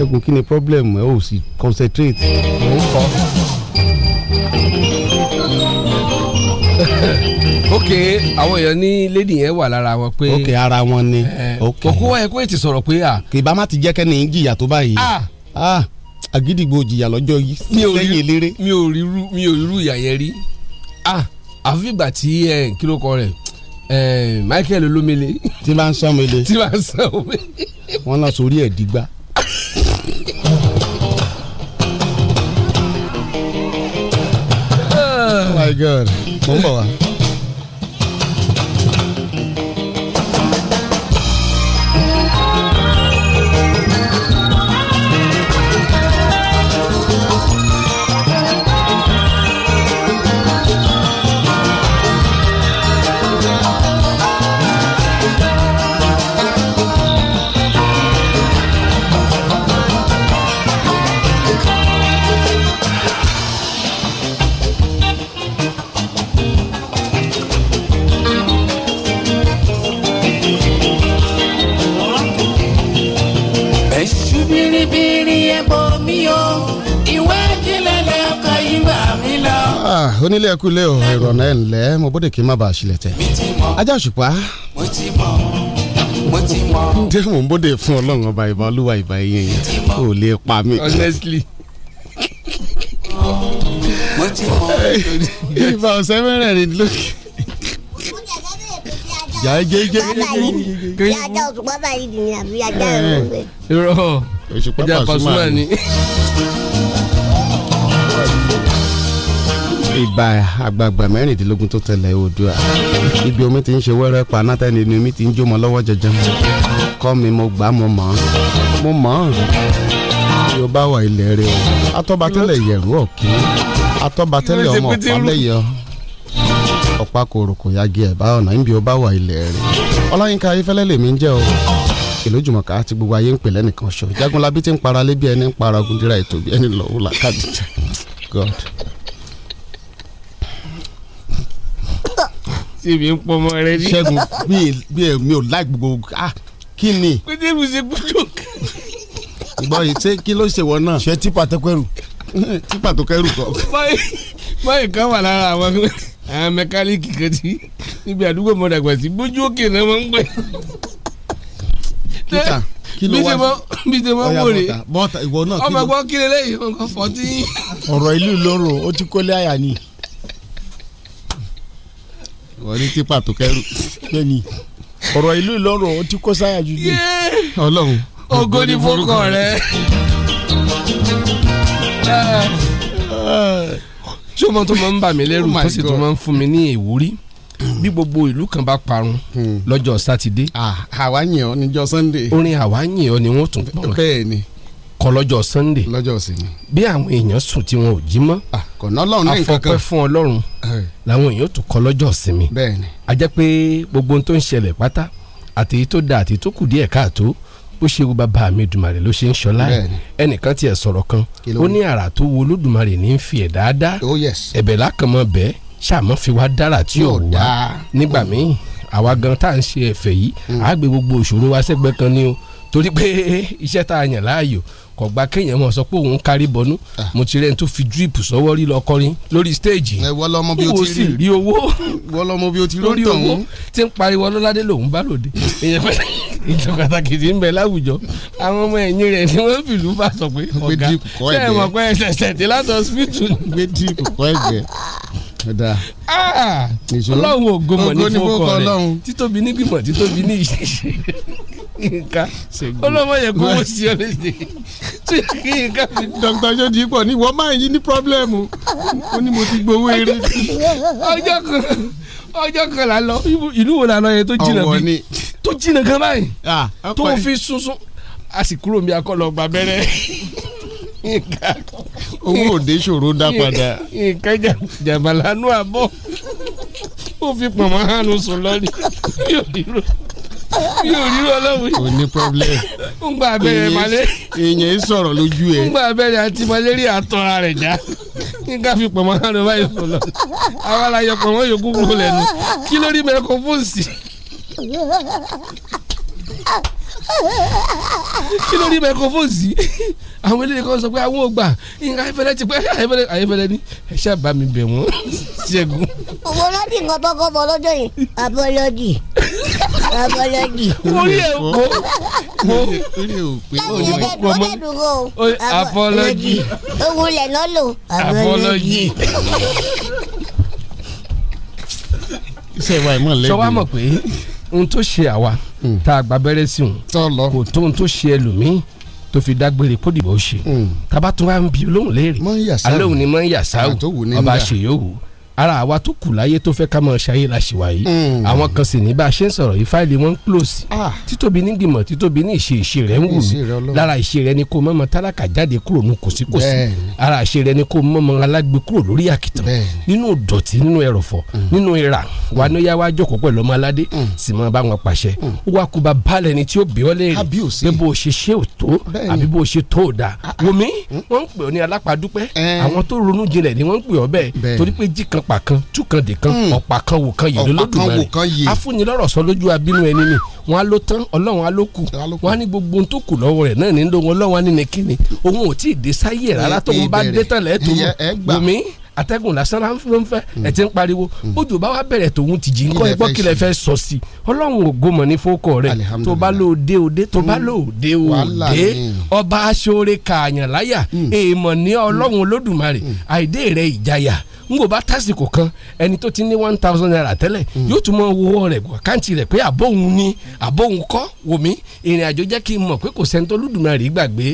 ẹkùn kí ni problem ẹ ò sì concentrate mò ń kọ́. ok àwọn èèyàn ní lady yẹn wà lára wọn pé. ok ara wọn ni. òkú wáyé kó ètì sọ̀rọ̀ pé à. Ah. kì má ti jẹ́ kẹ́ni ń jìyà tó báyìí. Ah. Ah, àgídìgbò jìyà lọ́jọ́ yìí lẹ́yìn eléré. mi ò rí irú ìyà yẹn rí àfi ìgbà tí eh, kí ló kọ rẹ̀ Michael Olomele. tí máa ń sàn mi le. tí máa ń sàn mi. wọ́n lọ sórí ẹ̀ dìgbà. Ah. oh my god mo ń bọ̀ wá. onílé ẹkú ilé o èrò ńlẹ́ mo bóde kí n má bàa ṣílẹ̀ tẹ̀. ajá òṣùpá. mo mò ń bóde fún ọlọ́run ọba ìbá olúwa ìbá yẹn yẹn ò lè pa mí. honestly. ìbá ọ̀sẹ̀ mẹ́rẹ̀ẹ̀rin lókè ajá jẹjẹ. bí ajá òṣùpá ni àbí ajá ìrọ̀lẹ́. Eh, irọ́ ajá ìgbà àgbààgbà mẹ́rìndínlógún tó tẹ̀lé oòdùà ibi omi ti ń ṣe wẹ́rẹ́ pa anátẹ́ni ni omi ti ń jó mọ́ lọ́wọ́ jẹjẹrẹ kọ́ mi mo gbà mo mọ̀ ọ́n mo mọ̀ ọ́n yorùbá wà ilẹ̀ rẹ o atọ́ba tẹ́lẹ̀ yẹ̀rú ọ̀kí atọ́ba tẹ́lẹ̀ ọmọ ọ̀pálẹ́yẹ ọ̀pá kòròkò yagi ẹ̀bá ọ̀nà níbi yorùbá wà ilẹ̀ rẹ ọláyínká ayéfẹ́lẹ́ lèmi ń jẹ́ o ìlú jùmọ̀ká àti gbogbo ayé ń pè lẹ́nìkan ṣọ jagunlabi ti ń para bí ẹni ń para ogun dira ètò bí ẹni lọ́wọ́ làkàdìjà god. tí mi ń pọmọ rẹ ní. ṣẹ́gun bí èmi ò láì gbogbo ah kí ni. pété mi ṣe gbójú. ìgbọ́ yìí ṣé kí ló ṣe wọ náà. ṣe tipa tó kẹrù. tipa tó kẹrù kọ. báyìí kan wà lára àwọn àwọn mẹkáníìkì kan tí níbi àdúgbò mọ̀dàgbà sí gbójú òkè náà máa ń gbẹ. peter kí ló wá sí bí ṣe mọ wòlé ọmọ ẹgbọn kí lélẹyìn ọkọ fọtín. ọ̀rọ̀ ìlú lóró ó ti kólé àyà ni wọ́n ní tipa tó kẹ́rù. bẹ́ẹ̀ni ọ̀rọ̀ ìlú Ìlọrin ó ti kó sáyà ju dé. Ọlọ́run ògo ni fọkọ rẹ. ṣé o mọ tó máa ń bà mí lẹ́rù oh tó sì tó máa ń fún mi ní ìwúrí bí gbogbo ìlú kan bá parun hmm. lọ́jọ́ sátidé. Ah, àwa yìn ọ́ níjọ́ Sunday. orin àwa yìn ọ́ ni wọ́n tún pọ̀. bẹ́ẹ̀ ni kọ lọ́jọ́ sunday lọ́jọ́ sinmi bí àwọn èèyàn sùn tí wọn ò jí mọ́ àfọpẹ́ ah, fún ọlọ́run eh. làwọn èèyàn tún kọ lọ́jọ́ sinmi a jẹ́ pé gbogbo ohun tó ń ṣẹlẹ̀ pátá àti èyí tó da àti èyí tó kù díẹ̀ káàtó bó ṣe wù bàbá mi dùmàrè ló ṣe ń ṣọlá ẹ ẹnìkan tiẹ̀ sọ̀rọ̀ kan ó ní àrà tó wo olódùmarè ní fi ẹ̀ dáadáa oh, ẹ̀bẹ̀ lákàmọ́ bẹ́ẹ̀ ṣàmọ́ fi wá dára tí ò wá nígbà míì àwa gan tá à ń ṣe ẹ̀fẹ̀ yìí àgbẹ̀ hmm. gbogbo ìṣòro wa sẹ́gbẹ́ kan ni o torí pé iṣẹ́ tá a yàn láàyò kò gba kéèyàn mọ̀ sọ pé òun kárí bọnú ah. mo ti rẹ̀ ń tó fi drip sọ́wọ́ rí lọ kọrin lórí stéèjì wò sì rí owó lórí owó tí ń pariwo ọlọ́ládé lòun bá lòdì èèyàn pẹ́ẹ́ ìjọ pàtàkì ti ń bẹ láwùjọ àwọn ọmọ ẹ̀yìn rẹ̀ ni wọ́n fìlú bá sọ pé ọ̀gá ṣe é mọ̀ pé ẹsẹ̀ tí láti hospital. gbé ah! ọlọ́run ògo mọ̀ ní fọkọ rẹ̀ títóbi ní títóbi ní ìṣẹ̀ṣẹ̀ nǹkan ọlọ́mọ yẹ kó wọ́n sí ọ léṣe tí kí nǹkan fi. dr jodi pọ ni wọn máa yí ní pọblẹmù ó ní mo ti gbowó eré. ọjọ́ kan ọjọ́ kan la lọ ìlú wo la lọ yẹ tó jìnnà bí tó jìnnà gan báyìí tó fi sunsun a sì kúrò mi akọlọ gba bẹ̀rẹ̀ owó òde ṣòro dá padà. nǹkan jàmbá lanu àbọ̀ ó fi pọ̀nmọ́ hánu sùn lọ́ọ̀lì yóò dúró mi ò ríro ọlọ́run. kò ní problem. ń gba abẹ́rẹ́ malẹ́. èèyàn yìí sọ̀rọ̀ lójú ẹ̀. ń gba abẹ́rẹ́ àti malaria àtọ́ra rẹ̀ já. kí n ká fi pọ̀nmọ́ hàn lọ́wọ́ yìí sọ̀rọ̀. àwa la yọ pọ̀nmọ́ yòókù kúrò lẹ́nu. kí ló rí mẹ́kọ̀ fóònù sí kí ló rí microphone sí àwọn eléyìí kan sọ pé àwọn ò gbà nǹkan ayéfẹ́lẹ́ ti pẹ́ ayéfẹ́lẹ́ ayéfẹ́lẹ́ ní ẹ ṣáà bá mi bẹ̀ wọ́n ṣẹ́gun. òwò láti nǹkan tọkọ bọ lọ́jọ́ yìí abọ́lọ́dì abọ́lọ́dì. orí ẹ̀ kó kó orí ẹ̀ pé orí ẹ̀ kó mọ́ abọ́lọ́dì. ohun lẹ̀ náà lò abọ́lọ́dì iṣẹ́ ìwà ìmọ̀ lẹ́gbẹ̀ẹ́. sọ wá mọ̀ pé ohun tó ṣe àwa hmm. tá a gba abẹ́rẹ́ sí òun kò tó ohun tó ṣe ẹlòmíì tó fi dágbére kó dìbò ṣe hmm. taba tún wá ń bi olóhùn léèrè alóhùn ni mọ ń yàsá o ọba ṣèyí òwò ara àwa tó kù láyé tó fẹ́ ká mọ̀ ṣayé la ṣì wà yìí mm. àwọn kan sì ní bá a ṣe ń sọ̀rọ̀ yìí fáìlì wọn ń close ah. títóbi ní gbìmọ̀ títóbi ní ìṣe ìṣe rẹ̀ ń wù mí lára ìṣe rẹ̀ ni kò mọ̀mọ́ tálákà jáde kúrò ní kòsíkòsí ara ìṣe rẹ̀ ni kò mọ̀mọ́ alágbe kúrò lórí àkìtàn nínú dọ̀tí nínú ẹrọ̀fọ̀ mm. nínú ìrà wa ní yàwá jókòó pẹ̀lú ọmọ aládé mm. sì mọ̀ bá wọn pàṣẹ wa kò bá ni tí ó bí ọ léèrè pé bó o ah, ah. wọ́n ọ̀pá kan túkan dìkan hmm. ọ̀pá kan wò kan yèlé lódùmarè afúnilọ́rọ̀ sọ lójú abínú ẹni ni wọn á ló tán ọlọ́run á ló kù wọn á ní gbogbo ohun tó kù lọ́wọ́ rẹ̀ náà ní lóhun ọlọ́run á ní ní kíni òun ò tí ì dé sáyé rárá tó ń bá dé tán lẹ́ẹ̀tọ́ wùmí atẹ́gùn lásán ló ń fẹ́ ẹ̀ hmm. ti ń pariwo hmm. bójú bá wa bẹ̀rẹ̀ tòun ti jì ń kọ́ ẹgbọ́ kílẹ̀ fẹ́ sọ sí ọlọ́run ògomọ ní fọ́kọ rẹ̀ tó bá lò dé òde tó bá lò dé òde ọba aṣọ́re kààyàn láyà èèmọ̀ ní ọlọ́run olódùmarè àìdè rẹ̀ ìjayà n kò bá tásìkò kan ẹni tó ti ní one thousand naira tẹ́lẹ̀ hmm. yóò tún mọ owó rẹ̀ gbọ́ àkáǹtì rẹ̀ pé àbóhun ni àbóhun kọ́ wò mí ìrìn àjò jẹ́ kí n mọ̀ pé kò sẹ́ni tó lùdùmarè gbàgbé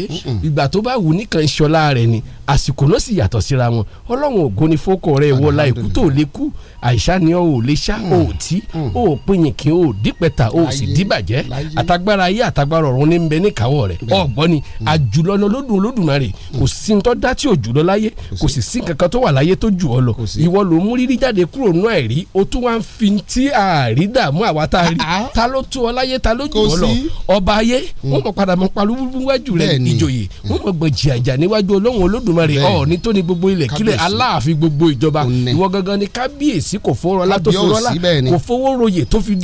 ìgbà tó bá wù nìkan ìṣọlá rẹ̀ ni àsìkò ló sì yàtọ̀ seni ludumare wọn ọlọ́run ògo ni fókọ̀ rẹ̀ wọlá ikú tó lè kú àìsà ni ọ ò lè ṣá o ò hmm. tí hmm. o ò pinyin kí o ò dípẹ̀ta o ò sì díbàjẹ́ àtagbára ayé àtagbára ọ̀run ní bẹ ní kàwọ́ rẹ̀ ọ̀gbọ́n ni hmm. àjùlọ ní olódùn olódùmarè kò sí ní tọ́já tí ò jùlọ láyé kò sì sí kankan tó wà láyé tó jù ọ lọ ìwọ ló mú rírí jáde kúrò nú àìrí o tún wá ń fi tí àárí dààmú àwa tá a rí ah, ah. ta ló tú ọ láyé ta ló jù ọ lọ ọba ayé wọn mọ padà mọ palúbúbú rẹ ìjòyè wọn mọ gbọ̀jì sí kò fọwọ́rọ́lá tó fọwọ́rọ́lá kò fọwọ́rọ́yè tó fi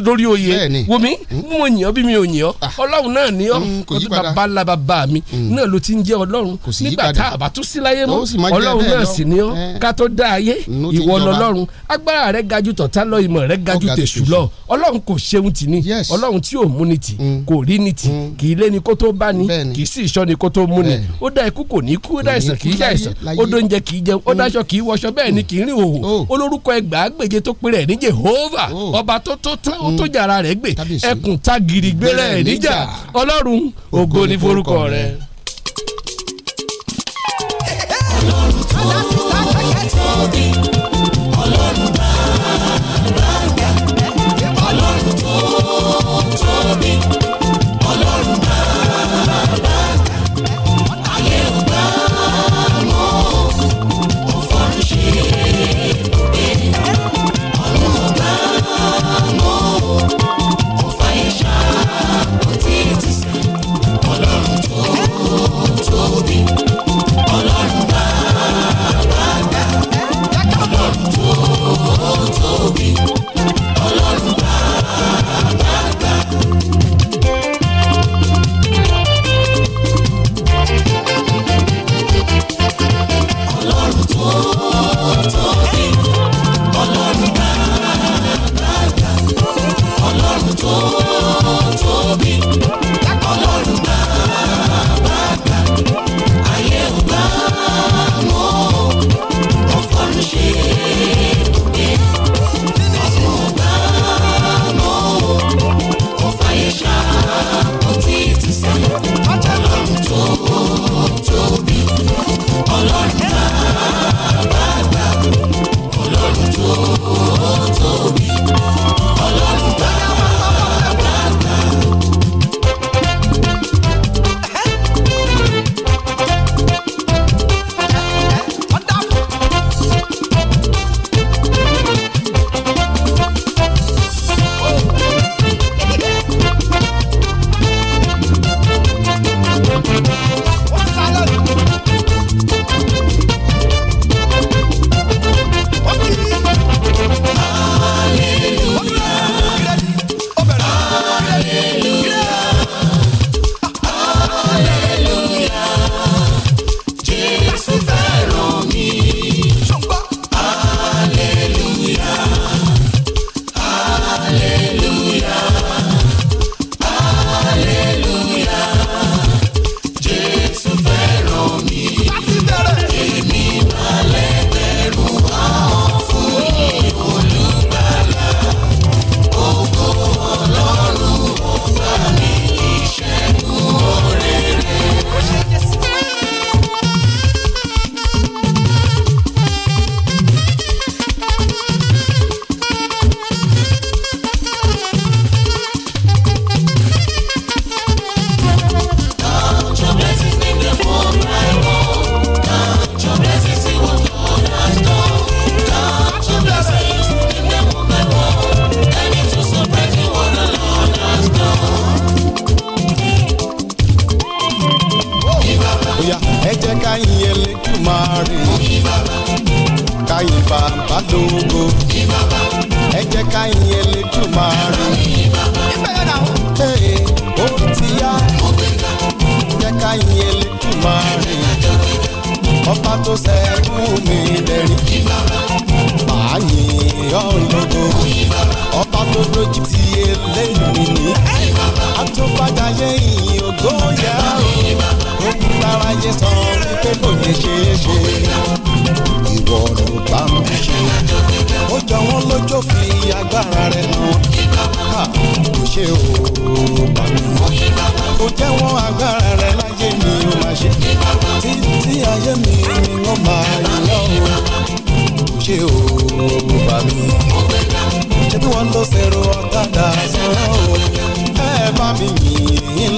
dórí oyè wòmí hmm? mo yàn ọ́ bí mi ò yàn ọ́ ah. ọlọ́run náà ni ọ́ hmm, bàbá ńlá bàbá mi hmm. náà ló ti ń jẹ́ ọlọ́run nígbà tá a bá tún sí láyé mọ́ ọlọ́run náà sì ni ọ́ ká tó dá ayé ìwọ lọ́lọ́run agbára rẹ̀ gajù tọ̀tá lọ ìmọ̀ rẹ̀ gajù tẹ̀sù lọ ọlọ́run kò ṣeun tì ní ọlọ́run tí ò mú ni tì kò rí ni tì kì í lé ni kó tó bá ni kì í sì ṣọ́ ni kó tó mú ni ó dá ikú kò ní kú ó dá ìsàn kì í dá ìsàn ó dóúnjẹ ni kì í rìn lórúkọ ẹgbàágbèje tó pin rẹ̀ ní Jehovah oh. ọba tó tó tán ó tó mm. jàrá rẹ̀ gbè ẹkùn ta gìrì gbé rẹ̀ níjà ọlọ́run ògo ni forúkọ rẹ̀. ọlọ́run tó tóbi ọlọ́run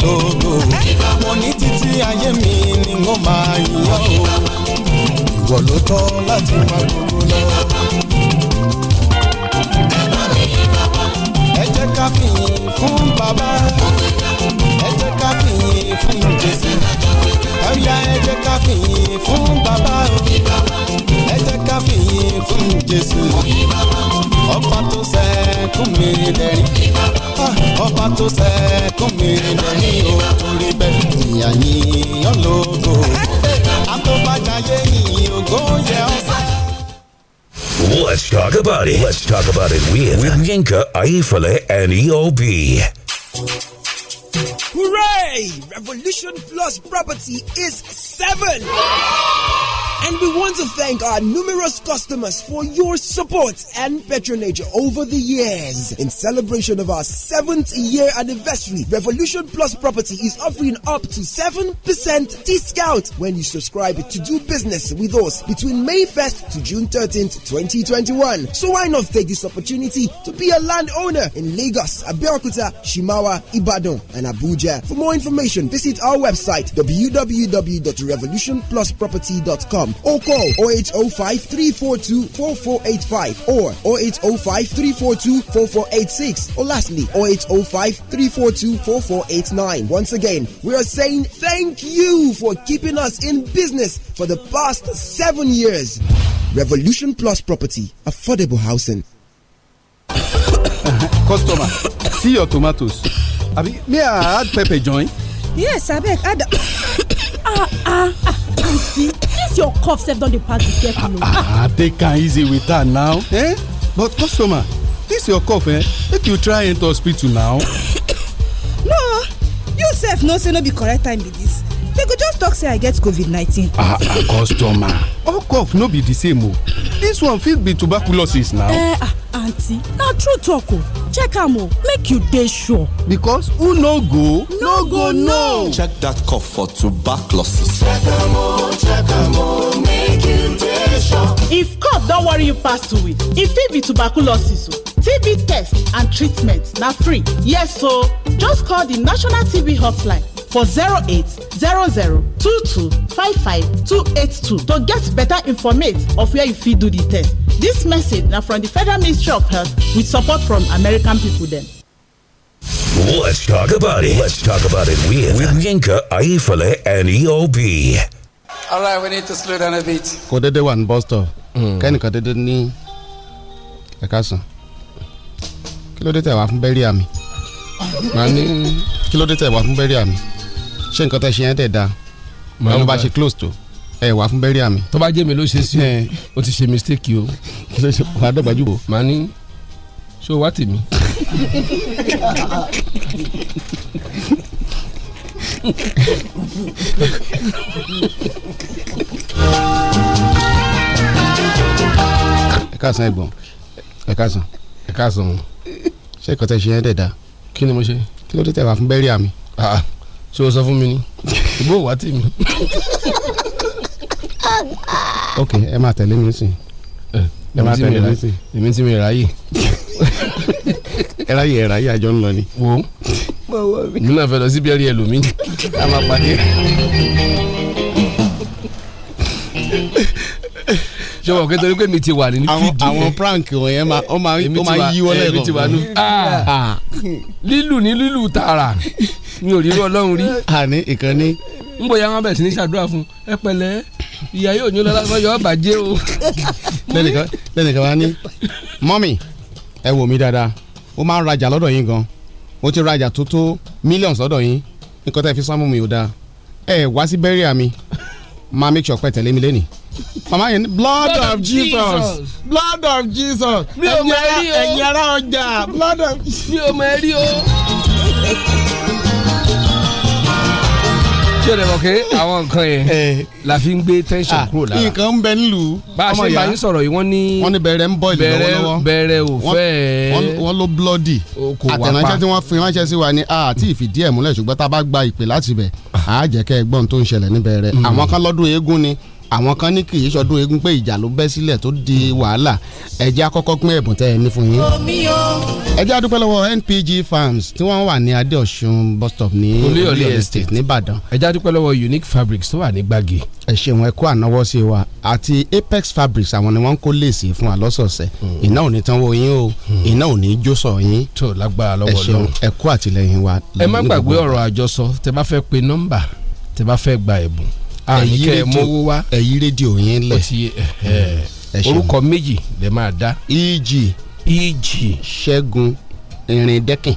lógo mo ní títí ayé mi ni wọ́n máa yọ o ìwọ ló tọ́ láti máa gbogbo lọ. ẹ jẹ́ ká fìyìn fún bàbá ẹ jẹ́ ká fìyìn fún Jésù ẹ̀yà ẹ jẹ́ ká fìyìn fún bàbá ẹ jẹ́ ká fìyìn fún Jésù. ọba tó mi ah, ọba tó mi o torí bẹ́ẹ̀ ọlọ́gbọ́ àtọ́bàjáyé yìí ògo yẹ ọ́sẹ́. Let's talk about it. Let's talk about it with, with Yinka, Aifale, and EOB. Hooray! Revolution Plus property is seven. And we want to thank our numerous customers for your support and patronage over the years. In celebration of our seventh year anniversary, Revolution Plus Property is offering up to 7% discount when you subscribe to do business with us between May 1st to June 13th, 2021. So why not take this opportunity to be a landowner in Lagos, Abeokuta, Shimawa, Ibadan, and Abuja? For more information, visit our website www.revolutionplusproperty.com or call 0805 342 4485 or 0805 342 4486 or lastly 0805 342 4489. Once again, we are saying thank you for keeping us in business for the past seven years. Revolution Plus Property, affordable housing. Customer, see your tomatoes. I mean, may I add pepper joint? yes abeg add ah ah ah see dis your cough sef don dey pass the get you ah, ah take am easy with that now eh but customer this your cough eh make you try enter hospital now no you sef know say no be correct time be this dem go just talk say i get covid-19 ah ah customer all cough no be the same o oh. this one fit be tuberculosis now eh ah aunty na true talk o oh. check am o oh. make you dey sure because who no go no go no. check dat cough for tuberculosis check am o check am o make you dey sure if cough don worry you pass two weeks e fit be tuberculosis o TB test and treatment now free. Yes, so just call the National TB Hotline for 0800225582 to get better information of where you fit do the test. This message now from the Federal Ministry of Health with support from American people then. Let's talk about it. Let's talk about it with, with Yinka, Aifale, and EOB. All right, we need to slow down a bit. Kò hmm. dédé wà ní bus stop. Kẹ́nìkan ní ẹ̀ka kí ló dé tẹ̀ wá fún bẹ́ríà mi màá ní kí ló dé tẹ̀ wá fún bẹ́ríà mi ṣé nǹkan tẹ̀ ṣe yẹn tẹ̀ dáa màá ló bá ṣe close tó ẹ wá fún bẹ́ríà mi. tó bá jẹ́ mi ló ṣe sí o ti ṣe mistake o. kí ló dọ̀gbájú bò. màá ní ṣó wá tèmi ẹ káàsán ẹ̀gbọ́n ẹ káàsán ẹ káàsán ṣé ìkọ́tẹ́ ṣe yẹn dẹ̀ da. kí ni mo ṣe. kí ló dé tẹ̀ wá fún bẹ́ẹ̀rì àmì. Ah, ṣé o sọ fún mi ni ìbò wá tì mí. ok ẹ máa tẹ̀lé mi nísìn. ẹ máa tẹ̀lé mi nísìn. èmi tí mi ráyè. ẹ ráyè ẹ ráyè àjọ ń ni. wo mi náà fẹ́ lọ sí bẹ́ẹ̀rì ẹlòmíì. a máa pàdé. ṣé wọn kò torí pé mi ti wà ní fídíò àwọn prank wọ̀nyẹn ó máa ń yíwọ́ lẹ́kọ̀ọ́ lílù ní lílù tààrà mi ò rí irú ọlọ́run rí. àní ìkànnì. ń bóyá wọn bẹ̀rẹ̀ sí ní ṣàdúrà fún ẹ pẹ̀lẹ́ ìyá yóò yún lọ́la yọ bàjẹ́ o. lẹ́nìkan lẹ́nìkan wá ní mọ́mì ẹ wò mí dáadáa ó máa ń rajà lọ́dọ̀ yín gan mo ti rajà tó tó mílíọ̀nù lọ́dọ̀ yín nǹkan tẹ́ fi sánmù mi ò dáa ẹ wá sí bẹ́ríà mi máa make sure pé tẹ̀lé mi lẹ́nìí mama yẹn blood of jesus blood of jesus mi ò mọ ẹrí o ẹ̀yìn ara ọjà blood of. mi ò mọ ẹrí o. tí o lè mọ̀ pé àwọn nǹkan yẹn eh. la fi ń gbé tension ah, kúrò lára. nǹkan ń bẹ nílùú. bá a ṣe bá yín sọ̀rọ̀ yìí wọ́n ní. wọ́n ní bẹ̀rẹ̀ ń bọ̀ ìlú lọ́wọ́lọ́wọ́. bẹ̀rẹ̀ ò fẹ́. wọ́n ló blọ́dì. kò wá pa àtẹ̀ránṣẹ́ tí wọ́n fi ránṣẹ́ sí wa ni a ti fìdí ẹ̀ múlẹ̀ ṣùgbọ́n tá a bá gba ìpè láti bẹ̀ àá jẹ́ kẹ́ ẹ gbọ́n tó ń ṣẹlẹ̀ níbẹ̀rẹ̀ hmm. àwọn kan lọ́dún eégún ni àwọn kan ní kì í ṣọdún eégún pé ìjà ló bẹ́ sílẹ̀ tó di wàhálà ẹ̀jẹ̀ akọ́kọ́ pín ẹ̀bùn tẹ́ ẹ ní fún yín. ẹ̀jẹ̀ adúpẹ́ lọ́wọ́ NPG Farms tí wọ́n wà ní Adéọ̀sùn bus stop ní Olúyọ̀lé Estate nìbàdàn. ẹ̀jẹ̀ adúpẹ́ lọ́wọ́ Unique Fabrics tó wà ní Gbági. ẹ ṣeun ẹ kó sí wa àti Apex Fabrics àwọn ni wọ́n kó léèsì fún wa lọ́sọ̀ọ̀sẹ̀ hmm. iná ò ní tán wo yín o hmm. iná ò ní jó sọ yín. tó lágbára lọ́wọ́ lọ́wọ́ ẹ ṣeun ẹ Ah, ẹ̀yin rédíò ẹ̀yin rédíò yín lẹ̀ eh, eh, orúkọ méjì lè máa dá. eg eg ṣẹ́gun ìrìndẹ́kìn.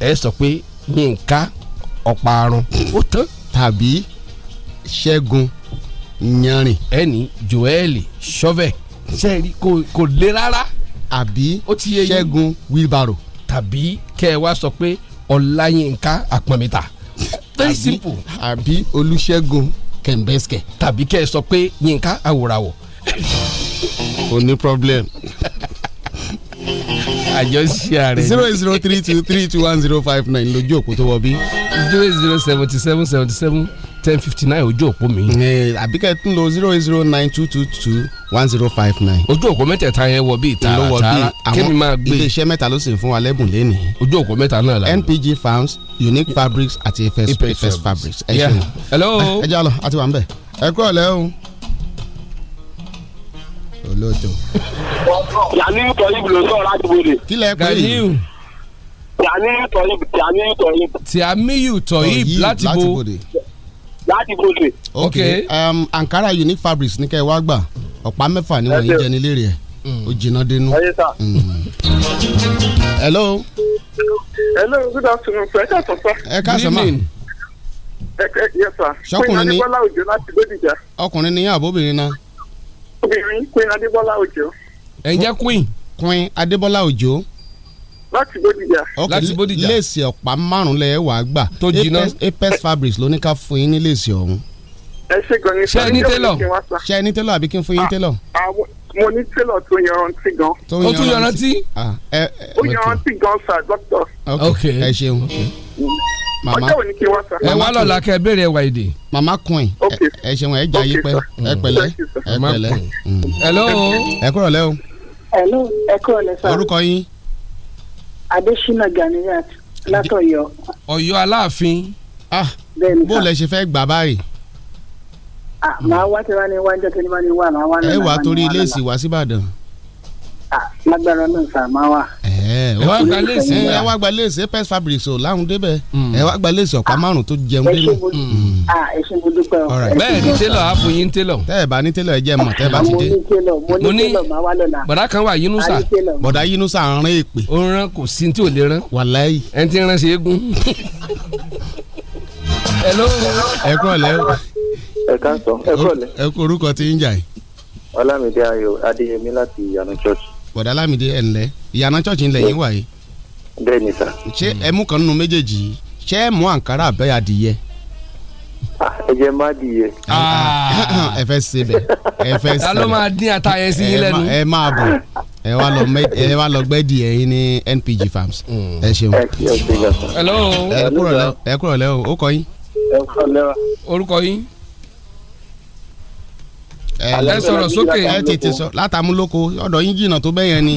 ẹ sọ pé yínká ọ̀parun ó tán. tàbí ṣẹ́gun yanrìn. ẹni joel sọfẹ sẹẹri kò kò le rárá. àbí ṣẹ́gun wheelbarrow. tàbí kẹ́ ẹ wá sọ pé ọláyínká àpọ̀nmìta very simple. àbí olùṣègùn kẹ̀ǹbẹ́sìkẹ̀ tàbí kẹ́ ẹ sọ pé yínká àwòràwọ̀. o ní problem àjọṣe ààrẹ ni. zero zero three two three two one zero five nine lójú òkú tó wọ bí. zero zero seventy seven seventy seven ten fifty nine ojú òpó mi. àbíkẹ́ tún lo zero zero nine two two two one zero five nine. ojú òpó mẹ́tẹ̀ẹ̀ta yẹn wọ bíi tààràtààrà kémi máa gbé. iléeṣẹ́ mẹ́ta ló sì ń fún wa lẹ́bùn lẹ́nìí. ojú òpó mẹ́ta náà la. NPG Farms Unique Fabrics àti Efes Fabrics. ẹ ṣe hello. ẹ jẹ́ àlọ́ àti wà ń bẹ̀. ẹ kúrò lẹ́hùn. olóòtú. Ganiu Toyib ló sọ̀rọ̀ láti wọlé. kílẹ̀ pé Ganiu. Ganiu Toyib Ganiu Toyib. Tiamiyu Toyib láti bo láti bòlè. ok um, Ankara unique fabrics ní kẹ́ ẹ wá gbà ọ̀pá mẹ́fà ni wọ́n yín jẹ nílé rẹ̀ ó jìnnà dénú. Mm. hello. hello good afternoon sir ẹ ká sọ sọ. ẹ ká sọ ma. yes sir. sọkùnrin ni Bọ́lá Òjó láti Bódìjà. ọkùnrin ni àbóbìnrin náà. obìnrin Queen Adébọ́lá Òjó. ẹ jẹ́ Queen. Queen Adébọ́lá Òjó láti bódìjà. ok láti bódìjà léèsì ọ̀pá márùn-ún lẹ́ẹ̀ wàá gbà tó jiná apes fabrics ló ní ká fún yín ní léèsì ọ̀hún. ẹ ṣe gan ni ṣe ní télọ̀ ṣe ní télọ̀ àbí kí n fún yín ah, télọ̀. Ah, mo ní télọ̀ tó yanrantí gan. ó tún yanrantí. Ah, ó yanrantí gan sa dókítà. ok ẹ ṣeun mama ọjọ́ òní kí wá sa. ẹ wá lọ́la kẹ́ ẹ béèrè ẹwà èdè. mama coin. ẹ ṣeun ẹ jẹ ayé pẹ ẹ pẹ̀lẹ́ ẹ pẹ̀lẹ́. Mm. hello. ẹ kúrọ̀lẹ́ o. hello ẹ kúrọ̀lẹ́ sá. orúkọ yín adesina ganiyat látọ̀yọ́. Ọ̀yọ́ aláàfin ah, bó lẹ ṣe fẹ́ gbà báyìí. Ah, màá wá tí wàá ní wá ń jẹ́ kí ni wàá ní wà máa wá ní. ẹ wàá torí ilé ìsìn wá síbàdàn lágbára náà sàmá wa. ẹ wá gba léèsì ẹ wá gba léèsì apes fabrics ò láhùn débẹ̀ hmm. ẹ wá gba léèsì ọ̀pá ah, márùn tó jẹun délẹ̀. o. Hmm. Ah, bẹ́ẹ̀ ni télọ̀ á fún yín télọ̀. tẹ́ ẹ bá ní télọ̀ ẹ jẹ́ mọ̀ tẹ́ ẹ bá ti ah, dé. mo ní télọ̀ máa wá lọ́la. bọ̀dá kan wà yínúsà bọ̀dá yínúsà ń rán èpè. ó ń rán kò sí tí ò lè rán. wàláyì. ẹ ti rán ṣe é gún. ẹ kú ọ̀lẹ́ ẹ káàsán ẹ kú ọ̀lẹ́. ẹ kú orúkọ tí ń jà yìí. ọlámídé ayọ̀ adéyẹmí láti ìyànà church bọ̀dá lámìdí ẹ̀ ńlẹ́ ìyànà chọ́ọ̀chì ńlẹ̀ yín wà yìí. bẹ́ẹ̀ sà. ṣé ẹ kan nínú méjèèjì ṣé ẹ mú àǹkárá àbẹ́ adìyẹ. Ah, ẹ jẹ má dìyẹ. Ah, ah, ẹ fẹ́ ṣe bẹ́ẹ̀ ẹ fẹ́ ṣe bẹ́ẹ̀. ta ló máa dín ata yẹn sí yín lẹ́nu. ẹ máa bọ̀ ẹ wá lọ ẹ wá lọ gbẹ́ díẹ̀ ní NPG Farms. Hmm. ẹ ṣeun. ẹ kúrọ̀lẹ́ o ó kọ yín. orúkọ yín. Eh, ẹ sọ̀rọ̀ sókè ẹ tètè sọ látàmúlòkó ọ̀dọ̀ yín jìnnà tó bẹ́yẹn ni.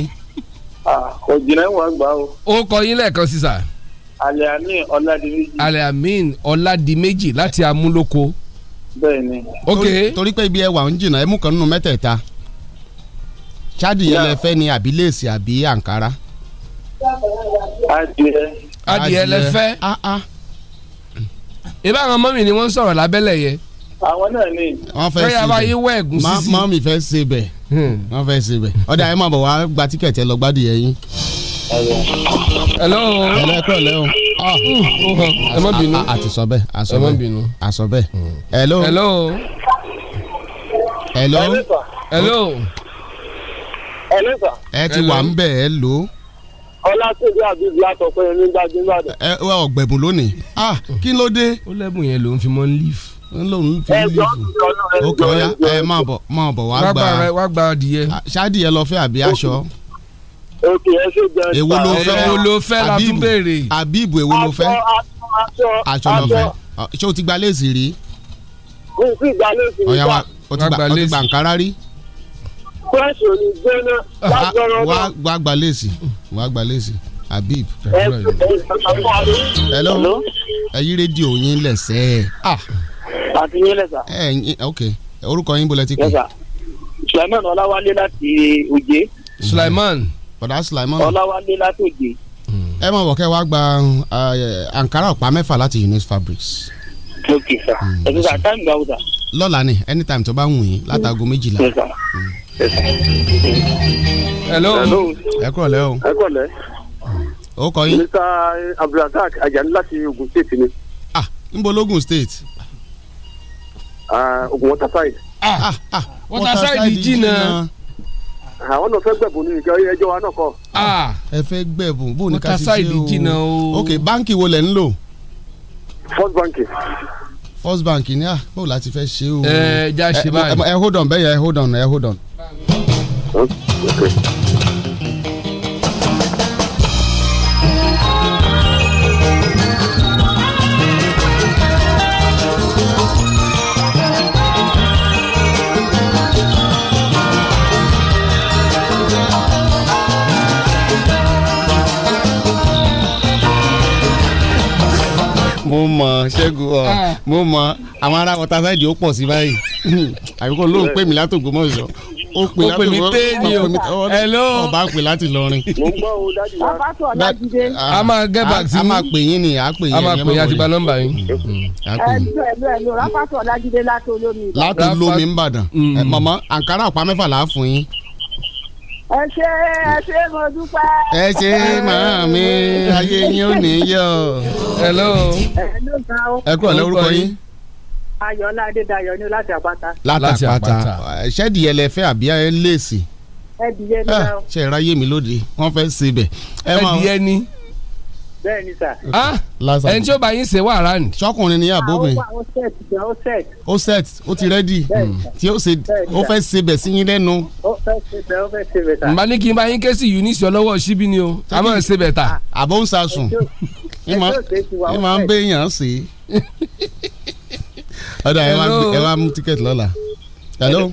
Ah, kò jìnnà ìwọ̀n gbà o. ó kọ yín lẹ́ẹ̀kan láti amúlòkó. bẹ́ẹ̀ni. ok torí pé ibi ẹwà ń jìnnà ẹmú kan nínú mẹ́tẹ̀ẹ̀ta ṣáàdì yẹn fẹ́ ni àbí àbí adìẹ. adìẹ fẹ́. Ah, ah. ìbáwọn mọ́mì ni wọ́n sọ̀rọ̀ lábẹ́lẹ̀ àwọn náà ni. wọ́n fẹ́ síbẹ̀ lọ́yà wá mi fẹ́ síbẹ̀ hmm. wọ́n fẹ́ síbẹ̀ ọ̀dà ẹ̀ máa bọ̀ wá gba tíkẹ̀tì ẹ lọ gbádùn yẹn yín. hello. hello ẹ ah, hmm, ẹ má bínú. a bẹ́ẹ̀ a bẹ́ẹ̀ a bẹ́ẹ̀. hello. hello. hello. hello. ẹ ti wà ń bẹ̀ ẹ lò ó ọlátúndé àbíbí àtọ̀pẹ́ ní gbajúmọ̀. ẹ ọgbẹ̀bùn lónìí ah kí ń lòun fi lífù òkè ọ̀yà ẹ máa bọ̀ máa bọ̀ wàá gba wàá gba adìyẹ ah, ṣáàdìyẹ lọ fẹ́ àbí aṣọ. òkè ló fẹ́ èwo ló fẹ́ la tún béèrè ló fẹ́ aṣọ ah, lọ fẹ́ ṣé o ti gba léèsì rí. mi ò gba léèsì rí o ti gba nkárá rí. fúrẹ́ṣì ò ní gbóná lágbọ́rọ́ ah, náà. wàá gba léèsì wàá gba léèsì habib. hello ẹ̀yin rédíò yín lẹ̀ sẹ́ẹ̀ àti yín lẹ́sà. ẹ ẹ ok orúkọ yín bọ́lá ti pè. Sulaiman Ọláwálé láti Òjé. Sulaiman. bọ̀dá Sulaiman. Ọláwálé láti Òjé. ẹ mọ̀ wọ̀ kẹ́ wá gba àǹkárá eh, ọ̀pá mẹ́fà láti Unis Fabrics. ok sir mm, ẹ ti sà táìmù gbà wùdà. lọ́la ni anytime tó bá wù yín látago mm, méjìlá. Mm. hello ẹ kúrọ̀lẹ́ o. ẹ kúrọ̀lẹ́ ó kọ yín. mr abdulrasaq ajani láti Ogun State ni. ah nbọ logun State. Ah, ogun waterside. Ah, ah, waterside jìnnà. àwọn náà fẹ́ gbẹ̀bùn ní ìjọ ẹjọ́ wa náà kọ. ẹ fẹ́ gbẹ̀bùn bó ní ká ti ṣe o waterside jìnnà o. ok báńkì wo lẹ̀ ń lò. first bank. first bank ni a bó la ti fẹ́ ṣe o. ẹ já ṣe báyìí. ẹ hold on bẹ́ẹ̀ yẹ ẹ hold on ẹ hold on. Okay. mo mọ ṣẹ́gun ọ ah. mo mọ àwọn ará wọta sáìdì ó pọ̀ sí báyìí àbíkó ló ń pè mí látògbómọ̀ṣọ́ ó pè mí téèni o hello ọba pè láti lọrin. o dájú wa. ọba tó ọlájídé. a máa get back sí. a máa pè yín ni a pè yín. a máa pè yín àti gba nọ́mbà yín. ẹlò ẹlò ẹlò rápátọ̀ ọlájídé látò lómi. látò lómi ń bàdàn. màmá àǹkárá ọ̀pá mẹ́fà là fún yín ẹ ṣe mo dúpẹ́. ẹ màá mi ayé yín ò ní yọ. hello. ẹ kúrò lórúkọ yín. ayọ̀lá adédayọ̀ ni láti àpáta. láti àpáta ṣẹ́ẹ̀dì ẹlẹ́fẹ́ àbí ẹ lèsì. ẹ̀dìyẹ ni. Ah, ṣe ìráyè mi lóde wọ́n fẹ́ ṣe bẹ̀. ẹ̀dìyẹ ni bẹ́ẹ̀ ah, sà. ẹni tí ó bá yín ṣe wàhálà ni. Ah, sọkùnrin ni àbóbin. o set o ti rẹ́dì tí ó ṣe ó fẹ́ ṣe bẹ̀ sí yín lẹ́nu. ó fẹ́ ṣe bẹ̀ ó fẹ́ ṣe bẹ̀ ta. màá ní kí n bá yín ké sí Eunice ọlọ́wọ́ síbí ni o a máa ń ṣe bẹ̀ ta. Ah, àbó ń sa sùn ní máa ń béèyàn sí ọ̀dà ẹ wá mú tíkẹ́ẹ̀tì lọ́la. hello.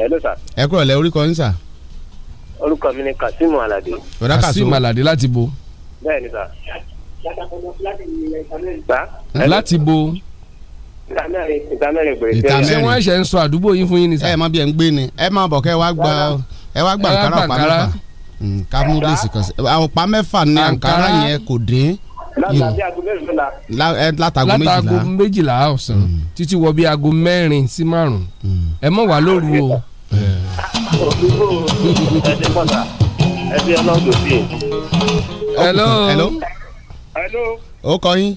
hello sà. ẹ kúrò lẹ orúkọ yín sà. orúkọ mi ni Kasimu Alade. Kasimu Alade láti bo bẹ́ẹ̀ ni láti bo. ìtàmẹ́rin ṣé wọ́n ṣe ń sọ àdúgbò yín fún yín ni ẹ mọ bí ẹ ń gbé ni ẹ máa bọ̀ kẹ́ ẹ wá gba ẹ wá gba àǹkárá ọ̀pá mẹ́fà mm, kámú lè sì kàn sí ọ̀pá mẹ́fà ni àǹkárá yẹn kò dín látago méjìlá látago méjìlá ọ̀sán mm. títí wọ bí aago mẹ́rin sí márùn-ún mm. ẹ mọ̀ wá lóru o. Eh. ẹbí ọlọ́dún sí i. hello. hello. hello. ó kọ yín.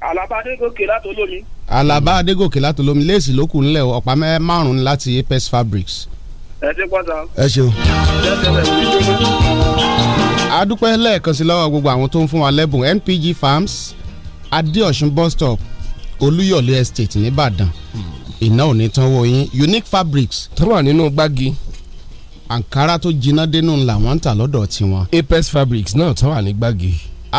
alaba adégòkè láti olómi. alaba adégòkè láti olómi léèsì ló kù nílẹ̀ ọ̀pá márùn-ún láti Apex Fabrics. ẹ ti pọ́sà. ẹ ṣeun. adúpẹ́ lẹ́ẹ̀kan sí lọ́wọ́ gbogbo àwọn tó ń fún wa lẹ́bùn NPG Farms Adéọ̀sùn bus stop Olúyọ̀lé estate nìbàdàn iná ò ní tán yín Unique Fabrics. tó wà nínú gbági àǹkárá tó jiná dénú làwọn ń tà lọ́dọ̀ tiwọn. Apex Fabrics náà tán wà ní gbági.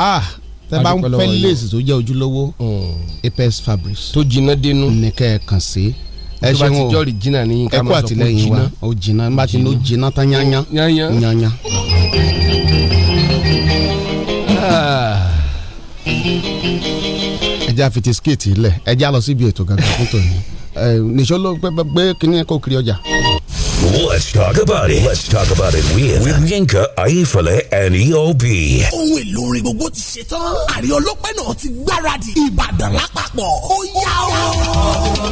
ah tẹ bá ń fẹ́ léèsì tó jẹ́ ojúlówó hmm. Apex Fabrics. tó jiná dénú. nìkẹ́ ẹ kàn sí. ẹ ṣe wọn o ẹ kó àtìlẹyìn wa o jiná n bá ti ní o jiná tán yányán yányán. Ah. ẹ jẹ́ àfi ti skate ilẹ̀ ẹ jẹ́ àlọ́ síbi ètò gàgà fún tòun nìṣó ló gbé kíní kó kiri ọjà. Let's talk about it. Let's talk about it with, with Yinka Ayefele and EOB. Ohun èlò orin gbogbo ti ṣe tán. Àrí ọlọ́pẹ́ náà ti gbáradì. Ìbàdàn lápapọ̀. Ó yá o.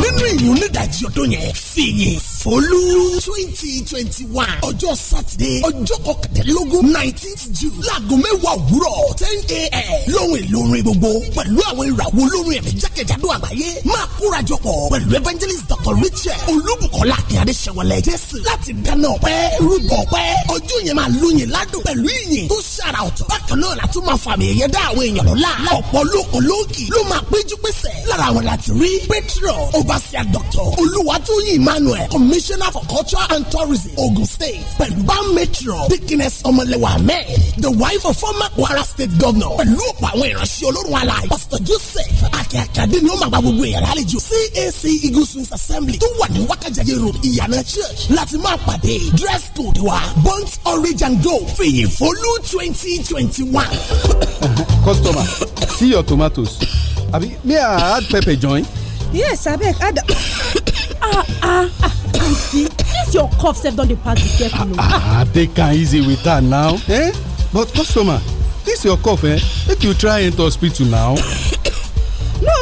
Nínú ìyún nídàjí ọdún yẹn, fìyìn fólú twenty twenty one ọjọ́ sátidé ọjọ́ kọkàndínlógún nineteenth june láago mẹ́wàá òwúrọ̀ ten a.m. lóhùn èlò orin gbogbo pẹ̀lú àwọn ìràwọ̀ olórin ẹ̀mí jákèjádò àgbáyé máa kórajọ pọ̀ pẹ̀lú evangelist dr richard olúbùkọ́lá akínyàdé ṣẹ̀wọ̀lẹ̀ jésù láti dáná ọpẹ́ rúbọ ọpẹ́ ọjọ́ yẹn máa lóyin ládùn pẹ̀lú ìyìn tó ṣàrà ọ̀tọ̀ bákan náà látún máa fàmì ẹ̀yẹ dá àwọn èèyàn lọ́lá ọ̀pọ̀ lóko lóòkì ló máa péjú pésẹ̀ lára àwọn láti rí pétrọ̀ overseer dr olúwatóyìn emmanuel commissioner for culture and tourism Ogun state pẹ̀lú bá metro dikines ọmọlẹ́wà ahmed the wife of former kwara state governor pẹ̀lú ọ̀pọ̀ àwọn ìránṣẹ́ olórun alaye pastor joseph akíakíadé ni ó máa gba gbogbo ìyàrá àlejò cac eagle swings assembly tó wà ní wákàjáde road ìyànà church láti máa pàdé dress code wa burnt orange and gold fìyìn twenty twenty one. customer see your tomatoes abi may i add pepper join. yes abeg add. ah ah ah you see dis your cough sef don dey pass the care pillow. Ah, ah, ah they can easy with that now eh but customer this your cough eh make you try enter hospital now. no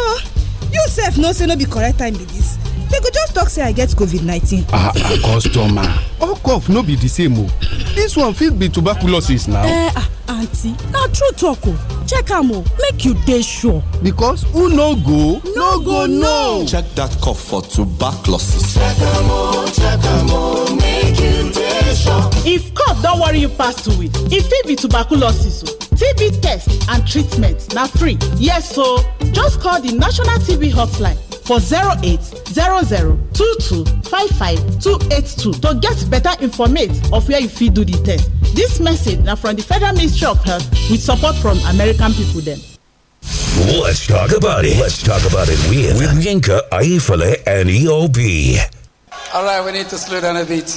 you sef no say no be correct time be this. They go just talk say i get covid nineteen. ah ah customer all cough no be the same oh. This one feels be tuberculosis now. eh ah aunty na true talk oh. check am o make you dey sure. because who no go no go no. check dat cough for tuberculosis. check am o check am o make you dey sure. if cough don worry you pass two weeks e fit be tuberculosis o tb test and treatment na free yes so just call the national tb hotline for 0800 22 to get better informate of where you fit do the test this message now from the Federal Ministry of Health with support from American people Then, Let's talk about it. Let's talk about it with, with Yinka, Aifale, and EOB. All right, we need to slow down a bit.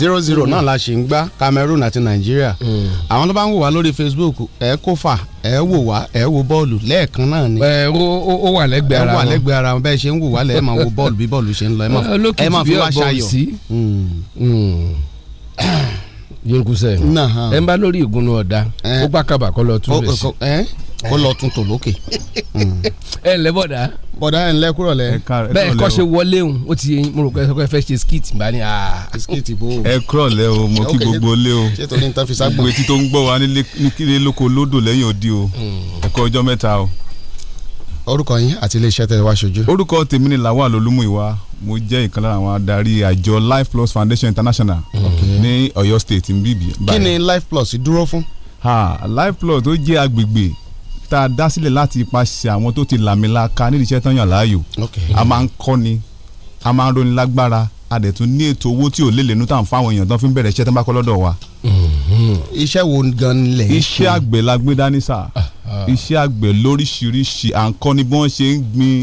zero zero mm-hmm. náà la ṣì ń gbá Cameroon àti Nigeria. Mm. àwọn tó bá ń wò wá lórí Facebook ẹ kó fà ẹ wò wá ẹ wo bọ́ọ̀lù lẹ́ẹ̀kan náà ni. ẹ ó wà lẹ́gbẹ̀ẹ́ ara wọn ó wà lẹ́gbẹ̀ẹ́ ara wọn bẹ́ẹ̀ ṣe ń wò wá lẹ́ ẹ máa wo bọ́ọ̀lù bí bọ́ọ̀lù ṣe ń lọ ẹ máa fi wá ṣayọ̀. Mm. Mm. yunkusẹ ẹ ń bá lórí ìgúnnu ọ̀dà ó gbà kábà kọ́ lọ tún lè ṣe kó lọ tún tò lókè. ẹ ǹlẹ́ bọ̀dá. bọ̀dá ẹ ǹlẹ́ kúrọ̀ lẹ. bẹ́ẹ̀ kọ́ ṣe wọlé òun ó ti yẹn mo rò pé ẹ fẹ́ ṣe skit bá ní. Ah. skit bò ó. ẹ kúrọ̀ lẹ o mo kí gbogbo lé o gbogbo etí tó ń gbọ́ wa nílé lóko lódò lẹ́yìn odi o hmm. ẹ kọ́ ọjọ́ mẹ́ta o. orúkọ yín àti iléeṣẹ́ tẹ́ ni Lawal Olúmúyìwá mo jẹ́ ìkan lára àwọn adarí àjọ Life Plus Foundation International ní Ọ̀yọ́ state nbíbi. kí ni Life Plus dúró fún. Life Plus tó jẹ́ agbègbè tá a dá sílẹ̀ láti ipasẹ̀ àwọn tó ti làmìlaka nídìí iṣẹ́ tán yàn láàyò a máa ń kọ́ni a máa ń roni lágbára a dẹ̀ tún ní ètò owó tí ò lélẹ̀ nú tàn fáwọn èèyàn tán fi ń bẹ̀rẹ̀ iṣẹ́ tán bá kọ́ lọ́dọ̀ wa. Mhm. iṣẹ́ wo gan ni lẹ̀. iṣẹ́ àgbẹ̀ la gbé dání sà ah, ah. iṣẹ́ àgbẹ̀ lóríṣiríṣi à ń kọ́ bí wọ́n ṣe ń gbin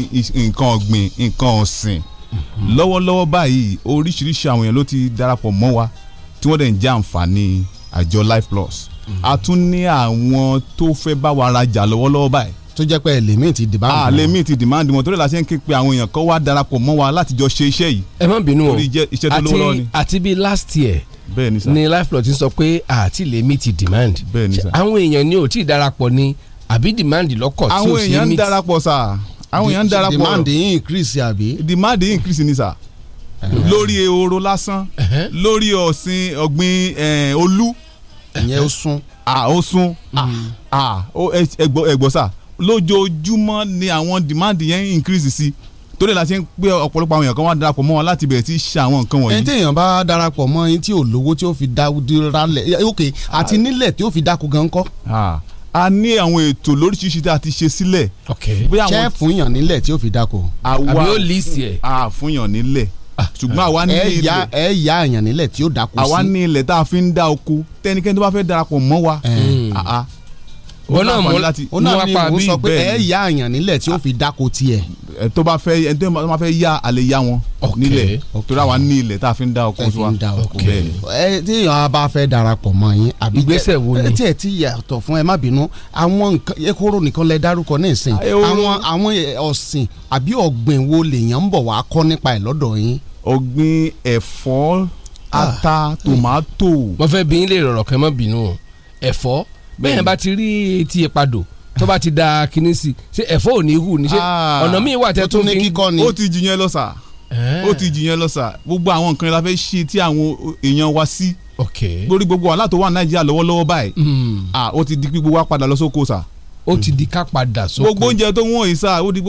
nǹkan ọ̀gbìn nǹkan ọ̀sìn lọ́wọ́lọ́wọ́ báyìí oríṣiríṣi àwọn èèyàn ló ti darapọ̀ mọ́ wa tí wọ́n dẹ̀ ń jẹ àǹfààní àjọ life plus mm-hmm. a tún ní àwọn tó fẹ́ bá wa rajà lọ́wọ́lọ́wọ́ báyìí tó jẹ́ pé lèmi ti demand ah, wọn. lèmi ti demand wọn torí la ṣe ń ké pe àwọn èèyàn kan wá darapọ̀ mọ́ wa láti jọ ṣe iṣẹ́ yìí. ẹ má bínú o àti bíi last year bẹ́ẹ̀ni ni life plus ń sọ pé àti lèmi ti demand bẹ́ẹ̀ni sá àwọn èèyàn ni ò tí ì darapọ̀ ni àbí demand lọ́kọ̀ tí ò sí meet. àwọn èèyàn ń darapọ̀ sá àwọn èèyàn ń darapọ̀ demand yín increase àbí. demand yín increase ni sà lórí ehoro lásán lórí ọ̀sìn ọ̀gbìn eh, olú. ìyẹn ó sún. à ó sún mm. à ẹgbọ́ sà lójoojúmọ́ ni àwọn demand yẹn increase sí torí la ṣe ń pé ọ̀pọ̀lọpọ̀ àwọn èèyàn kan wá darapọ̀ mọ́ wọn láti bẹ̀rẹ̀ tí í ṣe àwọn nǹkan wọ̀nyí. ẹni tí èèyàn bá darapọ̀ mọ́ ẹni tí ò lówó tí ó fi dá ralẹ̀ eh, ok àti nílẹ̀ tí ó fi dáko gan kọ́ a ní àwọn ètò lóríṣiríṣi tá a ti ṣe sílẹ̀. ṣé fúnyàn nílẹ̀ tí ó fi dáko. àwa a fúnyàn nílẹ̀ ah. ṣùgbọ́n àwa ní ilẹ̀ ẹ ya àyàn nílẹ̀ tí ó dáko sí. àwa ní ilẹ̀ tá a fi ń dá oko tẹnikẹ́ni tó bá fẹ́ darapọ̀ mọ́ wa ó náà mú láti ó náà ní ìwò sọ pé ẹ yá àyàn nílẹ̀ tí ó ah. fi dáko tiẹ̀. tó bá fẹ́ ẹni tó bá fẹ́ yá àlè yá wọn nílẹ̀ torí àwa ní ilẹ̀ tá a fi ń dá ọkọ wa bẹ́ẹ̀. tí èèyàn bá fẹ́ darapọ̀ mọ́ yín àbí ìgbésẹ̀ wo ni. tí ẹ ti yàtọ̀ fún ẹ má bínú àwọn ekoro nìkan lẹ dárúkọ ní ìsìn ah, àwọn àwọn ọ̀sìn àbí ọ̀gbìn wo lèèyàn ń bọ̀ wá kọ́ nípa ẹ̀ lọ́dọ̀ yín. ọ̀gbìn ẹ̀fọ́ ah. ata tòmátò. wọ́n fẹ́ bí yín lè rọ̀rọ̀ kẹ́ mọ́ bínú ẹ̀fọ́ bẹ́ẹ̀ bá ti rí etí ìpadò tó bá ti da kinní sí ṣé ẹ̀fọ́ ò ní hù ní ṣe ah, ọ̀nà míì wà tẹ́ tó fi ó ti jù yẹn lọ sà eh. ó ti jù yẹn lọ sà gbogbo àwọn nǹkan la fẹ́ ṣe tí àwọn èèyàn wa sí lórí gbogbo wàhálà tó wà nàìjíríà lọ́wọ́lọ́wọ́ báyìí hmm. ó ti di gbogbo wa padà lọ sóko sà. ó ti di ká padà sóko. gbogbo oúnjẹ tó wọ̀nyí sà ó di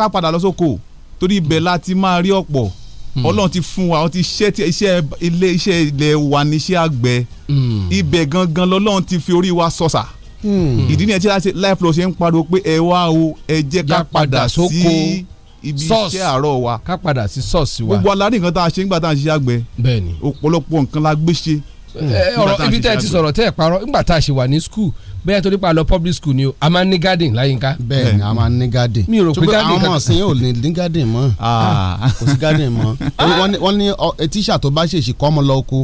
ká padà lọ sóko torí ibẹ̀ la ti máa rí ọ̀pọ̀ Hmm. ọlọ́run ti fún wa ó ti ṣe iṣẹ́ ilé iṣẹ́ ilẹ̀ wa níṣẹ́ àgbẹ̀ hmm. ibẹ̀ gangan lọ́lọ́run ti fi orí wa sọ̀sà hmm. ìdí ni ẹ ti láti life plus ṣe ń pariwo pé ẹ wá o ẹ jẹ́ ká padà sí ibi iṣẹ́ àárọ̀ wa ká padà sí sọ́ọ̀sì wa gbogbo alárí tá a ṣe nígbà tá a ṣiṣẹ́ àgbẹ̀ ọ̀pọ̀lọpọ̀ nǹkan la gbé ṣe Eh, hmm. ọ̀rọ̀ ibi tẹ́ ẹ ti sọ̀rọ̀ tẹ́ ẹ parọ́ nígbà tá a ṣe wà ní school bẹ́ẹ̀ torí pa lọ public school ni o a máa ń ní garden láyínká. bẹ́ẹ̀ ni a máa ń ní garden. mi rò pé garden kan tó bá àwọn ọmọ sẹ́yìn ò lè ní garden mọ́ ah. Ah, kò sí garden mọ́ ah. wọ́n ní eh, tíṣà tó bá ṣèṣì kọ́ ọmọ lọ oko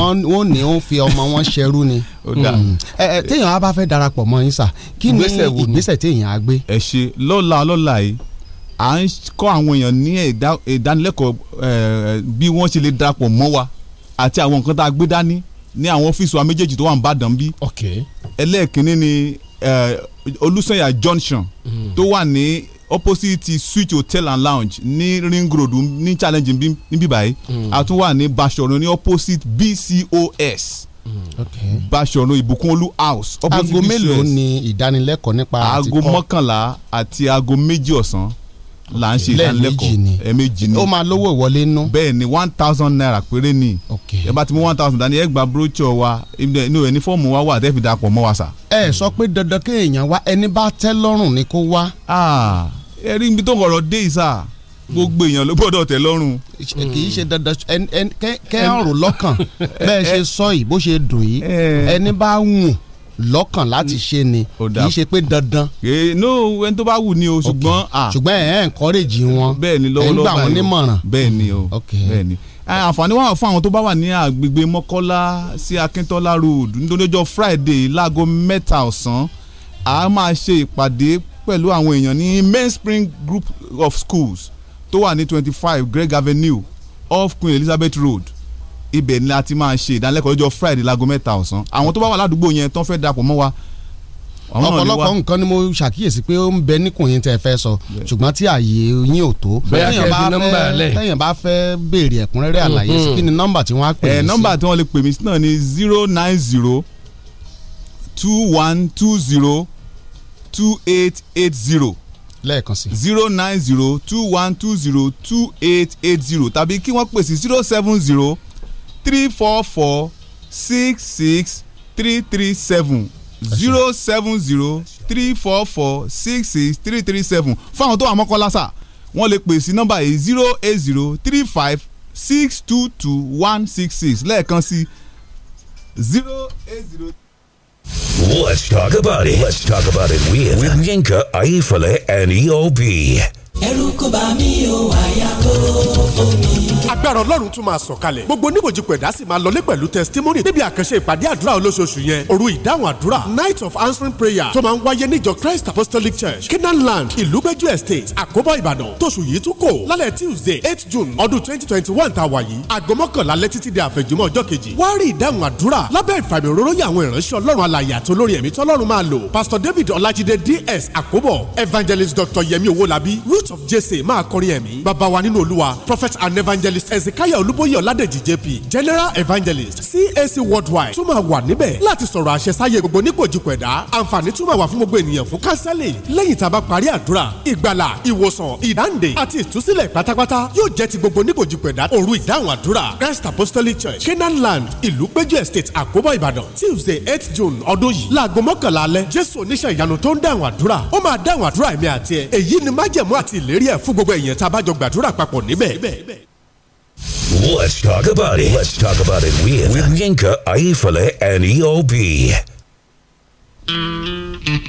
wọ́n ní ó fi ọmọ wọn ṣẹrú ni. Hmm. Eh, téèyàn á bá fẹ́ darapọ̀ mọ́ yín sà kí ni ìgbésẹ̀ téèyàn á gbé. ẹ ṣe lọ́la lọ́la yìí à ń kọ́ àwọn èèyàn ní ìdánilẹ́kọ̀ọ́ bí wọ́n ṣe lè darapọ̀ mọ́ wa àti àwọn nǹkan tá a gbé dání ní àwọn ọ́fíìsì wa méjèèjì tó wà ní Ìbàdàn bí. ẹlẹ́ẹ̀kínní ni Olùsànyà junction mm. tó wà ní opposite switch hotel and lounge ní ring road ní challenge níbí báyìí mm. a tún wà ní Basọ̀run ní opposite BCOS mm. Basọ̀run Ìbùkúnolú house. aago mélòó ni ìdánilẹ́kọ̀ọ́ nípa àti kọ́ aago mọ́kànlá àti aago méjì ọ̀sán là ń ṣe ìdánilẹ́kọ̀ọ́ ẹ̀ẹ̀mejì ni ó máa lówó ìwọlé nú. bẹ́ẹ̀ ni one thousand naira péré ni ẹ bá ti mú one thousand dání ẹ gba brochure wa inú ẹ ní fọ́ọ̀mù wa wà tẹ́ fi dàpọ̀ mọ́ wa sà. ẹ sọ pé dandan kéèyàn wá ẹni bá tẹ́ lọ́rùn ni kó wá. ẹ rí ibi tó kọ̀rọ̀ dé ìsà gbogbo èèyàn ló gbọ́dọ̀ tẹ́ lọ́rùn. kì í ṣe dandan kẹ́ ọ̀rùn lọ́kàn bẹ́ẹ̀ ṣe sọ yìí bó ṣe dùn yìí ẹni bá wùn lọ́kàn láti ṣe ni kì í ṣe pé dandan. no ẹni tó bá wù ni o ṣùgbọ́n ṣùgbọ́n ẹ̀ ẹ̀ encourage wọn ẹ̀ ń gbà wọn nímọ̀ràn. bẹ́ẹ̀ o bẹ́ẹ̀ àǹfààní wà fún àwọn tó bá wà ní agbègbè mọ́kọ́lá sí akíntọ́lá road nídọ́jọ́ friday láago mẹ́ta ọ̀sán a máa ṣe ìpàdé pẹ̀lú àwọn èèyàn ní mainspring group of schools tó wà ní twenty five greg avenue off queen elizabeth road ibẹ̀ ni a ti máa ṣe ìdánilẹ́kọ̀ọ́ lọ́jọ́ friday láago mẹ́ta ọ̀sán àwọn tó bá wà ládùúgbò yẹn tán fẹ́ darapọ̀ mọ́ wa ọ̀pọ̀lọpọ̀ nǹkan ni mo ṣàkíyèsí pé ó ń bẹ níkùnyìn tẹ́ fẹ́ sọ ṣùgbọ́n tí ààyè yín ò tó tẹ́yàn bá fẹ́ béèrè ẹ̀kúnrẹ́rẹ́ mm-hmm. àlàyé sí kí ni nọ́mbà tí wọ́n á pè mí sí. nọ́mbà tí wọ́n lè pè mí sí náà ni zero nine zero two one two zero two eight eight zero lẹ́ẹ̀kan sí. zero nine zero two one two zero two eight eight zero tàbí kí wọ́n pè zero seven zero three four four six six three three seven zero seven zero three four four six six three three seven fáwọn tó wà mọ́kànlá sà wọ́n lè pè sí nọ́mbà yìí zero eight zero three five six two two one six six lẹ́ẹ̀kan sí zero eight zero. Let's talk about it. Let's talk about it with, with Yinka Aifale and EOB ẹ̀rù kò bá mi ò àyà kó omi. agbára ọlọ́run tún máa sọ̀kalẹ̀ gbogbo oníbòjì pẹ̀dá sì máa lọlé pẹ̀lú testimony níbi àkànṣe ìpàdé àdúrà olóṣooṣù yẹn òru ìdáhùn àdúrà night of answering prayer tó máa ń wáyé níjọ christ apostolic church canaan land ìlúgbẹ́jú estate àkóbọ̀ ìbàdàn tóṣù yìí tún kò lálẹ́ tuesday eight june ọdún twenty twenty one tá a wà yìí aago mọ́kànlá lẹ́ títí di àfẹ̀jùmọ́ ọjọ́ kejì wá rí ìdáhùn àdúrà lábẹ́ ìfàmì pastor david ọlájídé ds àkóbọ̀ evangelist dr yemi owolabi youth of jesse máa kọrin ẹ̀mí bàbá wa nínú olúwa prophet and evangelist ezekiah olúbóyè ọ̀ládẹ́jì jp general evangelist cac worldwide tún máa wà níbẹ̀ láti sọ̀rọ̀ àṣẹ sáyé gbogbo nípòjìpọ̀ ẹ̀dá àǹfààní tún máa wà fún gbogbo ènìyàn fún kánsẹ́lì lẹ́yìn tá a bá parí àdúrà ìgbàlà ìwòsàn ìdáǹdè àti ìtúsílẹ̀ pátápátá yóò jẹ́ ti gbogbo nípòjìpọ̀ ẹ̀dá òru ìdáhùn àdúrà christ apostolic church canaan land ìlú péjú estate àkóbọ̀ ìbàdàn tuesday eight june ọdún yìí láago mọ́kànlá alẹ́ jésù oníṣẹ́ ìyanu tó ń dáhùn àdúrà ó máa dáhùn àdúrà ẹ̀mí àti ẹ̀ èyí ni májẹ̀mú àti sì lérí ẹ̀ fún gbogbo èèyàn tá a bá jọ gbàdúrà papọ̀ níbẹ̀. Let's talk about it. Let's talk about it with, with Yinka Ayifale and EOB. Mm -hmm.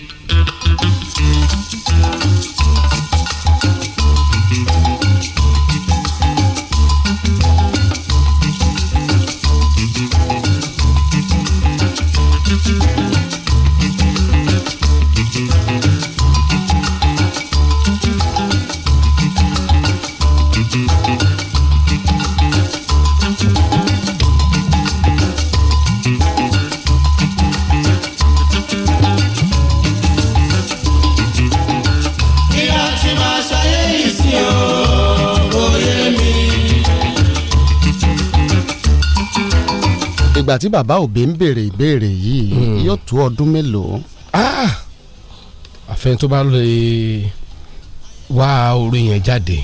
ìgbà tí bàbá òbí ń béèrè ìbéèrè yìí hmm. yóò tó ọdún mélòó. Ah! àfẹn tó bá lè wá orí yẹn jáde.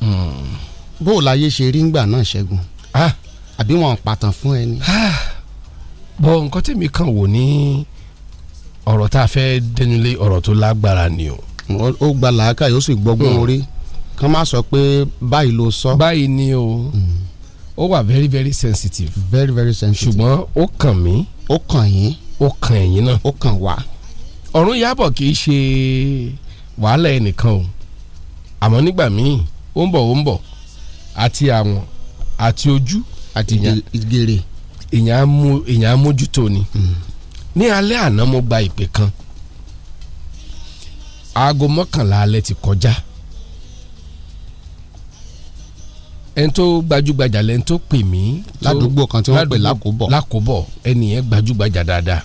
Hmm. bó o láyé ṣe rí ngbà náà ṣẹ́gun ah! àbí wọn pàtàn fún ẹni. Ah! bọ́ nǹkan tèmi kàn wò ní ọ̀rọ̀ tá a fẹ́ dẹnulé ọ̀rọ̀ tó lágbára ni o. ó gba làákà yóò sì gbọ́gbọ́n hmm. orí kán má sọ pé báyìí ló sọ. báyìí ni o. Mm ó wà very very sensitive. very very sensitive. ṣùgbọ́n ó kàn mí. ó kàn yín. ó kàn ẹ̀yin náà. ó kàn wá. ọ̀run yábọ̀ kì í ṣe wàhálà ẹnìkan o àmọ́ nígbà míì ó ń bọ̀ ó ń bọ̀ àti àwọn àti ojú àti ìgèrè èèyàn á mójútó ni hmm. ní alẹ́ àná mo gba ìpè kan aago mọ́kànlá alẹ́ ti kọjá. Mm ẹni tó gbajúgbajà lẹni tó pè mí. ládùúgbò kan tí wọ́n pè lákòbọ̀. lákòbọ̀ ẹni yẹn gbajúgbajà dáadáa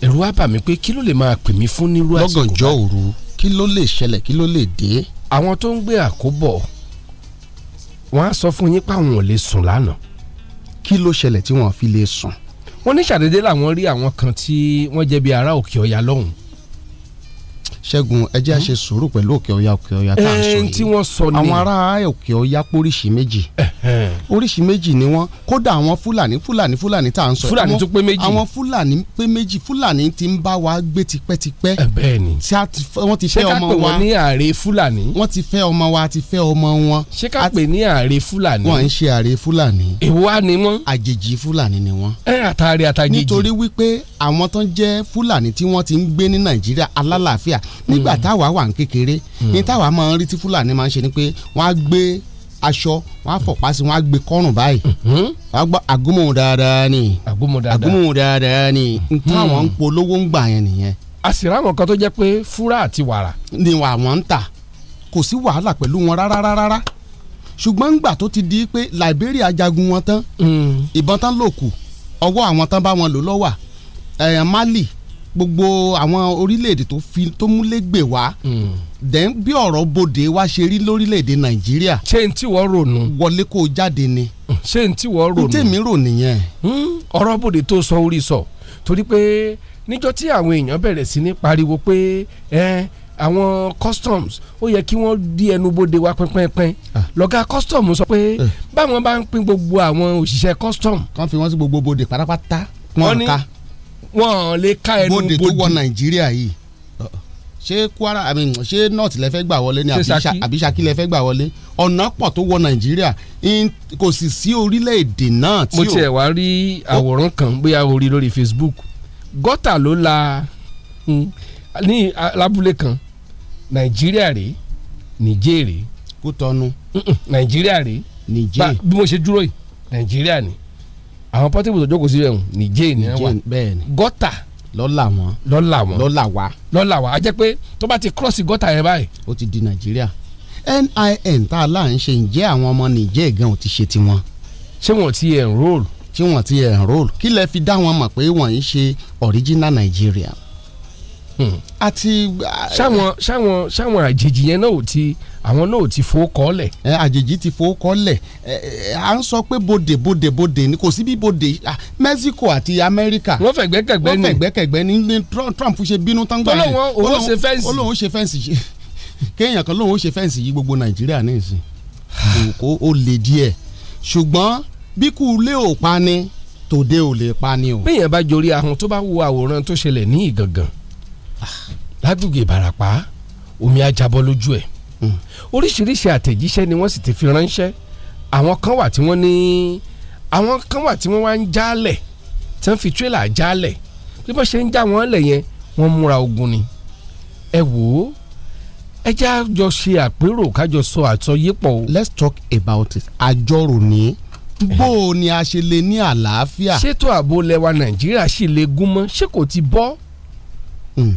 ẹ̀rù wá bà mí pé kí ló lè máa pè mí fún nírú àsìkò báyìí. lọ́gànjọ́ òru kí ló lè ṣẹlẹ̀ kí ló lè dé. àwọn tó ń gbé àkóbọ̀ wọ́n á sọ fún yín pé àwọn ò lè sùn lánàá. kí ló ṣẹlẹ̀ tí wọ́n fi lè sùn. wọ́n ní ṣàdédé làwọn rí àwọn kan tí wọ́n jẹ́ bíi ará òkè ọ̀yà lọ́hùn-ún ṣẹ́gun ẹ jẹ́ a ṣe sùúrù pẹ̀lú òkè ọya òkè ọya tá à sọ yìí tí wọ́n sọ ni àwọn ará òkè ọya póríṣi méjì oríṣi méjì ni wọ́n kódà àwọn fúlàní fúlàní fúlàní tá à ń sọ fúlàní tó pé méjì àwọn fúlàní pé méjì fúlàní ti ń bá wa gbé tipẹ́tipẹ́ bẹ́ẹ̀ni wọ́n ti fẹ́ ọmọ wa ṣé ká pè wọ́n ní ààrẹ fúlàní wọ́n ti fẹ́ ọmọ wa ti fẹ́ ọmọ wọn ṣé ká pè ní ààrẹ fúlàní ni wọ́n ni wọ́n ẹ àtàrí àtàjèjì nítorí wípé àwọn tó ń nígbà hmm. táwa wà ní kékeré ní hmm. táwa máa ń rí tí fúlàní máa ń ṣe ni pé wọ́n á gbé aṣọ wọ́n á fọ̀pá sí wọ́n á gbé kọ́rùn báyìí hmm. wọ́n á gbọ́ àgúnmọ̀ dáadáa ni àgúnmọ̀ dáadáa ni táwọn ń polówó ń gbà yẹn nìyẹn. àṣìrá àwọn kan tó jẹ́ pé fúrà àti wàrà. ni wà wọ́n ń tà kò sí wàhálà pẹ̀lú wọn rárá rárá ṣùgbọ́n ńgbà tó ti di pé Liberia jagun wọn tán ìbọn tán ló kù ọwọ́ àwọn tán bá wọn lò lọ́wà Mali gbogbo àwọn orílẹ̀-èdè tó fi tó múlẹ́gbẹ̀ wá dẹ̀ hmm. bí ọ̀rọ̀ bodè wá ṣe rí lórílẹ̀-èdè nàìjíríà. ṣé n tí wọ́n rò nù. wọlé kó o jáde ni. Hmm. ṣé n tí wọ́n rò nù. n tèmi rò nìyẹn. Hmm. ọ̀rọ̀ bodè tó sọ orí sọ torí pé níjọ́ tí àwọn èèyàn bẹ̀rẹ̀ sí ní pariwo pé ẹ àwọn customs ó yẹ kí wọ́n di ẹnubodè wa pẹ́pẹ́pẹ́ ah. lọ́gá customs sọ pé eh. báwọn bá ń pín gbogbo àwọn òṣìṣẹ́ customs. kàn fi wọ́n sí gbogbo bodè pátápátá wọn ká wọn lè ká ẹnu bodè. bodè tó wọ nàìjíríà yìí ṣé kwara àmì ṣé north lẹ fẹ́ gbà wọlé ni àbí Ṣakí lẹ fẹ́ gbà wọlé ọ̀nà pọ̀ tó wọ nàìjíríà kò sì sí orílẹ̀-èdè náà tí o. mo tiẹ̀ wá rí àwòrán kan bóyá o lórí Facebook gọ́tà ló la hmm, ní alábúlé kan nàìjíríà rèé nìjẹ́ rèé. kó tọ́nu. nàìjíríà rèé. nìjẹ́ bí mo ṣe dúró yìí nàìjíríà ni àwọn pọ́tìbù tó jókòó síbẹ̀ ní jane ní wa gọ́tà lọ́là wọn lọ́là wọn lọ́là wa lọ́là wa a jẹ́ pé tó bá ti cross gọ́tà yẹn báyìí. ó ti di nàìjíríà NIN tá a là ń ṣe ǹjẹ́ àwọn ọmọ nìjẹ́ gan ò ti ṣe tiwọn. ṣé wọn ti roll. tí wọn ti roll. kí lẹ fi dá wọn mọ̀ pé wọ́n ń ṣe original Nigeria. Hmm. àti. ṣáwọn eh, ṣáwọn ṣáwọn àjèjì yẹn náà ò ti. Hmm àwọn lóò ti fowó kọ́ lẹ̀. ẹ àjèjì ti fowó kọ́ ẹ à ń sọ pé bòdè bòdè bòdè ni kò sí bí bòdè Mexico àti Amẹ́ríkà. wọ́n fẹ́ gbẹ́kẹ̀gbẹ́ ni wọ́n fẹ́ gbẹ́kẹ̀gbẹ́ ni Trump ṣe bínú tán gbà yẹn olóhùn òun ṣe fẹ́ǹsì olóhùn ṣe fẹ́ǹsì kéèyàn kan lóhùn ó ṣe fẹ́ǹsì yí gbogbo Nàìjíríà ní ìsìn kò ó le díẹ̀ ṣùgbọ́n bí kú lé ò pa ni tòde ò lè pa ni o. bí èèyàn bá jorí ahun tó bá wo àwòrán tó ṣẹlẹ̀ ní Ìgàngàn ah. lágbègbè Ìbàràpá omi ajábọ́ lójú oríṣiríṣi àtẹ̀jíṣẹ́ ni wọ́n sì ti fi ránṣẹ́ àwọn kan wà tí wọ́n ní àwọn kan wà tí wọ́n wá ń jálẹ̀ tí wọ́n fi tírélà jálẹ̀ bí wọ́n ṣe ń já wọn lẹ̀ yẹn wọ́n múra ogun ni ẹ wò ó ẹ jẹ́ àjọ ṣe àpérò kájọ sọ àtọyépọ̀ o. let's talk about it àjọrò ni bó o ni a ṣe lè ní àlàáfíà. ṣètò ààbò lẹwa nàìjíríà ṣì lè gúnmọ́ ṣé kò ti bọ́. Mm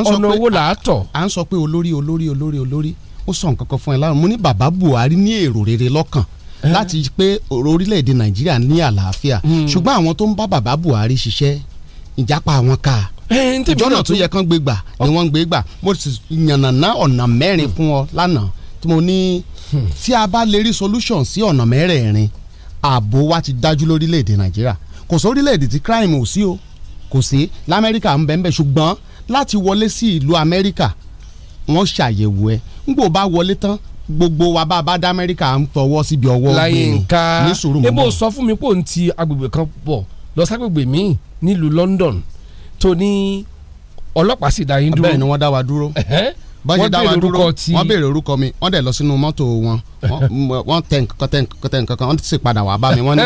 ọ̀nà owó là á tọ̀. à ń sọ pé olórí olórí olórí olórí ó sọ nǹkan kan fún ẹ lánàá mo ní bàbá Buhari ní èrò rere lọ́kàn láti pé orílẹ̀-èdè Nàìjíríà ní àlàáfíà hmm. ṣùgbọ́n àwọn tó ń bá bàbá Buhari ṣiṣẹ́ ìjápá àwọn ká ìjọ́nà tó yẹ kán gbé gbà ni wọ́n ń gbé gbà mo sì yànnàná ọ̀nà mẹ́rin fún ọ lánàá tí mo ní hmm. tí a bá lè rí solution sí ọ̀nà mẹ́rẹ̀ẹ̀rin ààbò wa ti dájú lórílẹ̀‐èdè Nàìjíríà kò sí orílẹ̀‐èdè tí crime ò sí o kò sí lamẹ́ríkà ń bẹ́ẹ̀ bẹ́ẹ̀ ṣùgbọ́n láti wọlé sí ìlú amẹ́ríkà wọ́n ṣàyẹ̀wò ẹ̀ ńgbò bá wọlé tán gbogbo wa bá a bá dá amẹ́ríkà à ń tọwọ́ síbi ọwọ́ gbèrò ní sùúrù mọ́. ebo sọ fún mi pò ń ti agbègbè kan bọ̀ lọ ságbègbè míì nílùú London tó ní ọlọ́pàá sì dá yín dúró. bẹ́ẹ̀ ni wọ́n dá wa dúró wọ́n béèrè orúkọ ti wọ́n béèrè orúkọ mi wọ́n dẹ̀ lọ sínú mọ́tò wọn wọ́n tẹ̀ nǹkan tẹ̀ nǹkan tẹ̀ nǹkan kan wọ́n sì padà wá bá mi wọ́n ní.